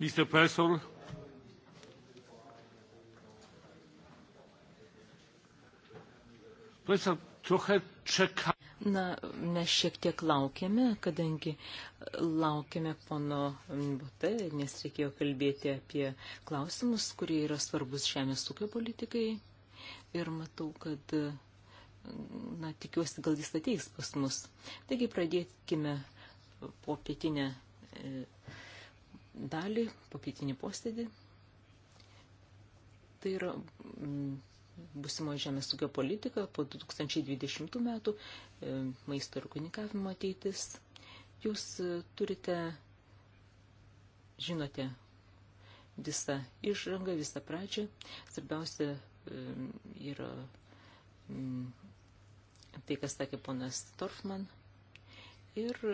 mr president na mes šiek tiek laukėme kadangi laukėme pono bute nes reikėjo kalbėti apie klausimus kurie yra svarbus žemės ūkio politikai ir matau kad na tikiuosi gal jis ateis pas mus taigi pradėkime popietinę e, dalį, pakeitinį posėdį. Tai yra mm, busimo žemės ūkio politika po 2020 metų, e, maisto ir komunikavimo ateitis. Jūs e, turite, žinote, visą išrangą, visą pradžią. Svarbiausia e, yra mm, tai, kas sakė ponas Torfman – ir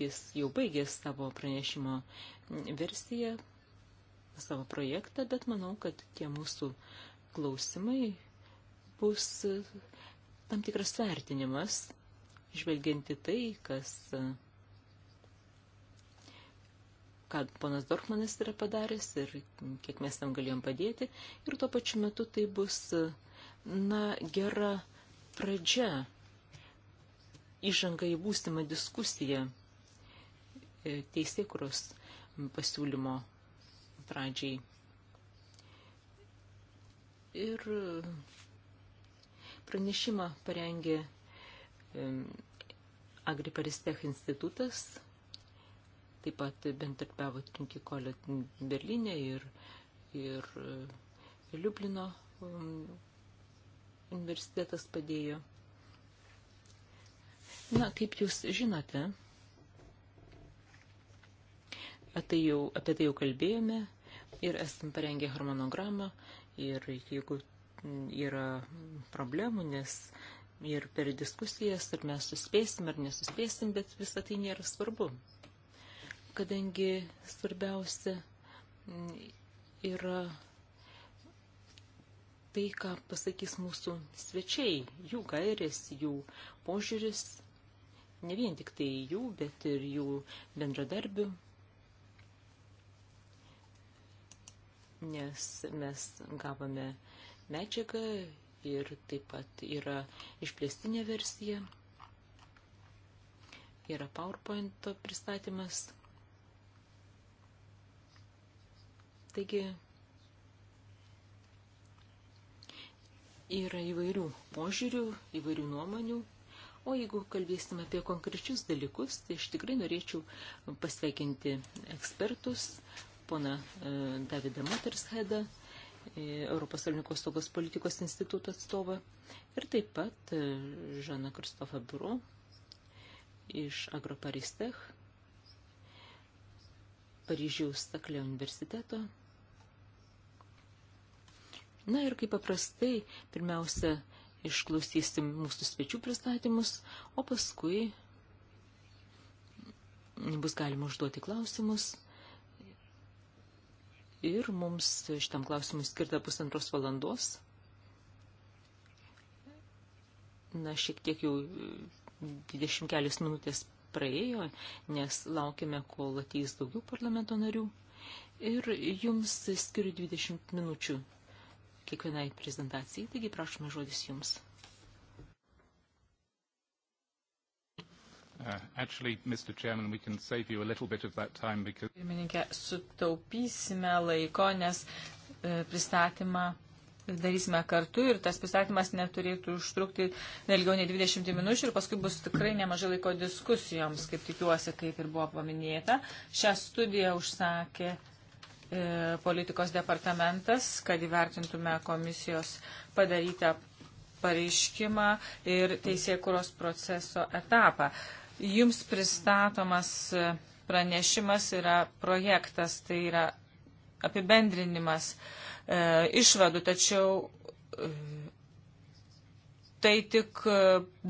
jis jau baigė savo pranešimo versiją, savo projektą, bet manau, kad tie mūsų klausimai bus tam tikras vertinimas, žvelgianti tai, kas, kad ponas Dorfmanas yra padaręs ir kiek mes tam galėjom padėti. Ir tuo pačiu metu tai bus, na, gera pradžia įžanga į būsimą diskusiją e, teisėkuros pasiūlymo pradžiai. Ir pranešimą parengė e, Agriparistech institutas, taip pat bentarpiavo Trinkikolio Berlinė ir, ir e, Liublino um, universitetas padėjo. Na, kaip jūs žinote, tai jau, apie tai jau kalbėjome ir esam parengę harmonogramą ir jeigu yra problemų, nes ir per diskusijas, ar mes suspėsim, ar nesuspėsim, bet visą tai nėra svarbu. Kadangi svarbiausia yra tai, ką pasakys mūsų svečiai, jų gairės, jų požiūris ne vien tik tai jų, bet ir jų bendradarbių, nes mes gavome medžiagą ir taip pat yra išplėstinė versija, yra PowerPoint pristatymas. Taigi yra įvairių požiūrių, įvairių nuomonių O jeigu kalbėsime apie konkrečius dalykus, tai aš tikrai norėčiau pasveikinti ekspertus, pona e, Davidą Matershedą, e, Europos Sąjungos saugos politikos instituto atstovą ir taip pat e, Žaną Kristofą Biuro iš Agroparistech, Paryžiaus Taklio universiteto. Na ir kaip paprastai, pirmiausia, išklausysim mūsų svečių pristatymus, o paskui bus galima užduoti klausimus. Ir mums šitam klausimui skirta pusantros valandos. Na, šiek tiek jau 20 kelias minutės praėjo, nes laukime, kol ateis daugiau parlamento narių. Ir jums skiriu 20 minučių kiekvienai prezentacijai, taigi prašome žodis jums. Uh, actually, Mr. Chairman, we can save you a little bit of that time because... Pirmininkė, sutaupysime laiko, nes e, pristatymą darysime kartu ir tas pristatymas neturėtų užtrukti nelgiau nei 20 minučių ir paskui bus tikrai nemažai laiko diskusijoms, kaip tikiuosi, kaip ir buvo paminėta. Šią studiją užsakė E, politikos departamentas, kad įvertintume komisijos padarytą pareiškimą ir teisėkuros proceso etapą. Jums pristatomas e, pranešimas yra projektas, tai yra apibendrinimas e, išvadų, tačiau e, tai tik e,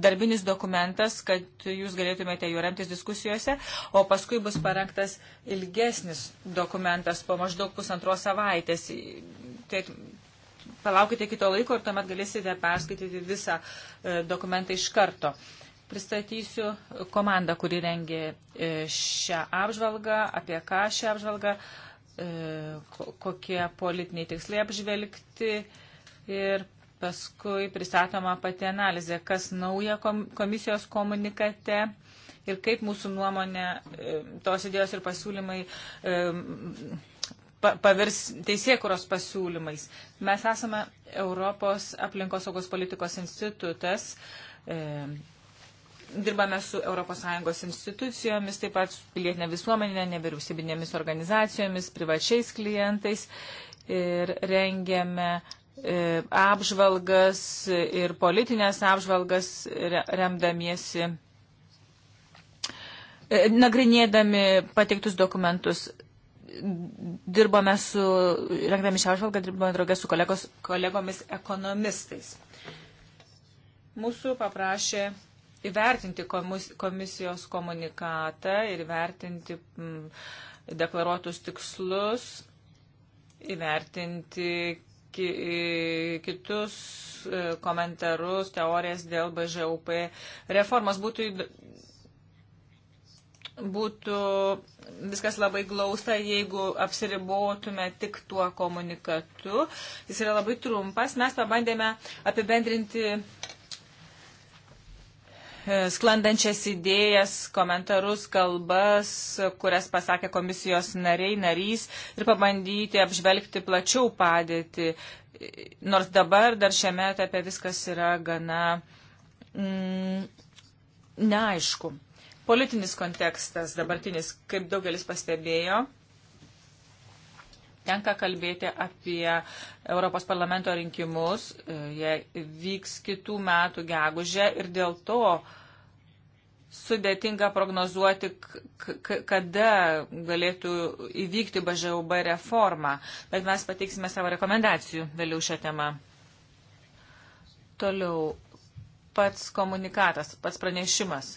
darbinis dokumentas, kad jūs galėtumėte juo remtis diskusijose, o paskui bus parengtas ilgesnis dokumentas po maždaug pusantros savaitės. Tai palaukite kito laiko ir tuomet galėsite perskaityti visą e, dokumentą iš karto. Pristatysiu komandą, kuri rengė e, šią apžvalgą, apie ką šią apžvalgą, kokie politiniai tikslai apžvelgti ir paskui pristatoma pati analizė, kas nauja komisijos komunikate ir kaip mūsų nuomonė e, tos idėjos ir pasiūlymai e, pavirs teisėkuros pasiūlymais. Mes esame Europos aplinkosaugos politikos institutas, e, dirbame su ES institucijomis, taip pat su pilietinė visuomenė, nevyriausybinėmis organizacijomis, privačiais klientais ir rengiame E, apžvalgas ir politinės apžvalgas remdamiesi, e, nagrinėdami pateiktus dokumentus. Dirbame su, rengdami šią apžvalgą, dirbame draugę su kolegos, kolegomis ekonomistais. Mūsų paprašė įvertinti komisijos komunikatą ir įvertinti deklaruotus tikslus, įvertinti ki, kitus e, komentarus, teorijas dėl BŽUP reformos. Būtų, būtų viskas labai glausta, jeigu apsiribotume tik tuo komunikatu. Jis yra labai trumpas. Mes pabandėme apibendrinti sklandančias idėjas, komentarus, kalbas, kurias pasakė komisijos nariai, narys ir pabandyti apžvelgti plačiau padėti. Nors dabar dar šiame etape viskas yra gana mm, neaišku. Politinis kontekstas dabartinis, kaip daugelis pastebėjo, tenka kalbėti apie Europos parlamento rinkimus. E, jie vyks kitų metų gegužę ir dėl to sudėtinga prognozuoti, kada galėtų įvykti BŽUB reforma. Bet mes pateiksime savo rekomendacijų vėliau šią temą. Toliau pats komunikatas, pats pranešimas.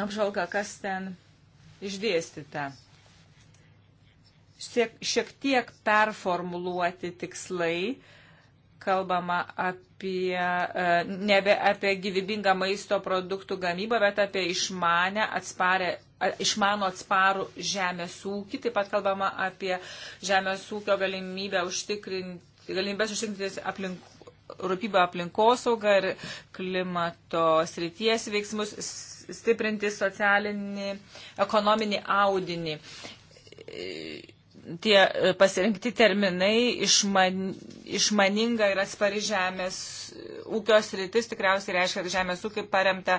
Apžvalga, kas ten išdėstyta šiek tiek performuluoti tikslai. Kalbama apie, e, nebe apie gyvybingą maisto produktų gamybą, bet apie išmanę, atsparę, išmano atsparų žemės ūkį. Taip pat kalbama apie žemės ūkio galimybę užtikrinti, galimybės užtikrinti aplink, rūpybą aplinkosaugą ir klimato srities veiksmus, stiprinti socialinį, ekonominį audinį e, tie e, pasirinkti terminai išman, išmaninga ir atspari žemės e, ūkio sritis tikriausiai reiškia, kad žemės ūkį paremta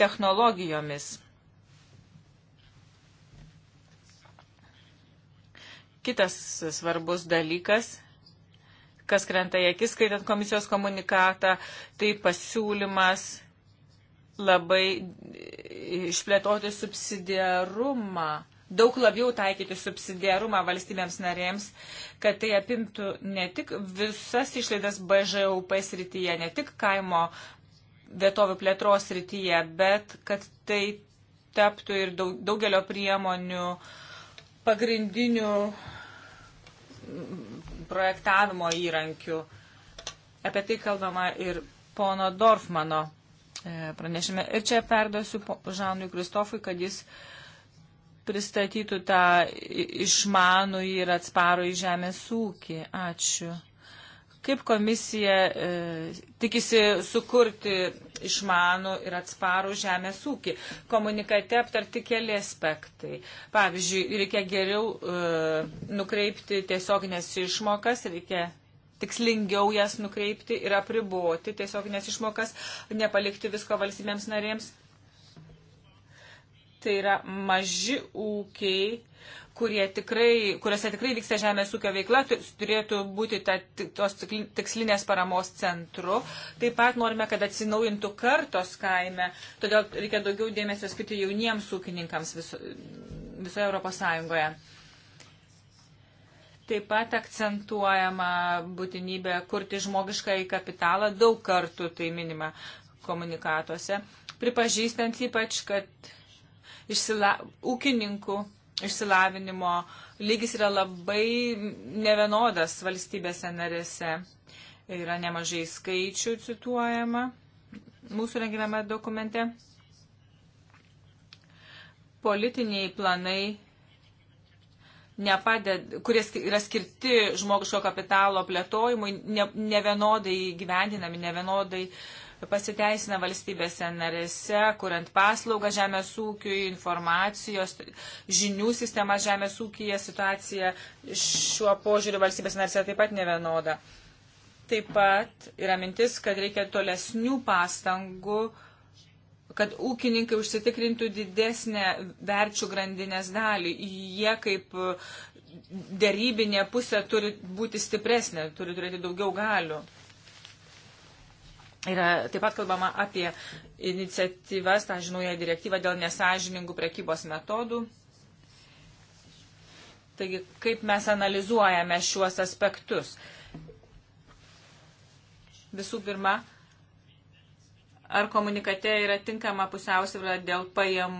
technologijomis. Kitas svarbus dalykas, kas krenta į akis, skaitant komisijos komunikatą, tai pasiūlymas labai išplėtoti subsidiarumą daug labiau taikyti subsidiarumą valstybėms narėms, kad tai apimtų ne tik visas išlaidas BŽUP srityje, ne tik kaimo vietovių plėtros srityje, bet kad tai taptų ir daug, daugelio priemonių pagrindinių projektavimo įrankių. Apie tai kalbama ir pono Dorfmano e, pranešime. Ir čia perduosiu Žanui Kristofui, kad jis uh, pristatytų tą išmanų ir atsparų į žemės ūkį. Ačiū. Kaip komisija e, tikisi sukurti išmanų ir atsparų žemės ūkį? Komunikate aptarti keli aspektai. Pavyzdžiui, reikia geriau e, nukreipti tiesioginės išmokas, reikia tikslingiau jas nukreipti ir apriboti tiesioginės išmokas, nepalikti visko valstybėms narėms tai yra maži ūkiai, tikrai, kuriuose tikrai vyksta žemės ūkio veikla, turėtų būti ta, tos tikslinės paramos centru. Taip pat norime, kad atsinaujintų kartos kaime, todėl reikia daugiau dėmesio skirti jauniems ūkininkams viso, visoje Europos Sąjungoje. Taip pat akcentuojama būtinybė kurti žmogišką į kapitalą, daug kartų tai minima komunikatuose, pripažįstant ypač, kad išsila, ūkininkų išsilavinimo lygis yra labai nevienodas valstybėse narėse. Yra nemažai skaičių cituojama mūsų rengiamame dokumente. Politiniai planai, nepaded, kurie yra skirti žmogiško kapitalo plėtojimui, ne, nevienodai gyvendinami, nevienodai uh, pasiteisina valstybėse narėse, kuriant paslaugą žemės ūkiui, informacijos, žinių sistema žemės ūkija situacija šiuo požiūriu valstybės narėse taip pat nevienoda. Taip pat yra mintis, kad reikia tolesnių pastangų kad ūkininkai užsitikrintų didesnę verčių grandinės dalį. Jie kaip dėrybinė pusė turi būti stipresnė, turi turėti daugiau galių. Yra taip pat kalbama apie iniciatyvas, tą žinaują direktyvą dėl nesažiningų prekybos metodų. Taigi, kaip mes analizuojame šiuos aspektus? Visų pirma, ar komunikate yra tinkama pusiausvyrą dėl, pajam,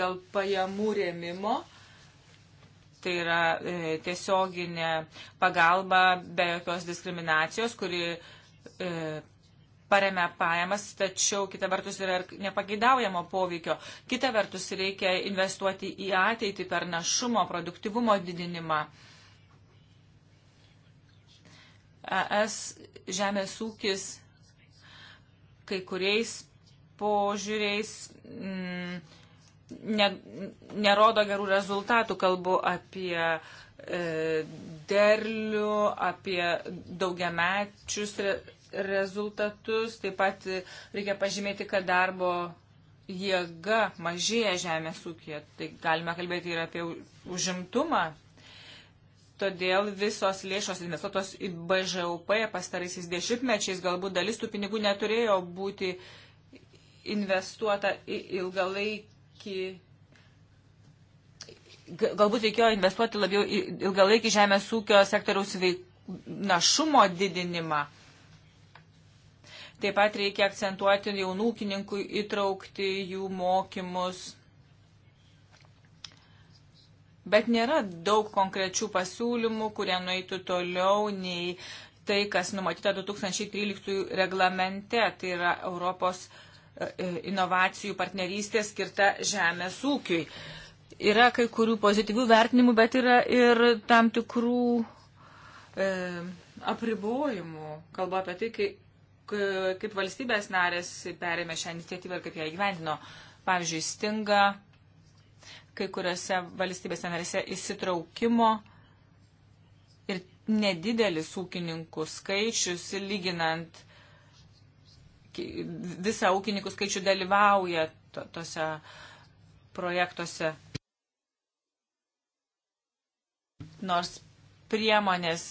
dėl pajamų rėmimo, tai yra e, tiesioginė pagalba be jokios diskriminacijos, kuri e, paremia pajamas, tačiau kita vertus yra ir nepageidaujamo poveikio. Kita vertus reikia investuoti į ateitį per našumo, produktivumo didinimą. ES žemės ūkis kai kuriais požiūriais m, mm, ne, nerodo gerų rezultatų. Kalbu apie e, derlių, apie daugiamečius rezultatus. Taip pat reikia pažymėti, kad darbo jėga mažėja žemės ūkija. Tai galime kalbėti ir apie užimtumą. Todėl visos lėšos investuotos į BŽUP pastaraisiais dešimtmečiais galbūt dalis tų pinigų neturėjo būti investuota į ilgalaikį galbūt reikėjo investuoti labiau į ilgalaikį žemės ūkio sektoriaus veik, našumo didinimą. Taip pat reikia akcentuoti jaunų ūkininkų įtraukti jų mokymus. Bet nėra daug konkrečių pasiūlymų, kurie nueitų toliau nei tai, kas numatyta 2013 reglamente, tai yra Europos e, e, inovacijų partnerystė skirta žemės ūkiui. Yra kai kurių pozityvių vertinimų, bet yra ir tam tikrų e, apribojimų. Kalba apie tai, kai, kaip valstybės narės perėmė šią iniciatyvą ir kaip ją įgyvendino. Pavyzdžiui, stinga kai kuriuose valstybėse narėse įsitraukimo ir nedidelis ūkininkų skaičius, lyginant visą ūkininkų skaičių dalyvauja to, tose projektuose. Nors priemonės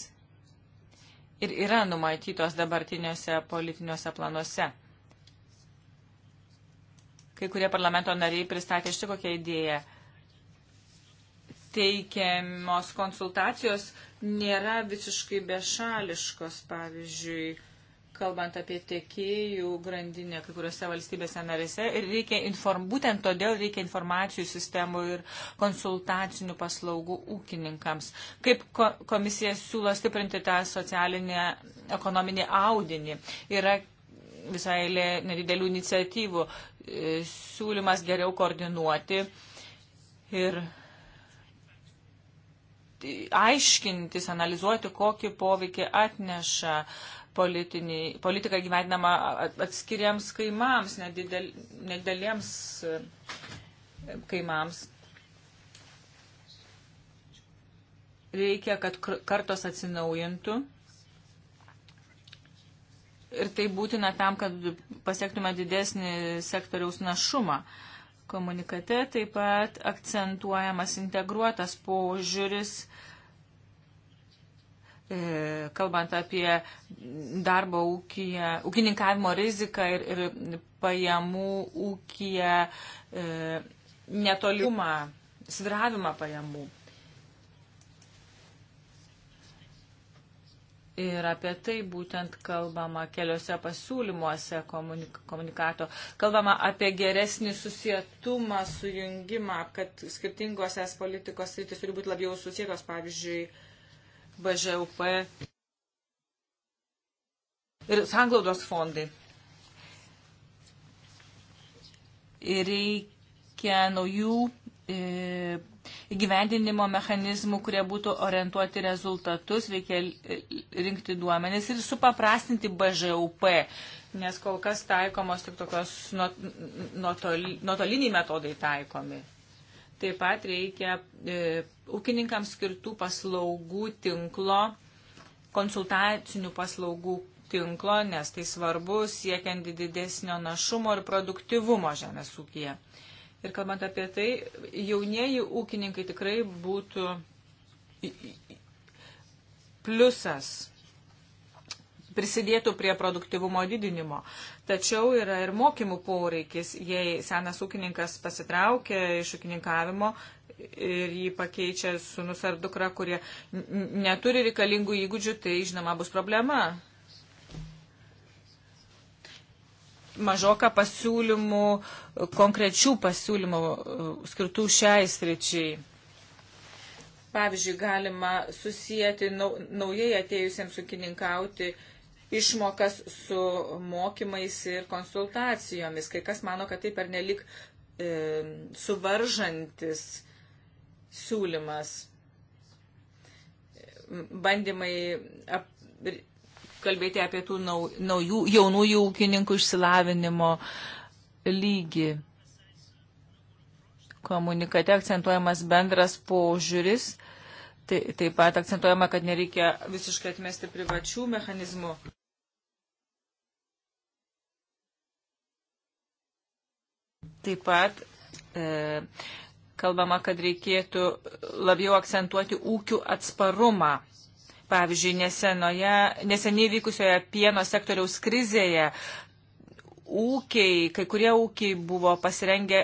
ir yra numatytos dabartiniuose politiniuose planuose. Kai kurie parlamento nariai pristatė štai kokią idėją. Teikiamos konsultacijos nėra visiškai bešališkos, pavyzdžiui, kalbant apie tiekėjų grandinę kai kuriuose valstybėse narėse. Ir reikia inform, būtent todėl reikia informacijų sistemų ir konsultacinių paslaugų ūkininkams. Kaip ko, komisija siūlo stiprinti tą socialinę ekonominį audinį. Yra visai nedidelių iniciatyvų. E, siūlymas geriau koordinuoti ir aiškintis, analizuoti, kokį poveikį atneša uh, politika gyvendinama atskiriams kaimams, nedidel, nedideliems e, kaimams. Reikia, kad kartos atsinaujintų. Ir tai būtina tam, kad pasiektume didesnį sektoriaus našumą. Komunikate taip pat akcentuojamas integruotas požiūris E, kalbant apie darbo ūkiją, ūkininkavimo riziką ir, ir pajamų ūkiją e, netoliumą, sviravimą pajamų. Ir apie tai būtent kalbama keliose pasiūlymuose komunik komunikato. Kalbama apie geresnį susietumą, sujungimą, kad skirtingos es politikos rytis turi būti labiau susietos, pavyzdžiui, BŽUP ir sanglaudos fondai. Ir reikia naujų e, įgyvendinimo mechanizmų, kurie būtų orientuoti rezultatus, reikia e, rinkti duomenis ir supaprastinti BŽUP, nes kol kas taikomos tik tokios nuotoliniai metodai taikomi. Taip pat reikia e, ūkininkams skirtų paslaugų tinklo, konsultacinių paslaugų tinklo, nes tai svarbu siekiant didesnio našumo ir produktivumo žemės ūkija. Ir kalbant apie tai, jaunieji ūkininkai tikrai būtų pliusas prisidėtų prie produktivumo didinimo. Tačiau yra ir mokymų poreikis, jei senas ūkininkas pasitraukia iš ūkininkavimo ir jį pakeičia sunus ar dukra, kurie neturi reikalingų įgūdžių, tai žinoma bus problema. Mažoka pasiūlymų, konkrečių pasiūlymų uh, skirtų šiai sričiai pavyzdžiui, galima susijęti naujai atėjusiems ūkininkauti išmokas su mokymais ir konsultacijomis. Kai kas mano, kad tai per nelik e, suvaržantis siūlymas. Bandymai ap, kalbėti apie tų nau, naujų, jaunųjų ūkininkų išsilavinimo lygį. Komunikate akcentuojamas bendras požiūris. Tai, taip pat akcentuojama, kad nereikia visiškai atmesti privačių mechanizmų. Taip pat e, kalbama, kad reikėtų labiau akcentuoti ūkių atsparumą. Pavyzdžiui, nesenoje, neseniai vykusioje pieno sektoriaus krizėje ūkiai, kai kurie ūkiai buvo pasirengę,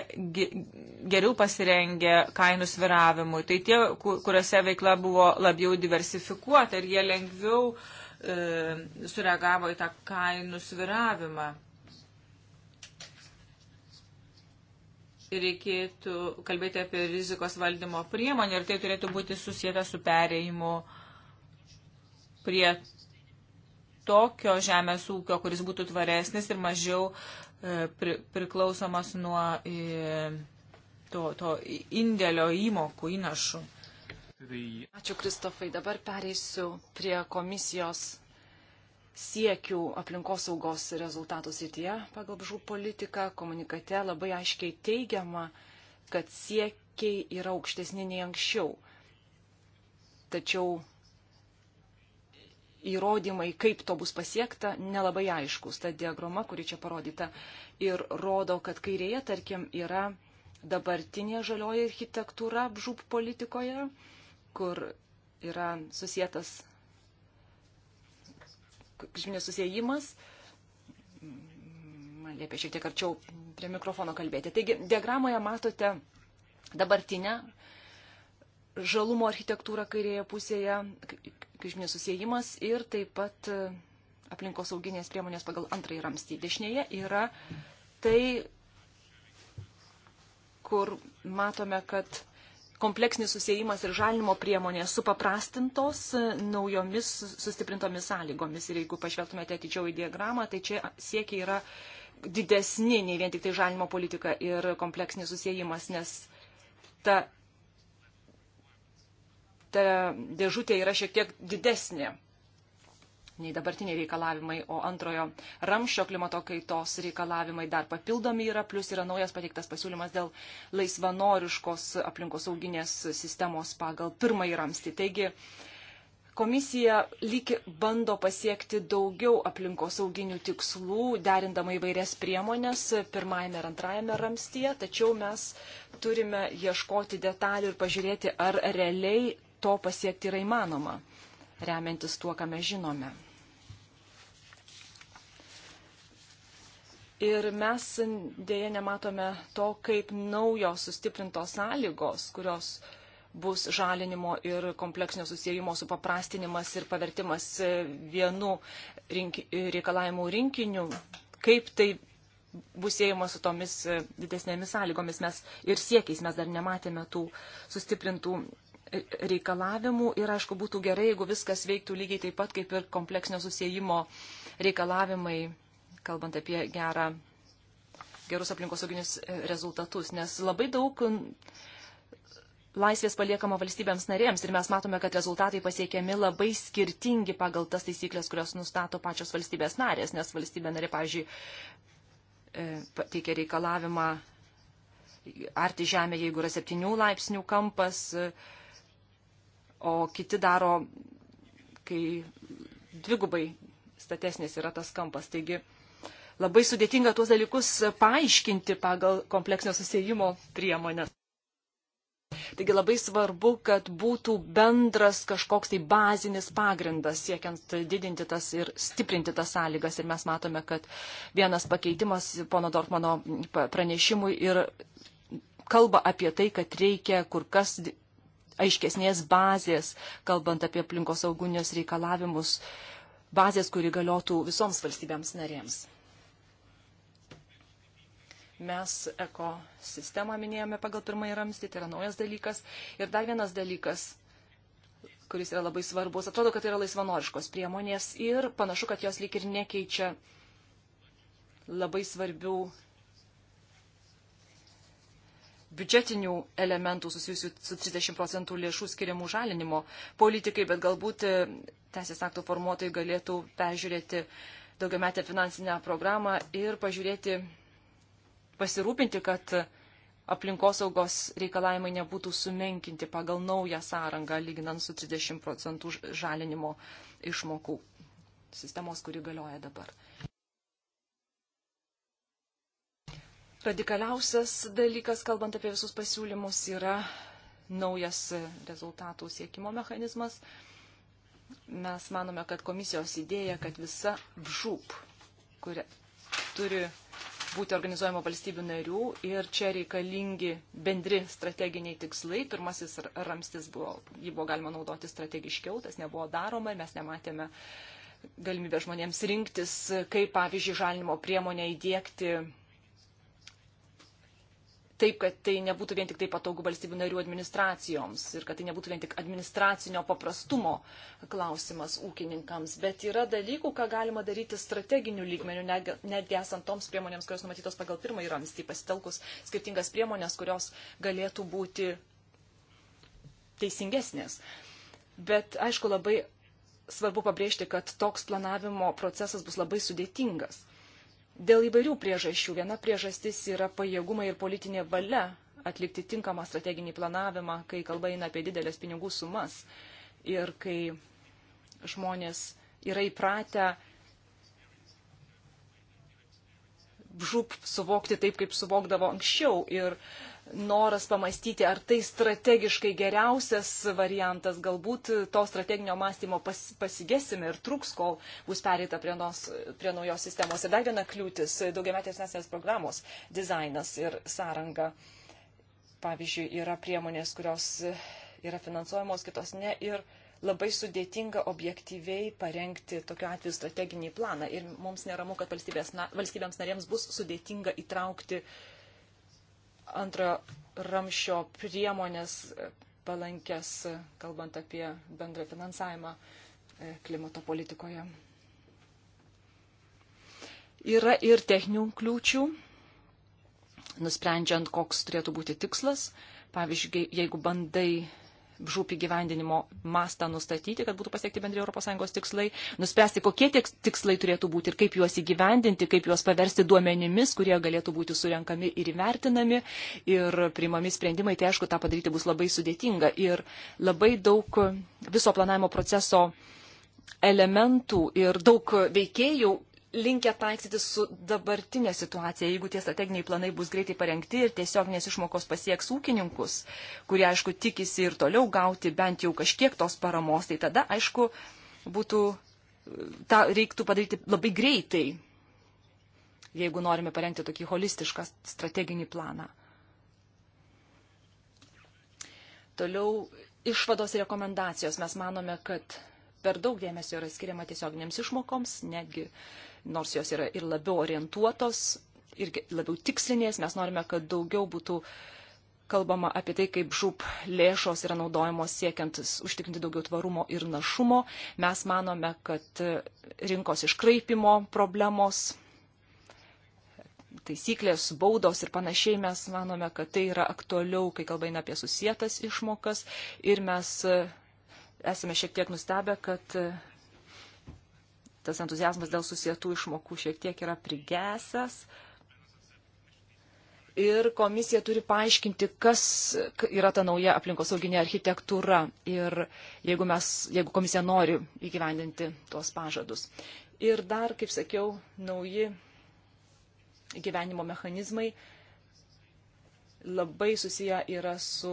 geriau pasirengę kainų sviravimui. Tai tie, kuriuose veikla buvo labiau diversifikuota ir jie lengviau e, sureagavo į tą kainų sviravimą. reikėtų kalbėti apie rizikos valdymo priemonę ir tai turėtų būti susijęta su perėjimu prie tokio žemės ūkio, kuris būtų tvaresnis ir mažiau e, pri, priklausomas nuo e, to, to indėlio įmokų įnašų. Ačiū Kristofai, dabar pereisiu prie komisijos siekių aplinkosaugos rezultatų srityje pagal žų politiką. Komunikate labai aiškiai teigiama, kad siekiai yra aukštesni nei anksčiau. Tačiau įrodymai, kaip to bus pasiekta, nelabai aiškus. Ta diagrama, kuri čia parodyta, ir rodo, kad kairėje, tarkim, yra dabartinė žalioji architektūra žūp politikoje, kur yra susijęs kryžminės susijimas. Man liepia šiek tiek arčiau prie mikrofono kalbėti. Taigi, diagramoje matote dabartinę žalumo architektūrą kairėje pusėje, kryžminės susijimas ir taip pat e, aplinkos sauginės priemonės pagal antrąjį ramstį. Dešinėje yra tai, kur matome, kad kompleksinis susijimas ir žalinimo priemonės supaprastintos naujomis sustiprintomis sąlygomis. Ir jeigu pažvelgtumėte atidžiau į diagramą, tai čia siekiai yra didesni nei vien tik tai žalinimo politika ir kompleksinis susijimas, nes ta, ta dėžutė yra šiek tiek didesnė nei dabartiniai reikalavimai, o antrojo ramšio klimato kaitos reikalavimai dar papildomi yra, plus yra naujas pateiktas pasiūlymas dėl laisvanoriškos aplinkosauginės sistemos pagal pirmąjį ramstį. Taigi, Komisija lyg bando pasiekti daugiau aplinkosauginių tikslų, derindama įvairias priemonės pirmajame ir antrajame ramstyje, tačiau mes turime ieškoti detalių ir pažiūrėti, ar realiai to pasiekti yra įmanoma remiantis tuo, ką mes žinome. Ir mes dėje nematome to, kaip naujos sustiprintos sąlygos, kurios bus žalinimo ir kompleksinio susijimo supaprastinimas ir pavertimas vienu rink, reikalavimų rinkiniu, kaip tai bus siejama su tomis didesnėmis sąlygomis mes ir siekiais mes dar nematėme tų sustiprintų reikalavimų ir aišku būtų gerai, jeigu viskas veiktų lygiai taip pat kaip ir kompleksinio susijimo reikalavimai, kalbant apie gerą, gerus aplinkosauginius e, rezultatus, nes labai daug laisvės paliekama valstybėms narėms ir mes matome, kad rezultatai pasiekiami labai skirtingi pagal tas taisyklės, kurios nustato pačios valstybės narės, nes valstybė narė, pavyzdžiui, e, teikia reikalavimą arti žemė, jeigu yra septynių laipsnių kampas, o kiti daro, kai dvigubai statesnis yra tas kampas. Taigi labai sudėtinga tuos dalykus paaiškinti pagal kompleksinio susijimo priemonės. Taigi labai svarbu, kad būtų bendras kažkoks tai bazinis pagrindas siekiant didinti tas ir stiprinti tas sąlygas. Ir mes matome, kad vienas pakeitimas pono Dortmano pranešimui ir kalba apie tai, kad reikia kur kas aiškesnės bazės, kalbant apie aplinkos saugunės reikalavimus, bazės, kuri galiotų visoms valstybėms narėms. Mes ekosistemą minėjome pagal pirmąjį ramstį, tai yra naujas dalykas. Ir dar vienas dalykas, kuris yra labai svarbus, atrodo, kad tai yra laisvanoriškos priemonės ir panašu, kad jos lyg ir nekeičia labai svarbių biudžetinių elementų susijusių su 30 procentų lėšų skiriamų žalinimo politikai, bet galbūt e, teisės aktų formuotojai galėtų peržiūrėti daugiametę finansinę programą ir pažiūrėti, pasirūpinti, kad aplinkosaugos reikalavimai nebūtų sumenkinti pagal naują sąrangą, lyginant su 30 procentų žalinimo išmokų sistemos, kuri galioja dabar. radikaliausias dalykas, kalbant apie visus pasiūlymus, yra naujas rezultatų siekimo mechanizmas. Mes manome, kad komisijos idėja, kad visa žūp, kuri turi būti organizuojama valstybių narių ir čia reikalingi bendri strateginiai tikslai. Pirmasis ramstis buvo, jį buvo galima naudoti strategiškiau, tas nebuvo daroma ir mes nematėme galimybę žmonėms rinktis, kaip pavyzdžiui žalinimo priemonę įdėkti taip, kad tai nebūtų vien tik tai patogu valstybių narių administracijoms ir kad tai nebūtų vien tik administracinio paprastumo klausimas ūkininkams, bet yra dalykų, ką galima daryti strateginių lygmenių, netgi esant toms priemonėms, kurios numatytos pagal pirmąjį ramstį, pasitelkus skirtingas priemonės, kurios galėtų būti teisingesnės. Bet, aišku, labai svarbu pabrėžti, kad toks planavimo procesas bus labai sudėtingas dėl įvairių priežasčių. Viena priežastis yra pajėgumai ir politinė valia atlikti tinkamą strateginį planavimą, kai kalba eina apie didelės pinigų sumas ir kai žmonės yra įpratę žūp suvokti taip, kaip suvokdavo anksčiau. Ir uh, noras pamastyti, ar tai strategiškai geriausias variantas, galbūt to strateginio mąstymo pas, pasigėsime ir truks, kol bus pereita prie, nos, prie naujos sistemos. Ir dar viena kliūtis - daugiametės nesinės programos dizainas ir sąranga. Pavyzdžiui, yra priemonės, kurios yra finansuojamos, kitos ne. Ir labai sudėtinga objektyviai parengti tokiu atveju strateginį planą. Ir mums neramu, kad valstybėms narėms bus sudėtinga įtraukti uh, antrojo ramšio priemonės palankės, kalbant apie bendrą finansavimą e, klimato politikoje. Yra ir techninių kliūčių, nusprendžiant, koks turėtų būti tikslas. Pavyzdžiui, jeigu bandai žūpį gyvendinimo mastą nustatyti, kad būtų pasiekti bendri ES tikslai, nuspręsti, kokie tikslai turėtų būti ir kaip juos įgyvendinti, kaip juos paversti duomenimis, kurie galėtų būti surenkami ir įvertinami ir priimami sprendimai, tai aišku, tą padaryti bus labai sudėtinga. Ir labai daug viso planavimo proceso elementų ir daug veikėjų linkę taikstyti su dabartinė situacija, jeigu tie strateginiai planai bus greitai parengti ir tiesioginės išmokos pasieks ūkininkus, kurie, aišku, tikisi ir toliau gauti bent jau kažkiek tos paramos, tai tada, aišku, būtų, tą reiktų padaryti labai greitai, jeigu norime parengti tokį holistišką strateginį planą. Toliau išvados ir rekomendacijos. Mes manome, kad per daug dėmesio yra skiriama tiesioginėms išmokoms, netgi nors jos yra ir labiau orientuotos, ir labiau tikslinės, mes norime, kad daugiau būtų kalbama apie tai, kaip žūp lėšos yra naudojamos siekiant užtikrinti daugiau tvarumo ir našumo. Mes manome, kad e, rinkos iškraipimo problemos, taisyklės, baudos ir panašiai mes manome, kad tai yra aktualiau, kai kalba eina apie susietas išmokas ir mes e, esame šiek tiek nustebę, kad e, tas entuzijazmas dėl susietų išmokų šiek tiek yra prigesęs. Ir komisija turi paaiškinti, kas yra ta nauja aplinkosauginė architektūra ir jeigu, mes, jeigu komisija nori įgyvendinti tuos pažadus. Ir dar, kaip sakiau, nauji gyvenimo mechanizmai labai susiję yra su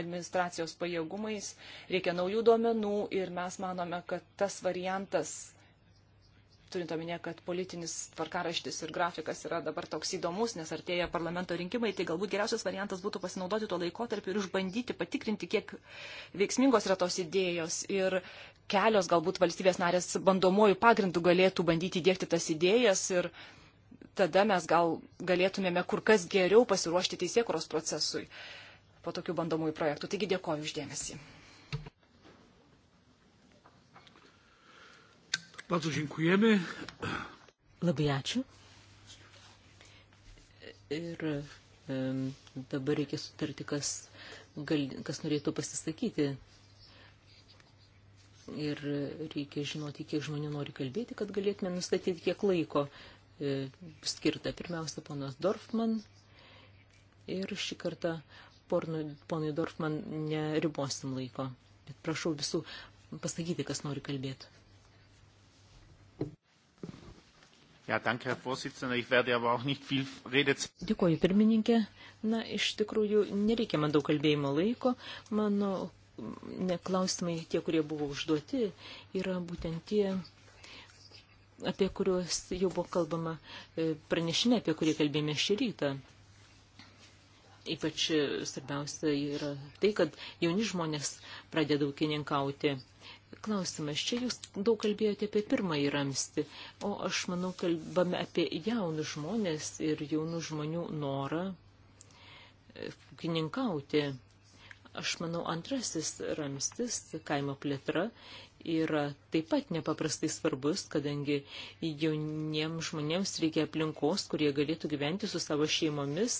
administracijos pajėgumais, reikia naujų duomenų ir mes manome, kad tas variantas turint omenyje, kad politinis tvarkaraštis ir grafikas yra dabar toks įdomus, nes artėja parlamento rinkimai, tai galbūt geriausias variantas būtų pasinaudoti tuo laikotarpiu ir išbandyti, patikrinti, kiek veiksmingos yra tos idėjos. Ir kelios galbūt valstybės narės bandomuoju pagrindu galėtų bandyti dėkti tas idėjas ir tada mes gal galėtumėme kur kas geriau pasiruošti teisėkuros procesui po tokių bandomųjų projektų. Taigi dėkoju uždėmesi. Bardzo dziękujemy. Labai ačiū. Ir e, dabar reikia sutarti, kas, gal, kas norėtų pasisakyti. Ir reikia žinoti, kiek žmonių nori kalbėti, kad galėtume nustatyti, kiek laiko e, skirta. Pirmiausia, ponas Dorfman. Ir šį kartą ponui Dorfman neribosim laiko. Bet prašau visų pasakyti, kas nori kalbėti. Ja, danke, Herr Vorsitzender. Ich werde aber auch nicht viel Redezeit. Dėkuoju, pirmininkė. Na, iš tikrųjų, nereikia man daug kalbėjimo laiko. Mano mm, neklausimai, tie, kurie buvo užduoti, yra būtent tie, apie kuriuos jau buvo kalbama e, pranešime, apie kurį kalbėjome šį rytą. Ypač e, svarbiausia yra tai, kad jauni žmonės pradeda ūkininkauti klausimas. Čia jūs daug kalbėjote apie pirmąjį ramstį, o aš manau, kalbame apie jaunus žmonės ir jaunų žmonių norą e, ūkininkauti. Aš manau, antrasis ramstis, kaimo plėtra, yra taip pat nepaprastai svarbus, kadangi jauniems žmonėms reikia aplinkos, kurie galėtų gyventi su savo šeimomis,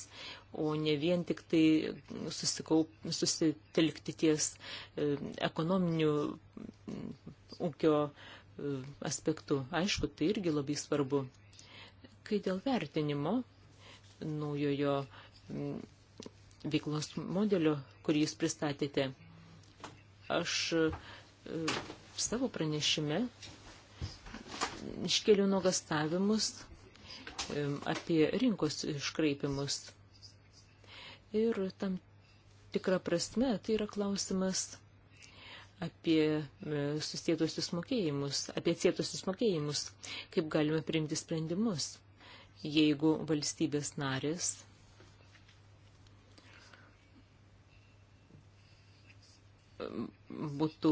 o ne vien tik tai susikaup, susitelkti ties e, ekonominių mm, ūkio e, aspektų. Aišku, tai irgi labai svarbu. Kai dėl vertinimo naujojo mm, veiklos modelio, kurį jūs pristatėte, aš e, savo pranešime iškėliau nuogastavimus apie rinkos iškraipimus. Ir tam tikrą prasme tai yra klausimas apie e, susietusius mokėjimus, apie atsietusius mokėjimus, kaip galime priimti sprendimus, jeigu valstybės narės būtų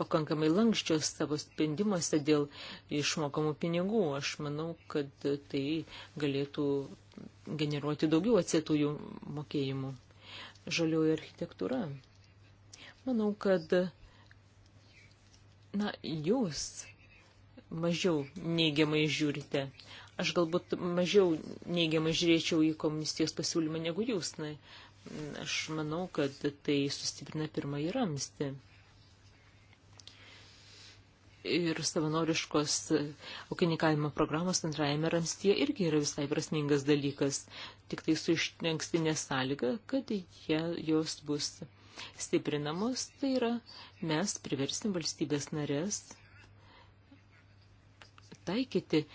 pakankamai lankščios savo sprendimuose dėl išmokamų pinigų. Aš manau, kad tai galėtų generuoti daugiau atsietųjų mokėjimų. Žalioji architektūra. Manau, kad na, jūs mažiau neigiamai žiūrite. Aš galbūt mažiau neigiamai žiūrėčiau į komisijos pasiūlymą negu jūs. Na, Aš manau, kad tai sustiprina pirmąjį ramstį. Ir savanoriškos ūkininkavimo programos antrajame ramstyje irgi yra visai prasmingas dalykas, tik tai su išankstinė sąlyga, kad jie, jos bus stiprinamos, tai yra mes priversim valstybės narės taikyti e,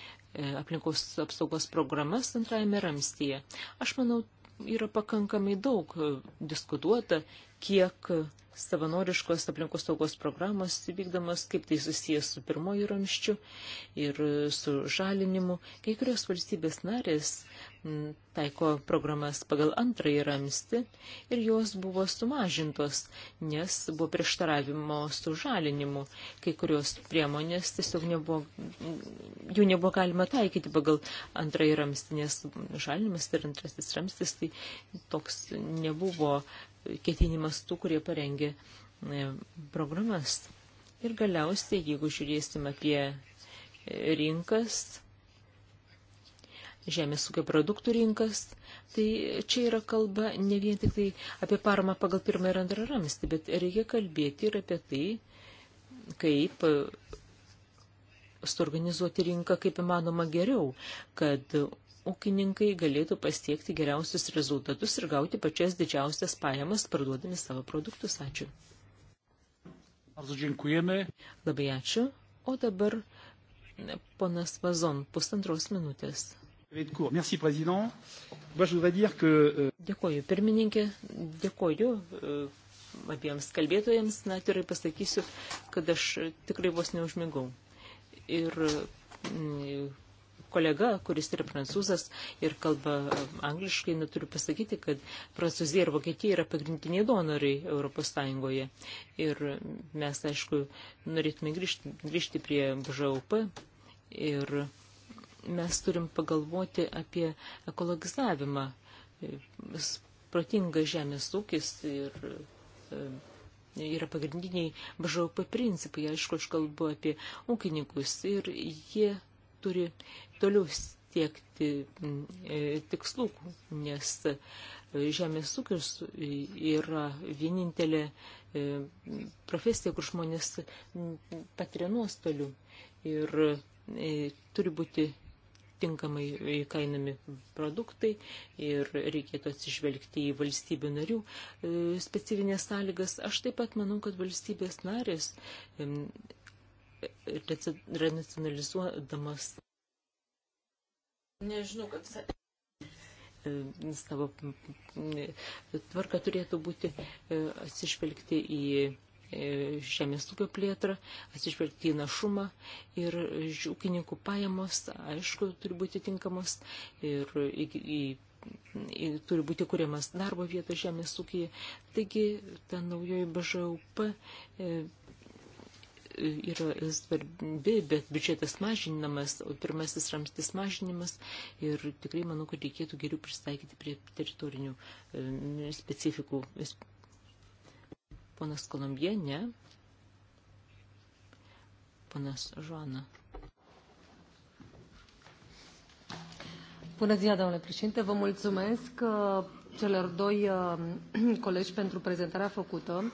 aplinkos apsaugos programas antrajame ramstyje. Aš manau, yra pakankamai daug diskutuota, kiek savanoriškos aplinkos saugos programos vykdomas, kaip tai susijęs su pirmoju ramščiu ir su žalinimu. Kai kurios valstybės narės taiko programas pagal antrąjį ramstį ir jos buvo sumažintos, nes buvo prieštaravimo su žalinimu. Kai kurios priemonės tiesiog nebuvo, jų nebuvo galima taikyti pagal antrąjį ramstį, nes žalinimas ir tai antrasis ramstis tai toks nebuvo ketinimas tų, kurie parengė e, programas. Ir galiausiai, jeigu žiūrėsim apie rinkas, žemės ūkio produktų rinkas. Tai čia yra kalba ne vien tik tai apie paramą pagal pirmą ir antrą ramstį, bet reikia kalbėti ir apie tai, kaip e, suorganizuoti rinką kaip įmanoma geriau, kad ūkininkai galėtų pasiekti geriausius rezultatus ir gauti pačias didžiausias pajamas parduodami savo produktus. Ačiū. Labai ačiū. O dabar e, ponas Vazon, pusantros minutės. Euh, dėkoju pirmininkė, dėkoju euh, abiems kalbėtojams, na, tikrai pasakysiu, kad aš tikrai vos neužmigau. Ir mm, kolega, kuris yra prancūzas ir kalba angliškai, na, turiu pasakyti, kad Prancūzija ir Vokietija yra pagrindiniai donoriai Europos Sąjungoje. Ir mes, aišku, norėtume grįžti, grįžti prie BŽUP ir mes turim pagalvoti apie ekologizavimą. Protingas žemės ūkis ir e, yra pagrindiniai BŽP principai. Aišku, aš kalbu apie ūkininkus ir jie turi toliau siekti e, tikslų, nes e, žemės ūkis yra vienintelė profesija, kur žmonės patiria nuostolių ir turi būti tinkamai įkainami produktai ir reikėtų atsižvelgti į valstybių narių e, specifinės sąlygas. Aš taip pat manau, kad valstybės narės renacionalizuodamas. Nežinau, kad e, savo tvarka turėtų būti e, atsižvelgti į E, žemės ūkio plėtrą, atsižvelgti į našumą ir ūkininkų pajamos, aišku, turi būti tinkamos ir į, į, į, turi būti kuriamas darbo vietas žemės ūkyje. Taigi, ta naujoji BŽUP e, yra svarbi, bet biudžetas mažinamas, o pirmasis ramstis mažinimas ir tikrai manau, kad reikėtų geriau pristaikyti prie teritorinių e, specifikų, Ponas Kolumbija, ne. Ponas Žuana. Bună ziua, domnule președinte. Vă mulțumesc uh, celor doi uh, colegi pentru prezentarea făcută.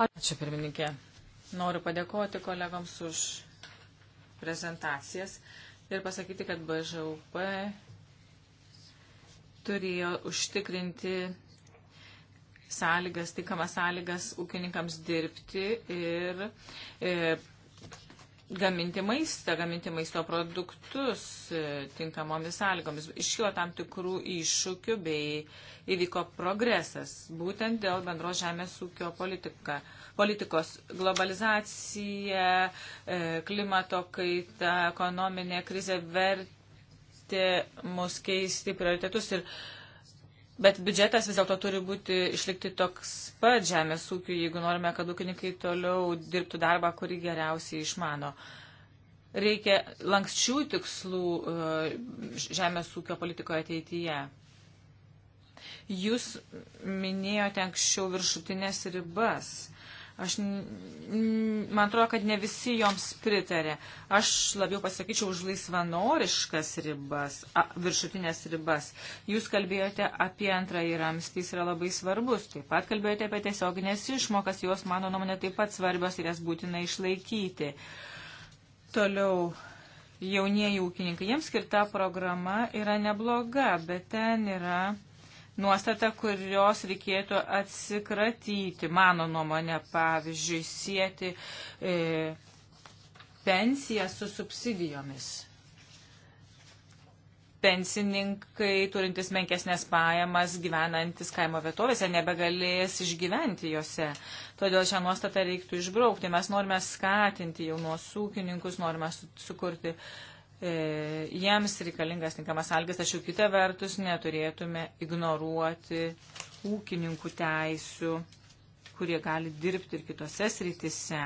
Ačiū pirmininkė. Noriu padėkoti kolegams už prezentacijas ir pasakyti, kad BŽUP turėjo užtikrinti sąlygas, tinkamas sąlygas ūkininkams dirbti ir e, gaminti maistą, gaminti maisto produktus e, tinkamomis sąlygomis. Iškilo tam tikrų iššūkių bei įvyko progresas, būtent dėl bendros žemės ūkio politika, politikos globalizacija, e, klimato kaita, ekonominė krize vertė mus keisti prioritetus ir Bet biudžetas vis dėlto turi būti išlikti toks pat žemės ūkiu, jeigu norime, kad ūkininkai toliau dirbtų darbą, kurį geriausiai išmano. Reikia lankščių tikslų e, žemės ūkio politikoje ateityje. Jūs minėjote anksčiau viršutinės ribas. Aš, man atrodo, kad ne visi joms pritarė. Aš labiau pasakyčiau už laisvanoriškas ribas, a, viršutinės ribas. Jūs kalbėjote apie antrąjį ramstį, jis yra labai svarbus. Taip pat kalbėjote apie tiesioginės išmokas, jos, mano nuomonė, taip pat svarbios ir jas būtina išlaikyti. Toliau jaunieji ūkininkai. Jiems skirta programa yra nebloga, bet ten yra nuostata, kurios reikėtų atsikratyti, mano nuomonė, pavyzdžiui, sieti e, pensiją su subsidijomis. Pensininkai, turintys menkesnės pajamas, gyvenantis kaimo vietovėse, nebegalės išgyventi juose. Todėl šią nuostatą reiktų išbraukti. Mes norime skatinti jaunos ūkininkus, norime su sukurti uh, E, jiems reikalingas tinkamas algis, tačiau kita vertus neturėtume ignoruoti ūkininkų teisių, kurie gali dirbti ir kitose sritise.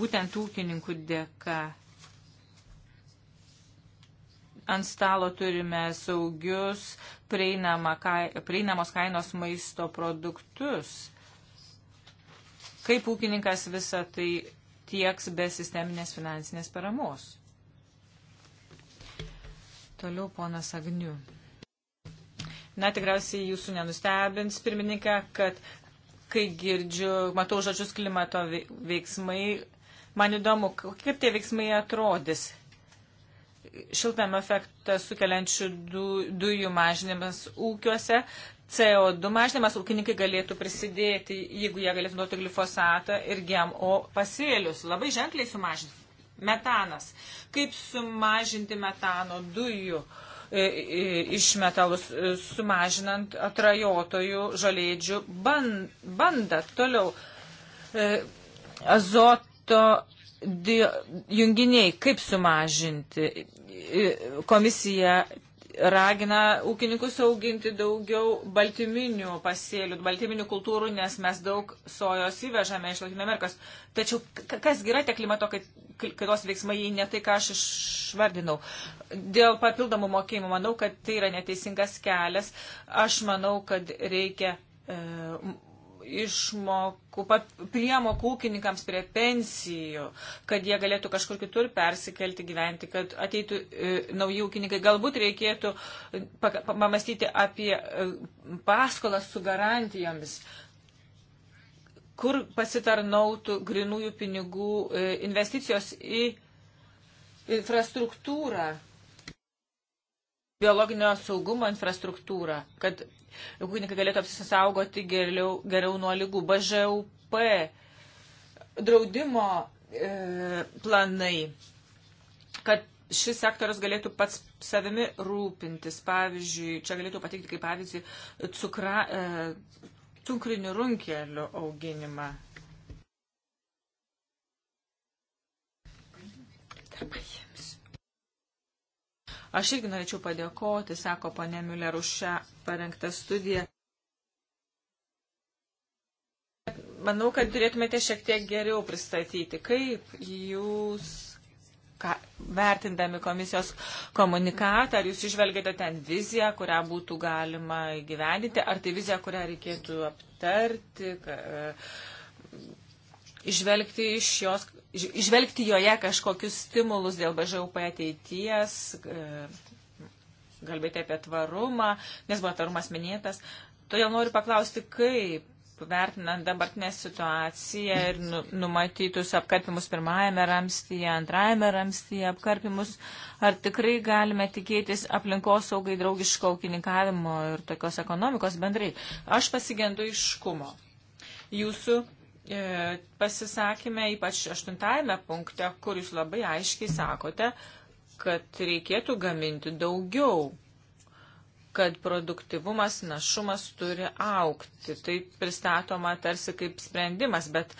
Būtent ūkininkų dėka ant stalo turime saugius, prieinama, prieinamos kainos maisto produktus. Kaip ūkininkas visą tai tieks be sisteminės finansinės paramos. Toliau ponas Agniu. Na, tikriausiai jūsų nenustebins, pirmininkė, kad kai girdžiu, matau žodžius klimato veiksmai, man įdomu, kaip tie veiksmai atrodys. Šiltam efektą sukeliančių du, dujų mažinimas ūkiuose, CO2 mažinimas ūkininkai galėtų prisidėti, jeigu jie galėtų duoti glifosatą ir GMO pasėlius. Labai ženkliai sumažinti. Metanas. Kaip sumažinti metano dujų e, e, išmetalus, e, sumažinant atrajotojų žalėdžių bandą. Toliau. Azoto junginiai, kaip sumažinti. Komisija ragina ūkininkus auginti daugiau baltyminių pasėlių, baltyminių kultūrų, nes mes daug sojos įvežame iš Latino Amerikos. Tačiau kas yra tie klimato kaitos veiksmai, jei ne tai, ką aš išvardinau. Dėl papildomų mokėjimų manau, kad tai yra neteisingas kelias. Aš manau, kad reikia. E, išmokų, priemokų ūkininkams prie pensijų, kad jie galėtų kažkur kitur persikelti gyventi, kad ateitų e, nauji ūkininkai. Galbūt reikėtų e, pamastyti apie e, paskolas su garantijomis, kur pasitarnautų grinųjų pinigų e, investicijos į infrastruktūrą biologinio saugumo infrastruktūrą, kad jog ūkininkai galėtų apsisaugoti geriau, geriau nuo lygų. BŽUP draudimo e, planai, kad šis sektorius galėtų pats savimi rūpintis. Pavyzdžiui, čia galėtų pateikti kaip pavyzdį cukra, e, cukrinių runkelių auginimą. Darbai. Aš irgi norėčiau padėkoti, sako ponė Miller, už šią parengtą studiją. Manau, kad turėtumėte šiek tiek geriau pristatyti, kaip jūs ką, vertindami komisijos komunikatą, ar jūs išvelgėte ten viziją, kurią būtų galima gyvendyti, ar tai vizija, kurią reikėtų aptarti, ka, e, išvelgti iš jos išvelgti joje kažkokius stimulus dėl BŽUP ateities, kalbėti e, apie tvarumą, nes buvo tvarumas minėtas. Todėl noriu paklausti, kaip vertinant dabartinę situaciją ir nu, numatytus apkarpimus pirmajame ramstyje, antrajame ramstyje apkarpimus, ar tikrai galime tikėtis aplinkos saugai draugiško ūkininkavimo ir tokios ekonomikos bendrai. Aš pasigendu iškumo. Jūsų E, pasisakymę, ypač aštuntajame punkte, kur jūs labai aiškiai sakote, kad reikėtų gaminti daugiau, kad produktivumas, našumas turi aukti. Tai pristatoma tarsi kaip sprendimas, bet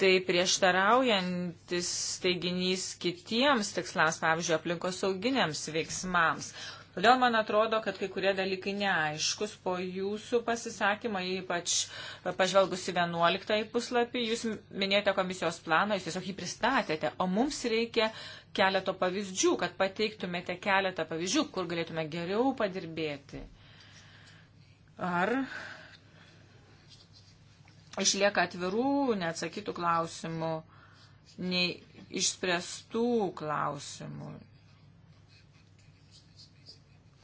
tai prieštaraujantis teiginys kitiems tikslams, pavyzdžiui, aplinkosauginiams veiksmams. Todėl man atrodo, kad kai kurie dalykai neaiškus po jūsų pasisakymą, ypač pažvelgusi 11 puslapį, jūs minėjote komisijos planą, jūs tiesiog jį pristatėte, o mums reikia keleto pavyzdžių, kad pateiktumėte keletą pavyzdžių, kur galėtume geriau padirbėti. Ar išlieka atvirų, neatsakytų klausimų, nei išspręstų klausimų,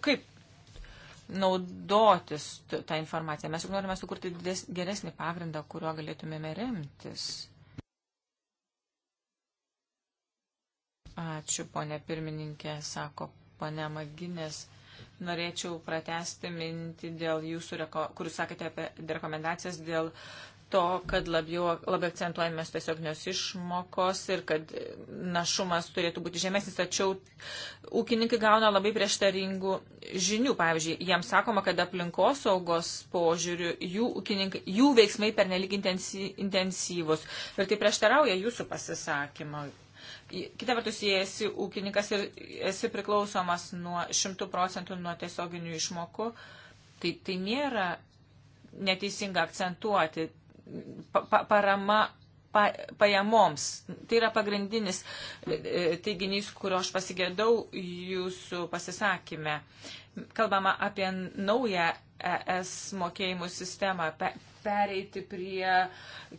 kaip naudotis tą informaciją. Mes juk norime sukurti dides, geresnį pagrindą, kuriuo galėtumėme remtis. Ačiū, ponė pirmininkė, sako ponė Maginės. Norėčiau pratesti mintį dėl jūsų, kur jūs sakėte apie rekomendacijas dėl to, kad labiau, labiau akcentuojamės tiesiognios išmokos ir kad našumas turėtų būti žemesnis, tačiau ūkininkai gauna labai prieštaringų žinių. Pavyzdžiui, jiems sakoma, kad aplinkosaugos požiūrių jų, jų veiksmai pernelik intensyvus ir tai prieštarauja jūsų pasisakymui. Kita vertus, jei esi ūkininkas ir esi priklausomas nuo 100 procentų nuo tiesioginių išmokų, tai, tai nėra neteisinga akcentuoti pa, parama pa, pajamoms. Tai yra pagrindinis e, e, teiginys, kurio aš pasigėdau jūsų pasisakymę. Kalbama apie naują ES mokėjimų sistemą, pe, pereiti prie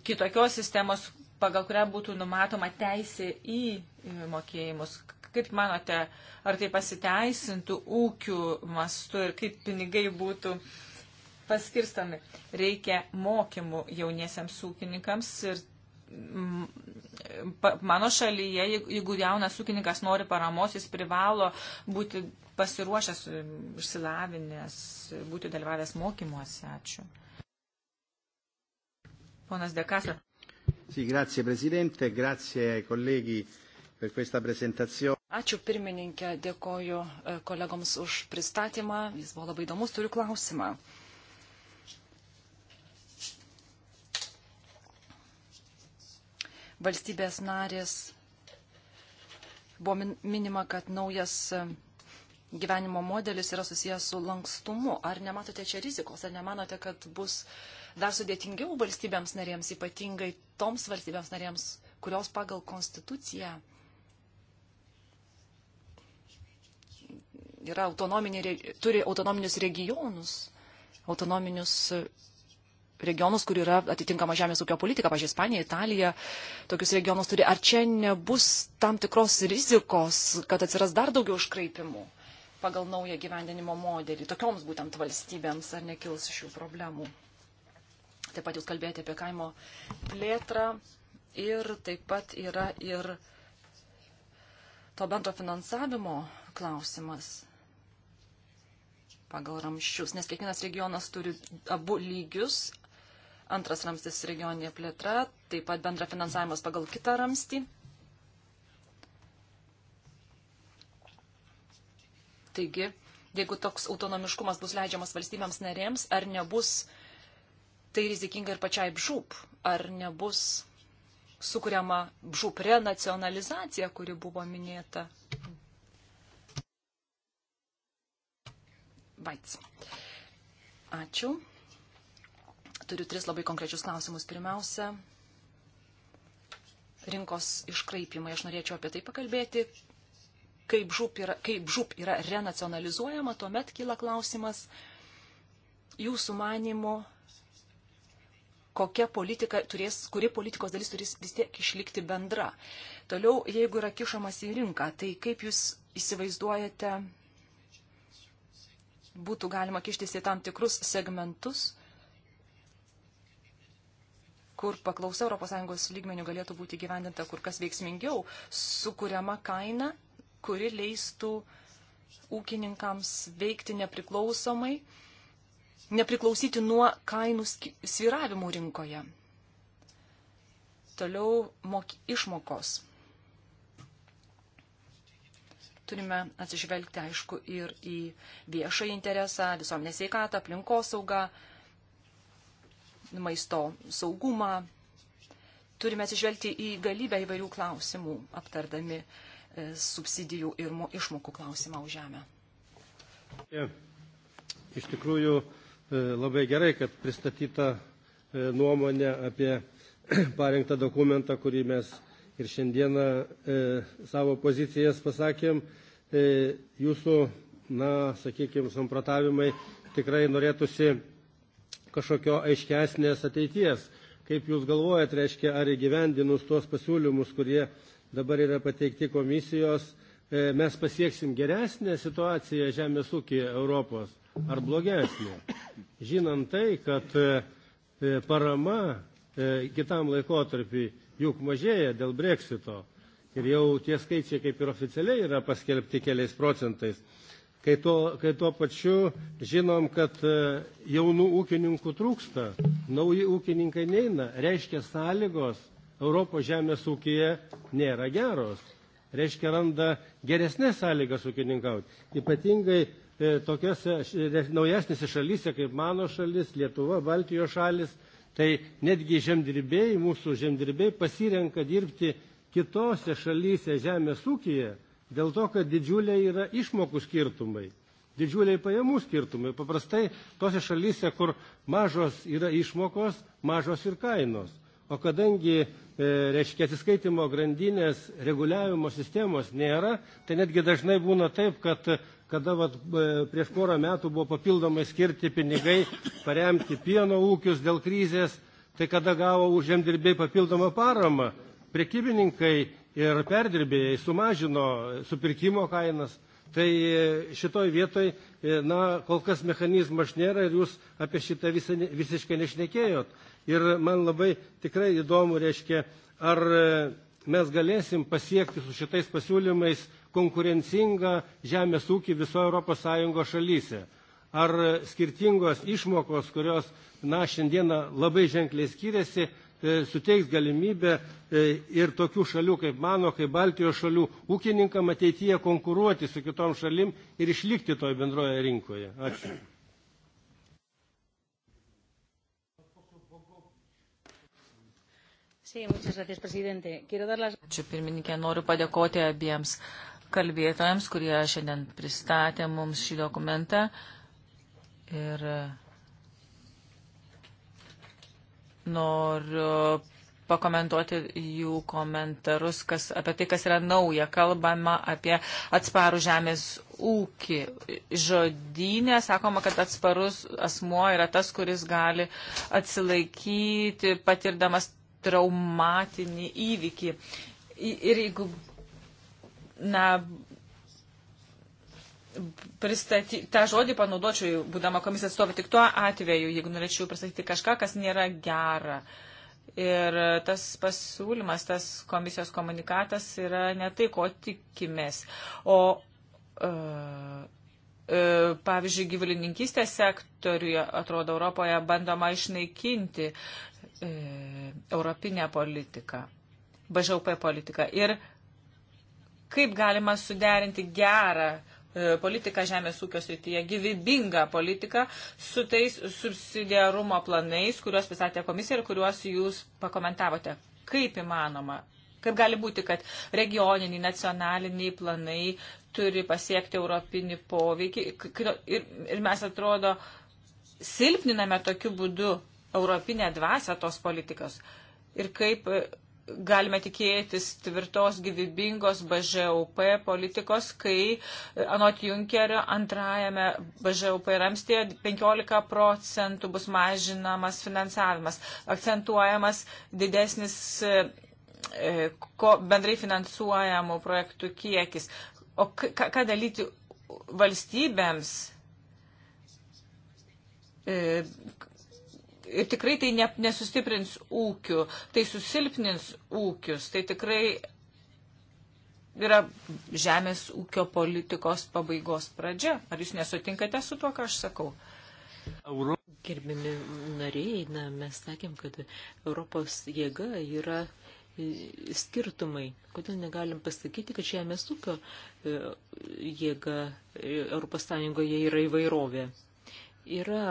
kitokios sistemos, pagal kurią būtų numatoma teisė į mokėjimus. Kaip manote, ar tai pasiteisintų ūkių mastu ir kaip pinigai būtų uh, paskirstami. Reikia mokymų jauniesiams ūkininkams ir mm, mano šalyje, jeigu jaunas ūkininkas nori paramos, jis privalo būti pasiruošęs, išsilavinęs, būti dalyvavęs mokymuose. Ačiū. Ponas Dekasa. Sì, grazie Presidente, grazie colleghi per questa presentazione. Ačiū pirmininkė, dėkoju e, kolegoms už pristatymą, jis buvo labai įdomus, turiu klausimą. valstybės narės buvo minima, kad naujas e, gyvenimo modelis yra susijęs su lankstumu. Ar nematote čia rizikos, ar nemanote, kad bus dar sudėtingiau valstybėms narėms, ypatingai toms valstybėms narėms, kurios pagal konstituciją yra autonominiai, turi autonominius regionus, autonominius regionus, kur yra atitinkama žemės ūkio politika, pažiūrėjau, Ispanija, Italija, tokius regionus turi. Ar čia nebus tam tikros rizikos, kad atsiras dar daugiau iškraipimų pagal naują gyvendinimo modelį, tokioms būtent valstybėms, ar nekils šių problemų? Taip pat jūs kalbėjote apie kaimo plėtrą ir taip pat yra ir to bendro finansavimo klausimas pagal ramščius, nes kiekvienas regionas turi abu lygius, Antras ramstis regioninė plėtra, taip pat bendra finansavimas pagal kitą ramstį. Taigi, jeigu toks autonomiškumas bus leidžiamas valstybėms narėms, ar nebus tai rizikinga ir pačiai bžūp, ar nebus sukuriama bžūp renacionalizacija, kuri buvo minėta. Vaits. Ačiū. Turiu tris labai konkrečius klausimus. Pirmiausia, rinkos iškraipimai. Aš norėčiau apie tai pakalbėti. Kaip žūp yra, kaip žūp yra renacionalizuojama, tuomet kyla klausimas jūsų manimo, kokia politika turės, kuri politikos dalis turės vis tiek išlikti bendra. Toliau, jeigu yra kišamas į rinką, tai kaip jūs įsivaizduojate, būtų galima kištis į tam tikrus segmentus, kur paklausa ES lygmenių galėtų būti gyvendinta kur kas veiksmingiau, sukuriama kaina, kuri leistų ūkininkams veikti nepriklausomai, nepriklausyti nuo kainų sviravimų rinkoje. Toliau mok, išmokos. Turime atsižvelgti, aišku, ir į viešą interesą, visuomenės veikatą, aplinkosaugą. saugą maisto saugumą. Turime atsižvelgti į galybę įvairių klausimų, aptardami e, subsidijų ir išmokų klausimą už žemę. Iš tikrųjų e, labai gerai, kad pristatyta e, nuomonė apie parengtą dokumentą, kurį mes ir šiandieną savo pozicijas pasakėm. Jūsų, na, sakykime, samprotavimai tikrai norėtųsi kažkokio aiškesnės ateities. Kaip Jūs galvojat, reiškia, ar įgyvendinus tuos pasiūlymus, kurie dabar yra pateikti komisijos, e, mes pasieksim geresnę situaciją žemės ūkį Europos ar blogesnė. Žinant tai, kad e, e, parama kitam laikotarpiui juk mažėja dėl breksito ir jau tie skaičiai kaip ir oficialiai yra paskelbti keliais procentais kai tuo, kai tuo pačiu žinom, kad e, jaunų ūkininkų trūksta, nauji ūkininkai neina, reiškia sąlygos Europos žemės ūkija nėra geros, reiškia randa geresnės sąlygas ūkininkauti. Ypatingai e, tokiose naujasnėse šalyse, kaip mano šalis, Lietuva, Baltijos šalis, tai netgi žemdirbėjai, mūsų žemdirbėjai pasirenka dirbti kitose šalyse žemės ūkija, Dėl to, kad didžiuliai yra išmokų skirtumai, didžiuliai pajamų skirtumai. Paprastai tose šalyse, kur mažos yra išmokos, mažos ir kainos. O kadangi, e, reiškia, atsiskaitimo grandinės reguliavimo sistemos nėra, tai netgi dažnai būna taip, kad kada vat, e, prieš porą metų buvo papildomai skirti pinigai paremti pieno ūkius dėl krizės, tai kada gavo žemdirbiai papildomą paramą, prekybininkai ir perdirbėjai sumažino supirkimo kainas. Tai e, šitoj vietoj, e, na, kol kas mechanizmas nėra ir jūs apie šitą visą, visiškai nešnekėjot. Ir man labai tikrai įdomu, reiškia, ar e, mes galėsim pasiekti su šitais pasiūlymais konkurencingą žemės ūkį viso ES šalyse. Ar skirtingos išmokos, kurios, na, šiandieną labai ženkliai skiriasi, E, suteiks galimybę e, ir tokių šalių kaip mano, kaip Baltijos šalių ūkininkam ateityje konkuruoti su kitom šalim ir išlikti toje bendroje rinkoje. Ačiū. Ačiū pirmininkė, noriu padėkoti abiems kalbėtojams, kurie šiandien pristatė mums šį dokumentą. Ir noriu pakomentuoti jų komentarus kas, apie tai, kas yra nauja. Kalbama apie atsparų žemės ūkį. Žodynė sakoma, kad atsparus asmuo yra tas, kuris gali atsilaikyti patirdamas traumatinį įvykį. Ir jeigu na, pristaty, tą žodį panaudočiau, būdama komisijos atstovė, tik tuo atveju, jeigu norėčiau pristatyti kažką, kas nėra gera. Ir tas pasiūlymas, tas komisijos komunikatas yra ne tai, ko tikimės. O, e, e, pavyzdžiui, gyvulininkystės sektoriuje, atrodo, Europoje bandoma išnaikinti e, europinę politiką, BŽP politiką. Ir kaip galima suderinti gerą E, politiką žemės ūkio srityje, gyvybingą politiką su tais subsidiarumo planais, kuriuos pristatė komisija ir kuriuos jūs pakomentavote. Kaip įmanoma? Kaip gali būti, kad regioniniai, nacionaliniai planai turi pasiekti europinį poveikį ir, ir mes atrodo silpniname tokiu būdu europinę dvasę tos politikos. Ir kaip galime tikėtis tvirtos gyvybingos BŽUP politikos, kai e, anot Junkerio antrajame BŽUP ramstėje 15 procentų bus mažinamas finansavimas, akcentuojamas didesnis e, e, ko, bendrai finansuojamų projektų kiekis. O ką, ką daryti valstybėms, Ir tikrai tai ne, nesustiprins ūkių, tai susilpnins ūkius, tai tikrai yra žemės ūkio politikos pabaigos pradžia. Ar jūs nesutinkate su tuo, ką aš sakau? Euro... Gerbimi nariai, na, mes sakėm, kad Europos jėga yra e, skirtumai. Kodėl negalim pasakyti, kad žemės ūkio e, jėga e, Europos Sąjungoje yra įvairovė? Yra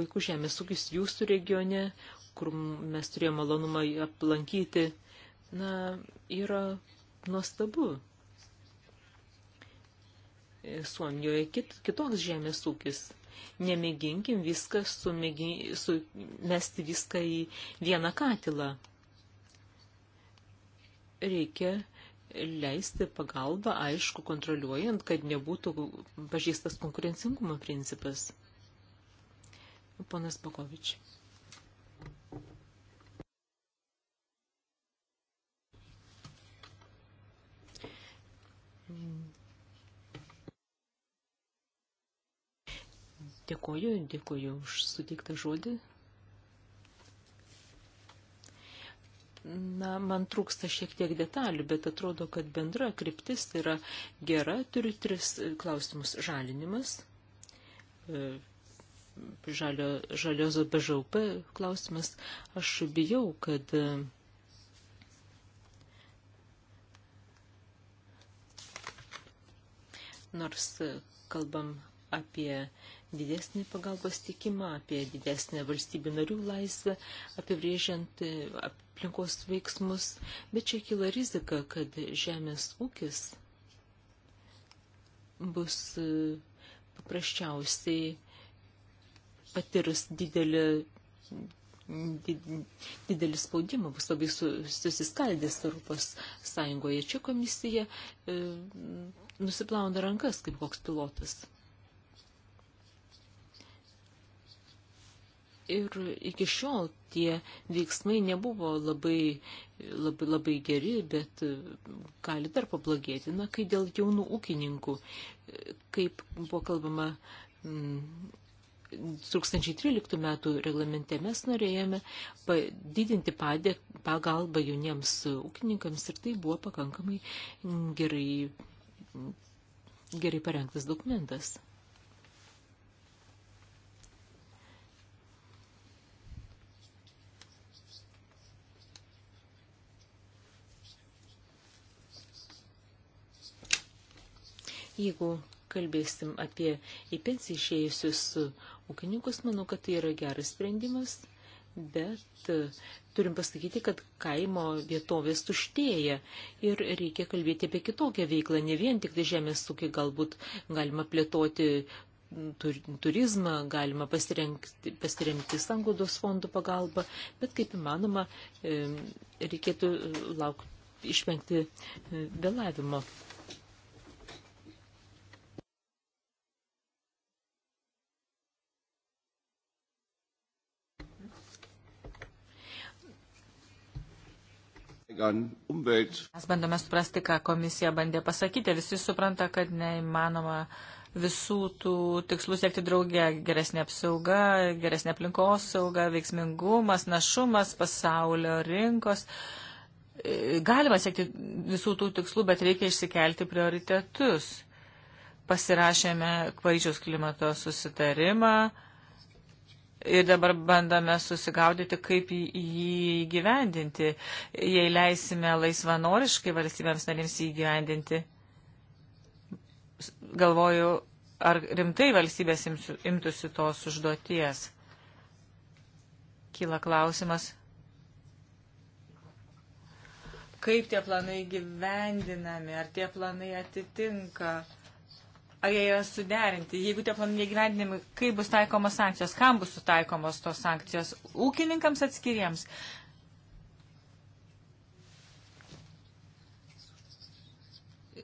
puikus žemės ūkis jūsų regione, kur mes turėjome malonumą aplankyti, na, yra nuostabu. E, Suomijoje kit, kitoks žemės ūkis. Nemėginkim viską sumesti su, viską į vieną katilą. Reikia leisti pagalbą, aišku, kontroliuojant, kad nebūtų pažįstas konkurencingumo principas. Ponas Bokovič. Dėkoju, dėkoju už suteiktą žodį. Na, man trūksta šiek tiek detalių, bet atrodo, kad bendra kryptis yra gera. Turiu tris klausimus. Žalinimas, e, žalio, žalios BŽUP klausimas, aš bijau, kad nors kalbam apie didesnį pagalbos tikimą, apie didesnę valstybių narių laisvę, apibrėžiant e, aplinkos veiksmus, bet čia kyla rizika, kad žemės ūkis bus e, paprasčiausiai patirs didelį, did, didelį spaudimą, bus labai susiskaldęs Europos Sąjungoje. Čia komisija e, nusiplauna rankas kaip koks pilotas. ir iki šiol tie veiksmai nebuvo labai, labai, labai geri, bet e, gali dar pablogėti. Na, kai dėl jaunų ūkininkų, e, kaip buvo kalbama 2013 metų reglamente mes norėjome padidinti padė, pagalbą jauniems ūkininkams ir tai buvo pakankamai gerai, gerai parengtas dokumentas. Jeigu kalbėsim apie į pensiją išėjusius ūkininkus. Manau, kad tai yra geras sprendimas, bet e, turim pasakyti, kad kaimo vietovės tuštėja ir reikia kalbėti apie kitokią veiklą, ne vien tik tai žemės ūkį galbūt galima plėtoti turizmą, galima pasiremti sanglaudos fondų pagalbą, bet kaip įmanoma e, reikėtų e, laukti, išvengti vėlavimo. Mes bandome suprasti, ką komisija bandė pasakyti. Visi supranta, kad neįmanoma visų tų tikslų siekti draugė - geresnė apsauga, geresnė aplinkos sauga, veiksmingumas, našumas, pasaulio rinkos. Galima siekti visų tų tikslų, bet reikia išsikelti prioritetus. Pasirašėme Paryžiaus klimato susitarimą Ir dabar bandome susigaudyti, kaip jį įgyvendinti, jei leisime laisvanoriškai valstybėms narėms jį įgyvendinti. Galvoju, ar rimtai valstybės imtųsi tos užduoties. Kyla klausimas, kaip tie planai gyvendinami, ar tie planai atitinka ar jie yra suderinti. Jeigu tie planai negyvendinami, kaip bus taikomos sankcijos, kam bus sutaikomos tos sankcijos, ūkininkams atskiriems.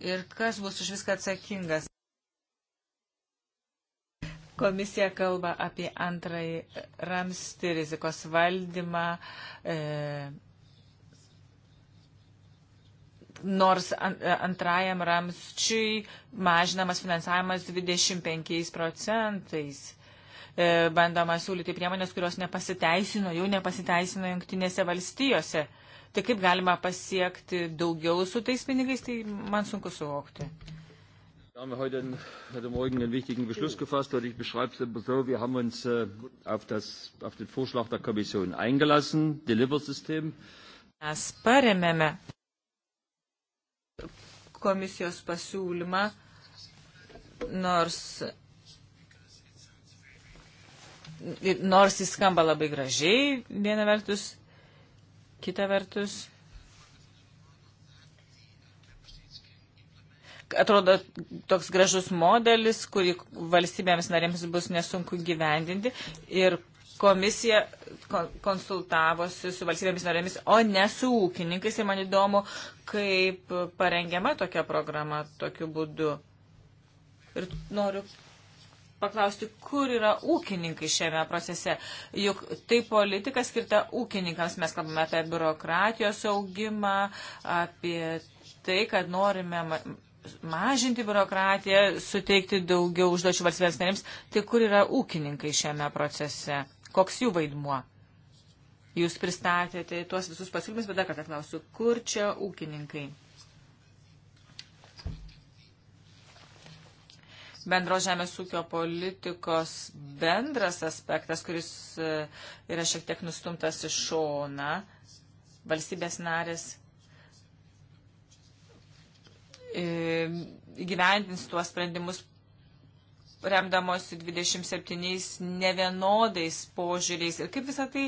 Ir kas bus už viską atsakingas? Komisija kalba apie antrąjį ramstį rizikos valdymą. E, nors antrajam ramščiui mažinamas finansavimas 25 procentais. E, bandoma siūlyti priemonės, kurios nepasiteisino, jau nepasiteisino jungtinėse valstijose. Tai kaip galima pasiekti daugiau su tais pinigais, tai man sunku suvokti. haben wir heute, heute Morgen einen wichtigen Beschluss gefasst und ich beschreibe es so, wir haben uns äh, auf, das, auf den Vorschlag der Kommission eingelassen, Deliver-System. Mes paremėme komisijos pasiūlymą, nors, nors jis skamba labai gražiai, viena vertus, kita vertus. Atrodo toks gražus modelis, kurį valstybėms narėms bus nesunku gyvendinti ir Komisija konsultavosi su valstybėmis narėmis, o ne su ūkininkais. Ir man įdomu, kaip parengiama tokia programa tokiu būdu. Ir noriu paklausti, kur yra ūkininkai šiame procese. Juk tai politika skirta ūkininkams. Mes kalbame apie biurokratijos augimą, apie tai, kad norime mažinti biurokratiją, suteikti daugiau užduočių valstybės narėms. Tai kur yra ūkininkai šiame procese? koks jų vaidmuo. Jūs pristatėte tuos visus pasiūlymus, bet dar kartą klausiu, kur čia ūkininkai? bendro žemės ūkio politikos bendras aspektas, kuris e, yra šiek tiek nustumtas į šoną, valstybės narės e, gyvendins tuos sprendimus remdamosi 27 nevienodais požiūriais ir kaip visą tai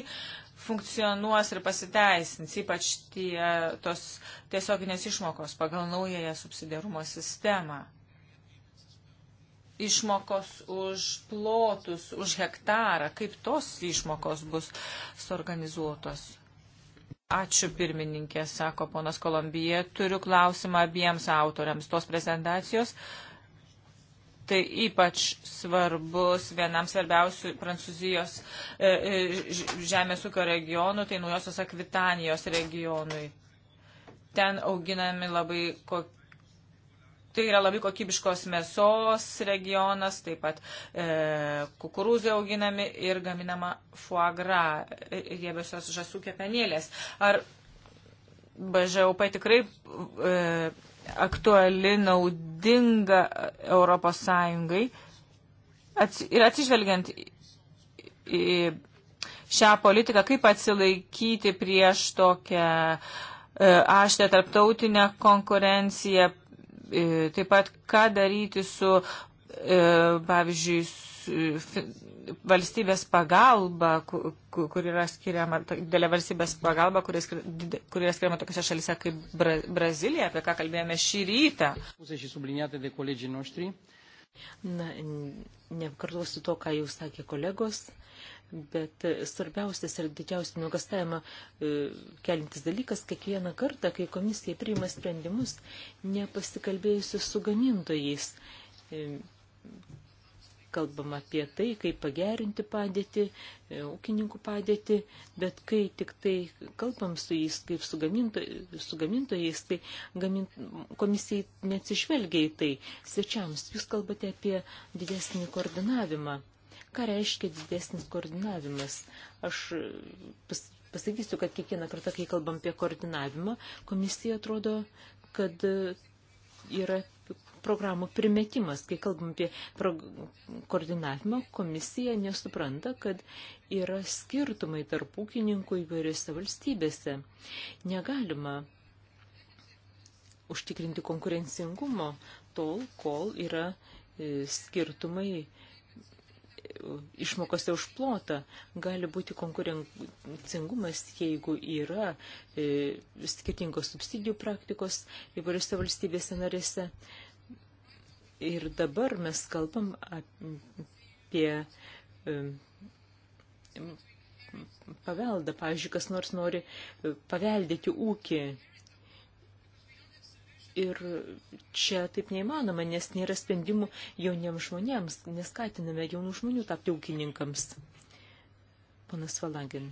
funkcionuos ir pasiteisins, ypač tie, tos tiesioginės išmokos pagal naująją subsidiarumo sistemą. Išmokos už plotus, už hektarą, kaip tos išmokos bus suorganizuotos. Ačiū pirmininkė, sako ponas Kolumbija. Turiu klausimą abiems autoriams tos prezentacijos. Uh, Tai ypač svarbus vienam svarbiausių Prancūzijos e, e, žemės ūkio regionų, tai naujosios Akvitanijos regionui. Ten auginami labai kokie tai yra labai kokybiškos mėsos regionas, taip pat e, kukurūzai auginami ir gaminama fuagra, e, riebiosios žasų kepenėlės. Ar BŽUP tikrai e, aktuali, naudinga Europos Sąjungai. Atsi, ir atsižvelgiant į šią politiką, kaip atsilaikyti prieš tokią e, aštę tarptautinę konkurenciją, e, taip pat ką daryti su E, pavyzdžiui, valstybės pagalba, kur yra skiriama, didelė valstybės pagalba, kur yra skiriama tokiuose šalise kaip Bra Brazilija, apie ką kalbėjome šį rytą. Na, neapkartosiu to, ką jau sakė kolegos, bet svarbiausias ir didžiausią nuogastavimą e, kelintis dalykas, kiekvieną kartą, kai komisija priima sprendimus, nepasikalbėjusi su gamintojais e, kalbam apie tai, kaip pagerinti padėtį, e, ūkininkų padėtį, bet kai tik tai kalbam su jais, kaip su, gaminto, su gamintojais, tai gamint, komisijai neatsižvelgia į tai. Svečiams, jūs kalbate apie didesnį koordinavimą. Ką reiškia didesnis koordinavimas? Aš e, pas, pasakysiu, kad kiekvieną kartą, kai kalbam apie koordinavimą, komisija atrodo, kad e, yra programų primetimas. Kai kalbam apie koordinavimą, komisija nesupranta, kad yra skirtumai tarp ūkininkų įvairiose valstybėse. Negalima užtikrinti konkurencingumo tol, kol yra e, skirtumai e, išmokose už plotą gali būti konkurencingumas, jeigu yra e, skirtingos subsidijų praktikos įvairiose valstybėse narėse. E, Ir dabar mes kalbam apie paveldą. Pavyzdžiui, kas nors nori e, paveldėti ūkį. Ir čia taip neįmanoma, nes nėra sprendimų jauniems žmonėms, neskatiname jaunų žmonių tapti ūkininkams. Ponas Valagin.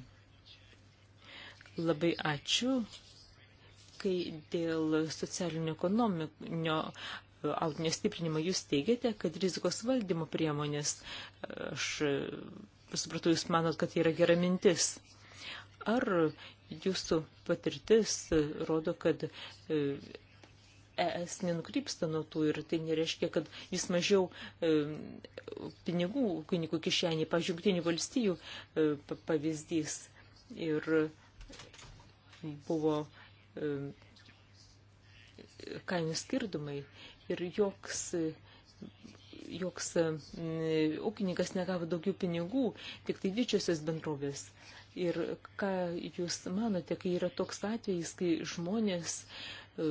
Labai ačiu kai dėl socialinio ekonominio audinio stiprinimą. Jūs teigiate, kad rizikos valdymo priemonės, aš supratau, jūs manot, kad tai yra gera mintis. Ar jūsų patirtis rodo, kad ES e nenukrypsta nuo tų ir tai nereiškia, kad jis mažiau e, pinigų kunigų kišenį, pažiūrėtinių valstijų e, pavyzdys. Ir buvo e, kainų skirtumai ir joks, joks mm, ūkininkas negavo daugiau pinigų, tik tai didžiosios bendrovės. Ir ką jūs manote, kai yra toks atvejis, kai žmonės e,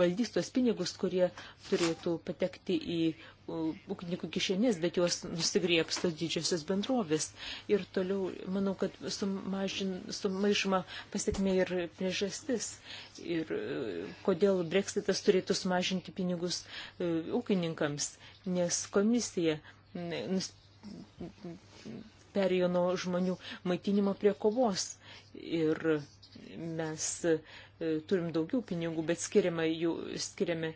valdys tos pinigus, kurie turėtų patekti į ūkininkų kišenės, bet juos nusigriepsta didžiosios bendrovės. Ir toliau, manau, kad sumažin, sumaišoma pasiekmė ir priežastis. Ir e, kodėl breksitas turėtų sumažinti pinigus e, ūkininkams, nes komisija perėjo nuo žmonių maitinimo prie kovos. Ir mes e, turim daugiau pinigų, bet skiriame jų, skiriame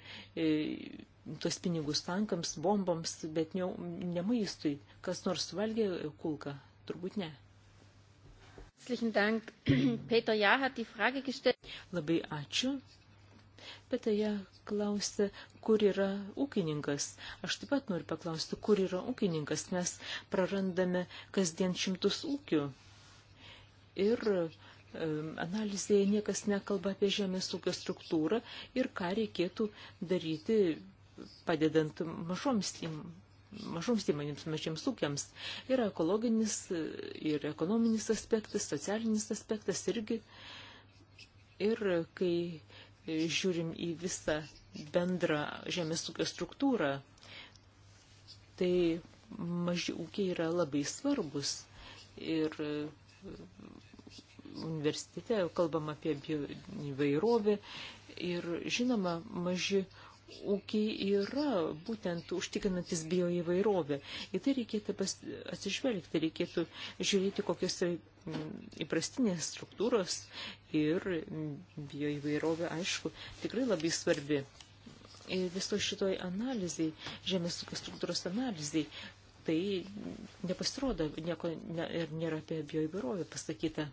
tos pinigus tankams, bomboms, bet ne, ne maistui. Kas nors valgė kulką? Turbūt ne. Labai ačiū. Petoje klausė, kur yra ūkininkas. Aš taip pat noriu paklausti, kur yra ūkininkas. Mes prarandame kasdien šimtus ūkių. Ir analizėje niekas nekalba apie žemės ūkio struktūrą ir ką reikėtų daryti padedant mažoms mažoms įmonėms, mažiems ūkiams. Yra ekologinis ir ekonominis aspektas, socialinis aspektas irgi. Ir kai žiūrim į visą bendrą žemės ūkio struktūrą, tai maži ūkiai yra labai svarbus. Ir universitete kalbam apie įvairovę ir žinoma, maži ūkiai ūkiai yra būtent užtikrinantis bioįvairovę. Į tai reikėtų atsižvelgti, reikėtų žiūrėti, kokios yra mm, įprastinės struktūros ir mm, bioįvairovė, aišku, tikrai labai svarbi. Ir viso šitoj analizai, žemės ūkio struktūros analizai, tai mm, nepasirodo nieko ne, ir nėra apie bioįvairovę pasakyta.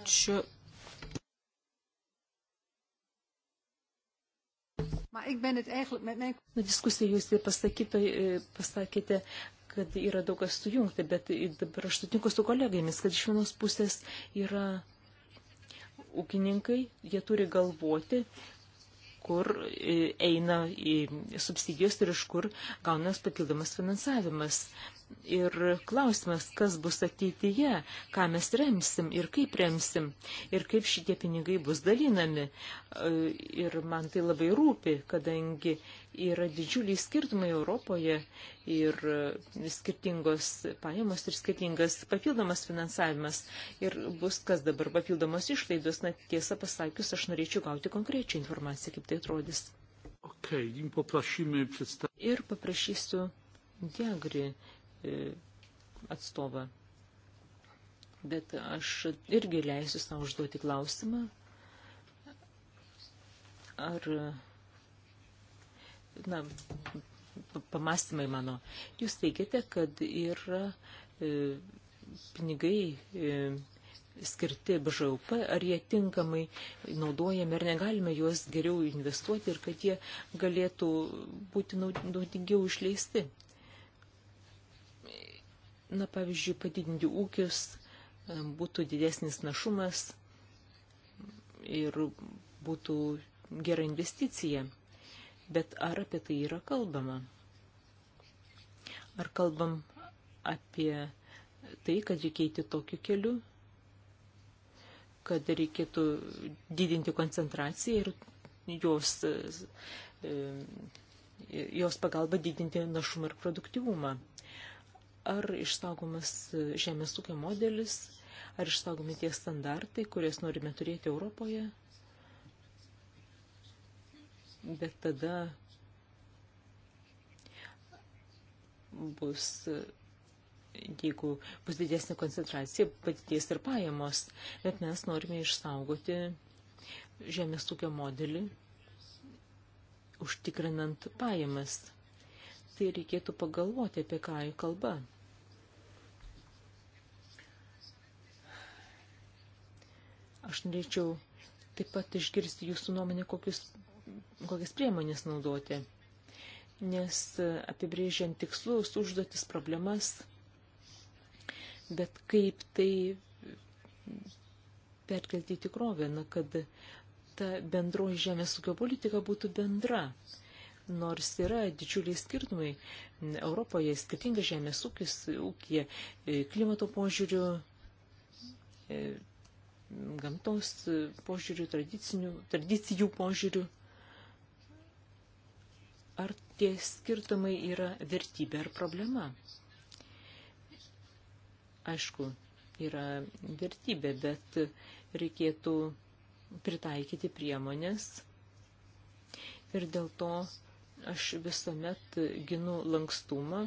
Ačiū. Diskusijose pasakėte, kad yra daug kas sujungti, bet dabar aš sutinku su kolegomis, kad iš vienos pusės yra ūkininkai, jie turi galvoti, kur e, eina į subsidijos ir iš kur gaunas papildomas finansavimas ir klausimas, kas bus ateityje, ką mes remsim ir kaip remsim ir kaip šitie pinigai bus dalinami. E, ir man tai labai rūpi, kadangi yra didžiuliai skirtumai Europoje ir e, skirtingos pajamos ir skirtingas papildomas finansavimas. Ir bus kas dabar papildomos išlaidos, na tiesą pasakius, aš norėčiau gauti konkrečią informaciją, kaip tai atrodys. Okay, ir paprašysiu Diagri E, atstovą. Bet aš irgi leisiu savo užduoti klausimą, ar, na, pamastymai mano. Jūs teigiate, kad yra e, pinigai e, skirti BŽUP, ar jie tinkamai naudojami, ar negalime juos geriau investuoti ir kad jie galėtų būti naudingiau išleisti. Na, pavyzdžiui, padidinti ūkius, e, būtų didesnis našumas ir būtų gera investicija. Bet ar apie tai yra kalbama? Ar kalbam apie tai, kad reikia eiti tokiu keliu, kad reikėtų didinti koncentraciją ir jos, e, e, jos pagalba didinti našumą ir produktyvumą ar išsaugomas žemės ūkio modelis, ar išsaugomi tie standartai, kurias norime turėti Europoje. Bet tada bus, jeigu bus didesnė koncentracija, padidės ir pajamos, bet mes norime išsaugoti žemės ūkio modelį, užtikrinant pajamas tai reikėtų pagalvoti, apie ką jų kalba. Aš norėčiau taip pat išgirsti jūsų nuomonę, kokius, kokias priemonės naudoti. Nes apibrėžiant tikslus, užduotis, problemas, bet kaip tai perkelti į tikrovę, na, kad ta bendroji žemės ūkio politika būtų bendra. Nors yra didžiuliai skirtumai Europoje, skirtinga žemės ūkis, ūkija, e, klimato požiūrių, e, gamtos požiūrių, tradicijų požiūrių. Ar tie skirtumai yra vertybė ar problema? Aišku, yra vertybė, bet reikėtų pritaikyti priemonės. Ir dėl to aš visuomet ginu lankstumą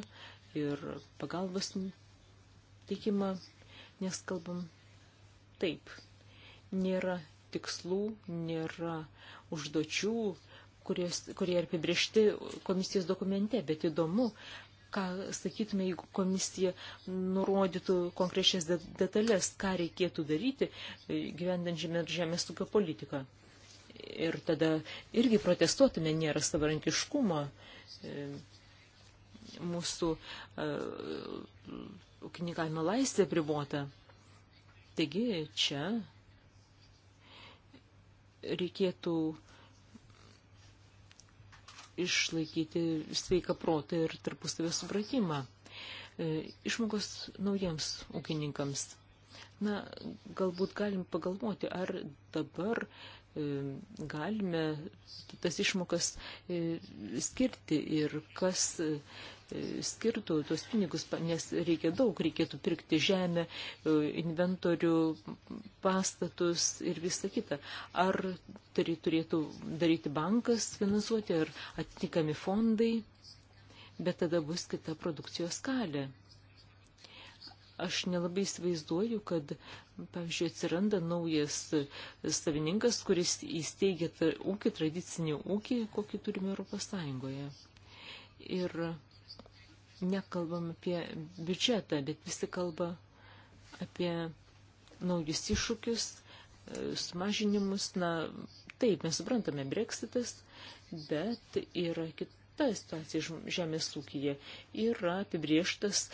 ir pagalbos teikimą, nes kalbam taip, nėra tikslų, nėra užduočių, kurios, kurie apibriešti komisijos dokumente, bet įdomu, ką sakytume, jeigu komisija nurodytų konkrečias detalės, ką reikėtų daryti e, gyvendant žemės ūkio politiką. Ir tada irgi protestuotume, nėra savarankiškumo e, mūsų e, ūkininkavimo laisvė privota. Taigi čia reikėtų išlaikyti sveiką protą ir tarpusavę supratimą. E, išmokos naujiems ūkininkams. Na, galbūt galim pagalvoti, ar dabar e, galime tas išmokas e, skirti ir kas E, skirtų tuos pinigus, nes reikia daug, reikėtų pirkti žemę, e, inventorių, pastatus ir visą kitą. Ar tai turėtų daryti bankas finansuoti, ar atitinkami fondai, bet tada bus kita produkcijos skalė aš nelabai įsivaizduoju, kad, pavyzdžiui, atsiranda naujas savininkas, kuris įsteigia ūkį, tradicinį ūkį, kokį turime Europos Sąjungoje. Ir nekalbam apie biudžetą, bet visi kalba apie naujus iššūkius, e, sumažinimus. Na, taip, mes suprantame Brexitas, bet yra kita situacija žemės ūkyje. Yra apibrieštas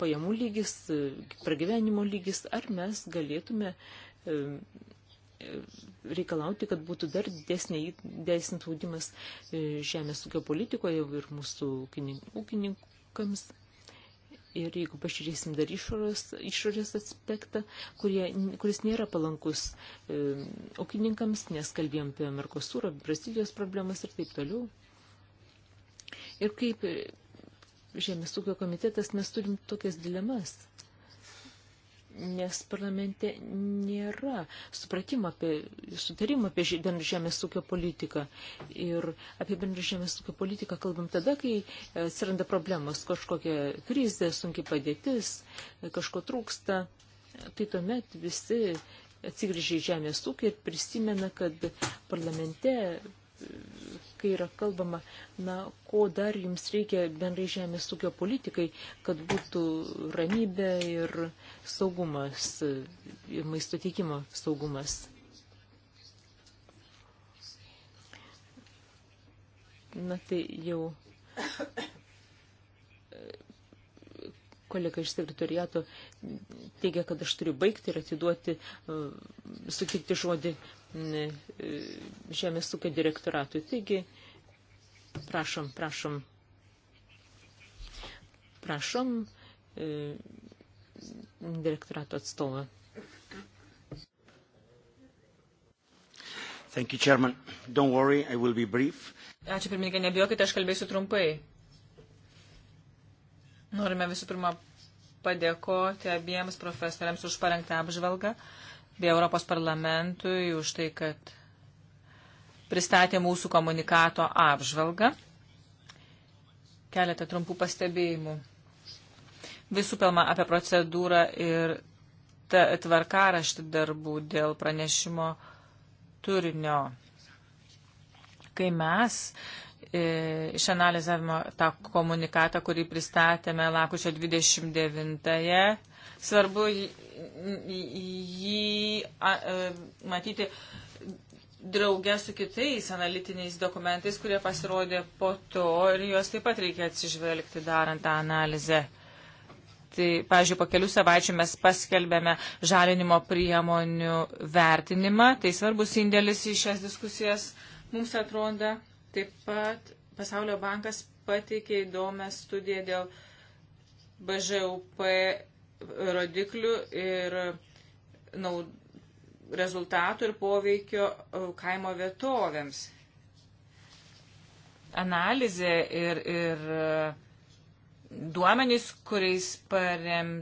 pajamų lygis, e, pragyvenimo lygis, ar mes galėtume e, reikalauti, kad būtų dar didesnė, didesnis audimas žemės ūkio politikoje ir mūsų ūkininkų, bankams. Ir jeigu pažiūrėsim dar išorės, išorės aspektą, kurie, kuris nėra palankus e, ūkininkams, nes kalbėjom apie Merkosūrą, Brazilijos problemas ir taip toliau. Ir kaip e, Žemės ūkio komitetas mes turim tokias dilemas nes parlamente nėra supratimo apie, sutarimo apie bendrą žemės ūkio politiką. Ir apie bendrą žemės ūkio politiką kalbam tada, kai atsiranda problemos, kažkokia krizė, sunki padėtis, kažko trūksta. Tai tuomet visi atsigrįžia į žemės ūkį ir prisimena, kad parlamente kai yra kalbama, na, ko dar jums reikia bendrai žemės ūkio politikai, kad būtų ramybė ir saugumas, ir maisto teikimo saugumas. Na, tai jau kolega iš sekretoriato teigia, kad aš turiu baigti ir atiduoti, uh, sutikti žodį E, Žemės ūkio direktoratui. Taigi, prašom, prašom, prašom e, direktorato atstovą. Thank you, Chairman. Don't worry, I will be brief. Ačiū pirmininkė, nebijokite, aš kalbėsiu trumpai. Norime visų pirma padėkoti abiems profesoriams už parengtą apžvalgą. Uh, bei Europos parlamentui už tai, kad pristatė mūsų komunikato apžvalgą. Keletą trumpų pastebėjimų. Visų pirma, apie procedūrą ir tvarkaraštį darbų dėl pranešimo turinio. Kai mes e, išanalizavimo tą komunikatą, kurį pristatėme lakučio 29-ąją, svarbu jį a, a, e, matyti draugę su kitais analitiniais dokumentais, kurie pasirodė po to ir juos taip pat reikia atsižvelgti darant tą analizę. Tai, pavyzdžiui, po kelių savaičių mes paskelbėme žalinimo priemonių vertinimą. Tai svarbus indėlis į šias diskusijas mums atrodo. Taip pat Pasaulio bankas pateikė įdomią studiją dėl BŽUP rodiklių ir naud, rezultatų ir poveikio e, kaimo vietovėms. Analizė ir, ir e, duomenys, kuriais parem,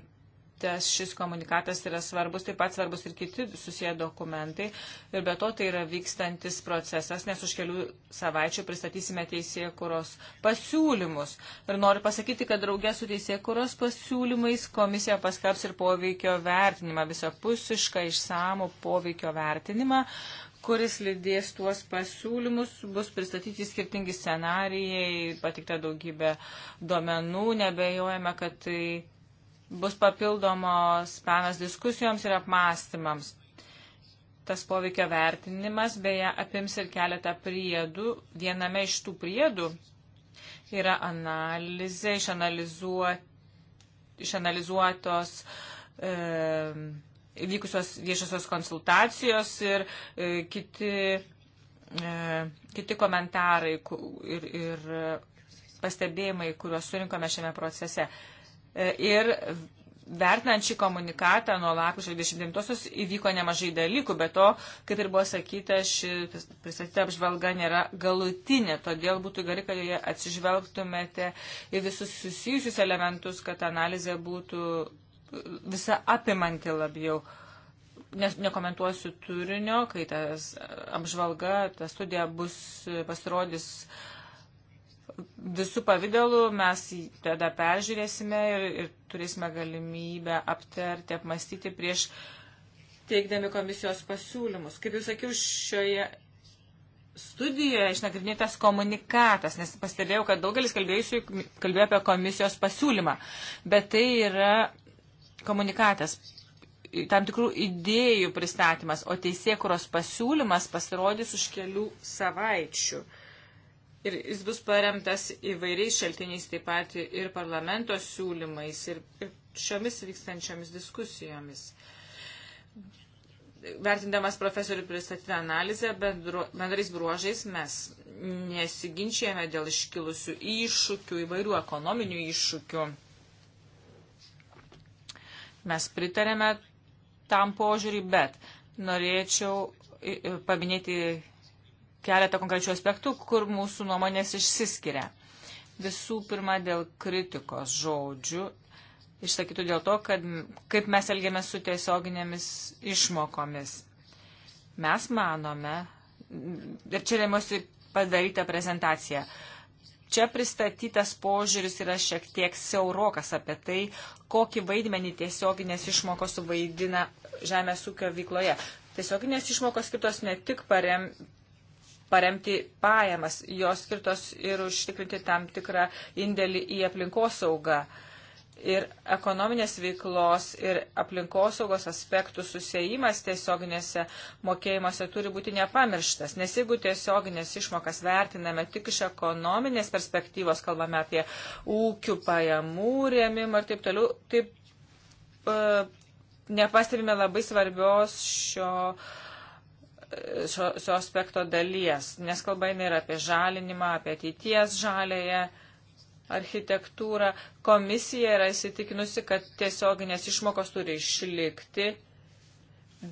tas šis komunikatas yra svarbus, taip pat svarbus ir kiti susiję dokumentai. Ir be to tai yra vykstantis procesas, nes už kelių savaičių pristatysime teisėkuros pasiūlymus. Ir noriu pasakyti, kad draugė su teisėkuros pasiūlymais komisija paskelbs ir poveikio vertinimą, visapusišką išsamų poveikio vertinimą kuris lydės tuos pasiūlymus, bus pristatyti skirtingi scenarijai, patikta daugybė duomenų, nebejojame, kad tai bus papildomos penas diskusijoms ir apmąstymams. Tas poveikio vertinimas beje apims ir keletą priedų. Viename iš tų priedų yra analizė, išanalizuot, išanalizuotos e, vykusios viešosios konsultacijos ir e, kiti, e, kiti komentarai ir, ir pastebėjimai, kuriuos surinkome šiame procese. E, E, ir vertinant šį komunikatą nuo lapkričio 29-osios įvyko nemažai dalykų, bet to, kaip ir buvo sakyta, ši pristatyta apžvalga nėra galutinė, todėl būtų gerai, kad joje atsižvelgtumėte į visus susijusius elementus, kad analizė būtų visa apimanti labiau. Nes nekomentuosiu turinio, kai tas apžvalga, ta studija bus pasirodys uh, visų pavydalų mes tada peržiūrėsime ir, ir turėsime galimybę aptarti, apmastyti prieš teikdami komisijos pasiūlymus. Kaip jau sakiau, šioje studijoje išnagrinėtas komunikatas, nes pastebėjau, kad daugelis kalbėjusių kalbėjo apie komisijos pasiūlymą, bet tai yra komunikatas, tam tikrų idėjų pristatymas, o teisėkuros pasiūlymas pasirodys už kelių savaičių. Ir jis bus paremtas įvairiais šaltiniais, taip pat ir parlamento siūlymais, ir, ir šiomis vykstančiomis diskusijomis. Vertindamas profesorių pristatytą analizę, bendru, bendrais bruožais mes nesiginčijame dėl iškilusių iššūkių, įvairių ekonominių iššūkių. Mes pritarėme tam požiūrį, bet norėčiau paminėti keletą konkrečių aspektų, kur mūsų nuomonės išsiskiria. Visų pirma, dėl kritikos žodžių, išsakytų dėl to, kad kaip mes elgiamės su tiesioginėmis išmokomis. Mes manome, ir čia remiuosi padarytą prezentaciją, čia pristatytas požiūris yra šiek tiek siaurokas apie tai, kokį vaidmenį tiesioginės išmokos suvaidina žemės ūkio veikloje. Tiesioginės išmokos skirtos ne tik parem, paremti pajamas, jos skirtos ir užtikrinti tam tikrą indėlį į aplinkosaugą. Ir ekonominės veiklos ir aplinkosaugos aspektų susijimas tiesioginėse mokėjimuose turi būti nepamirštas, nes jeigu tiesioginės išmokas vertiname tik iš ekonominės perspektyvos, kalbame apie ūkių pajamų rėmimą ir taip toliau, taip e, nepastebime labai svarbios šio e, šio, šio aspekto dalies, nes kalba eina ir apie žalinimą, apie ateities žalėje architektūrą. Komisija yra įsitikinusi, kad tiesioginės išmokos turi išlikti,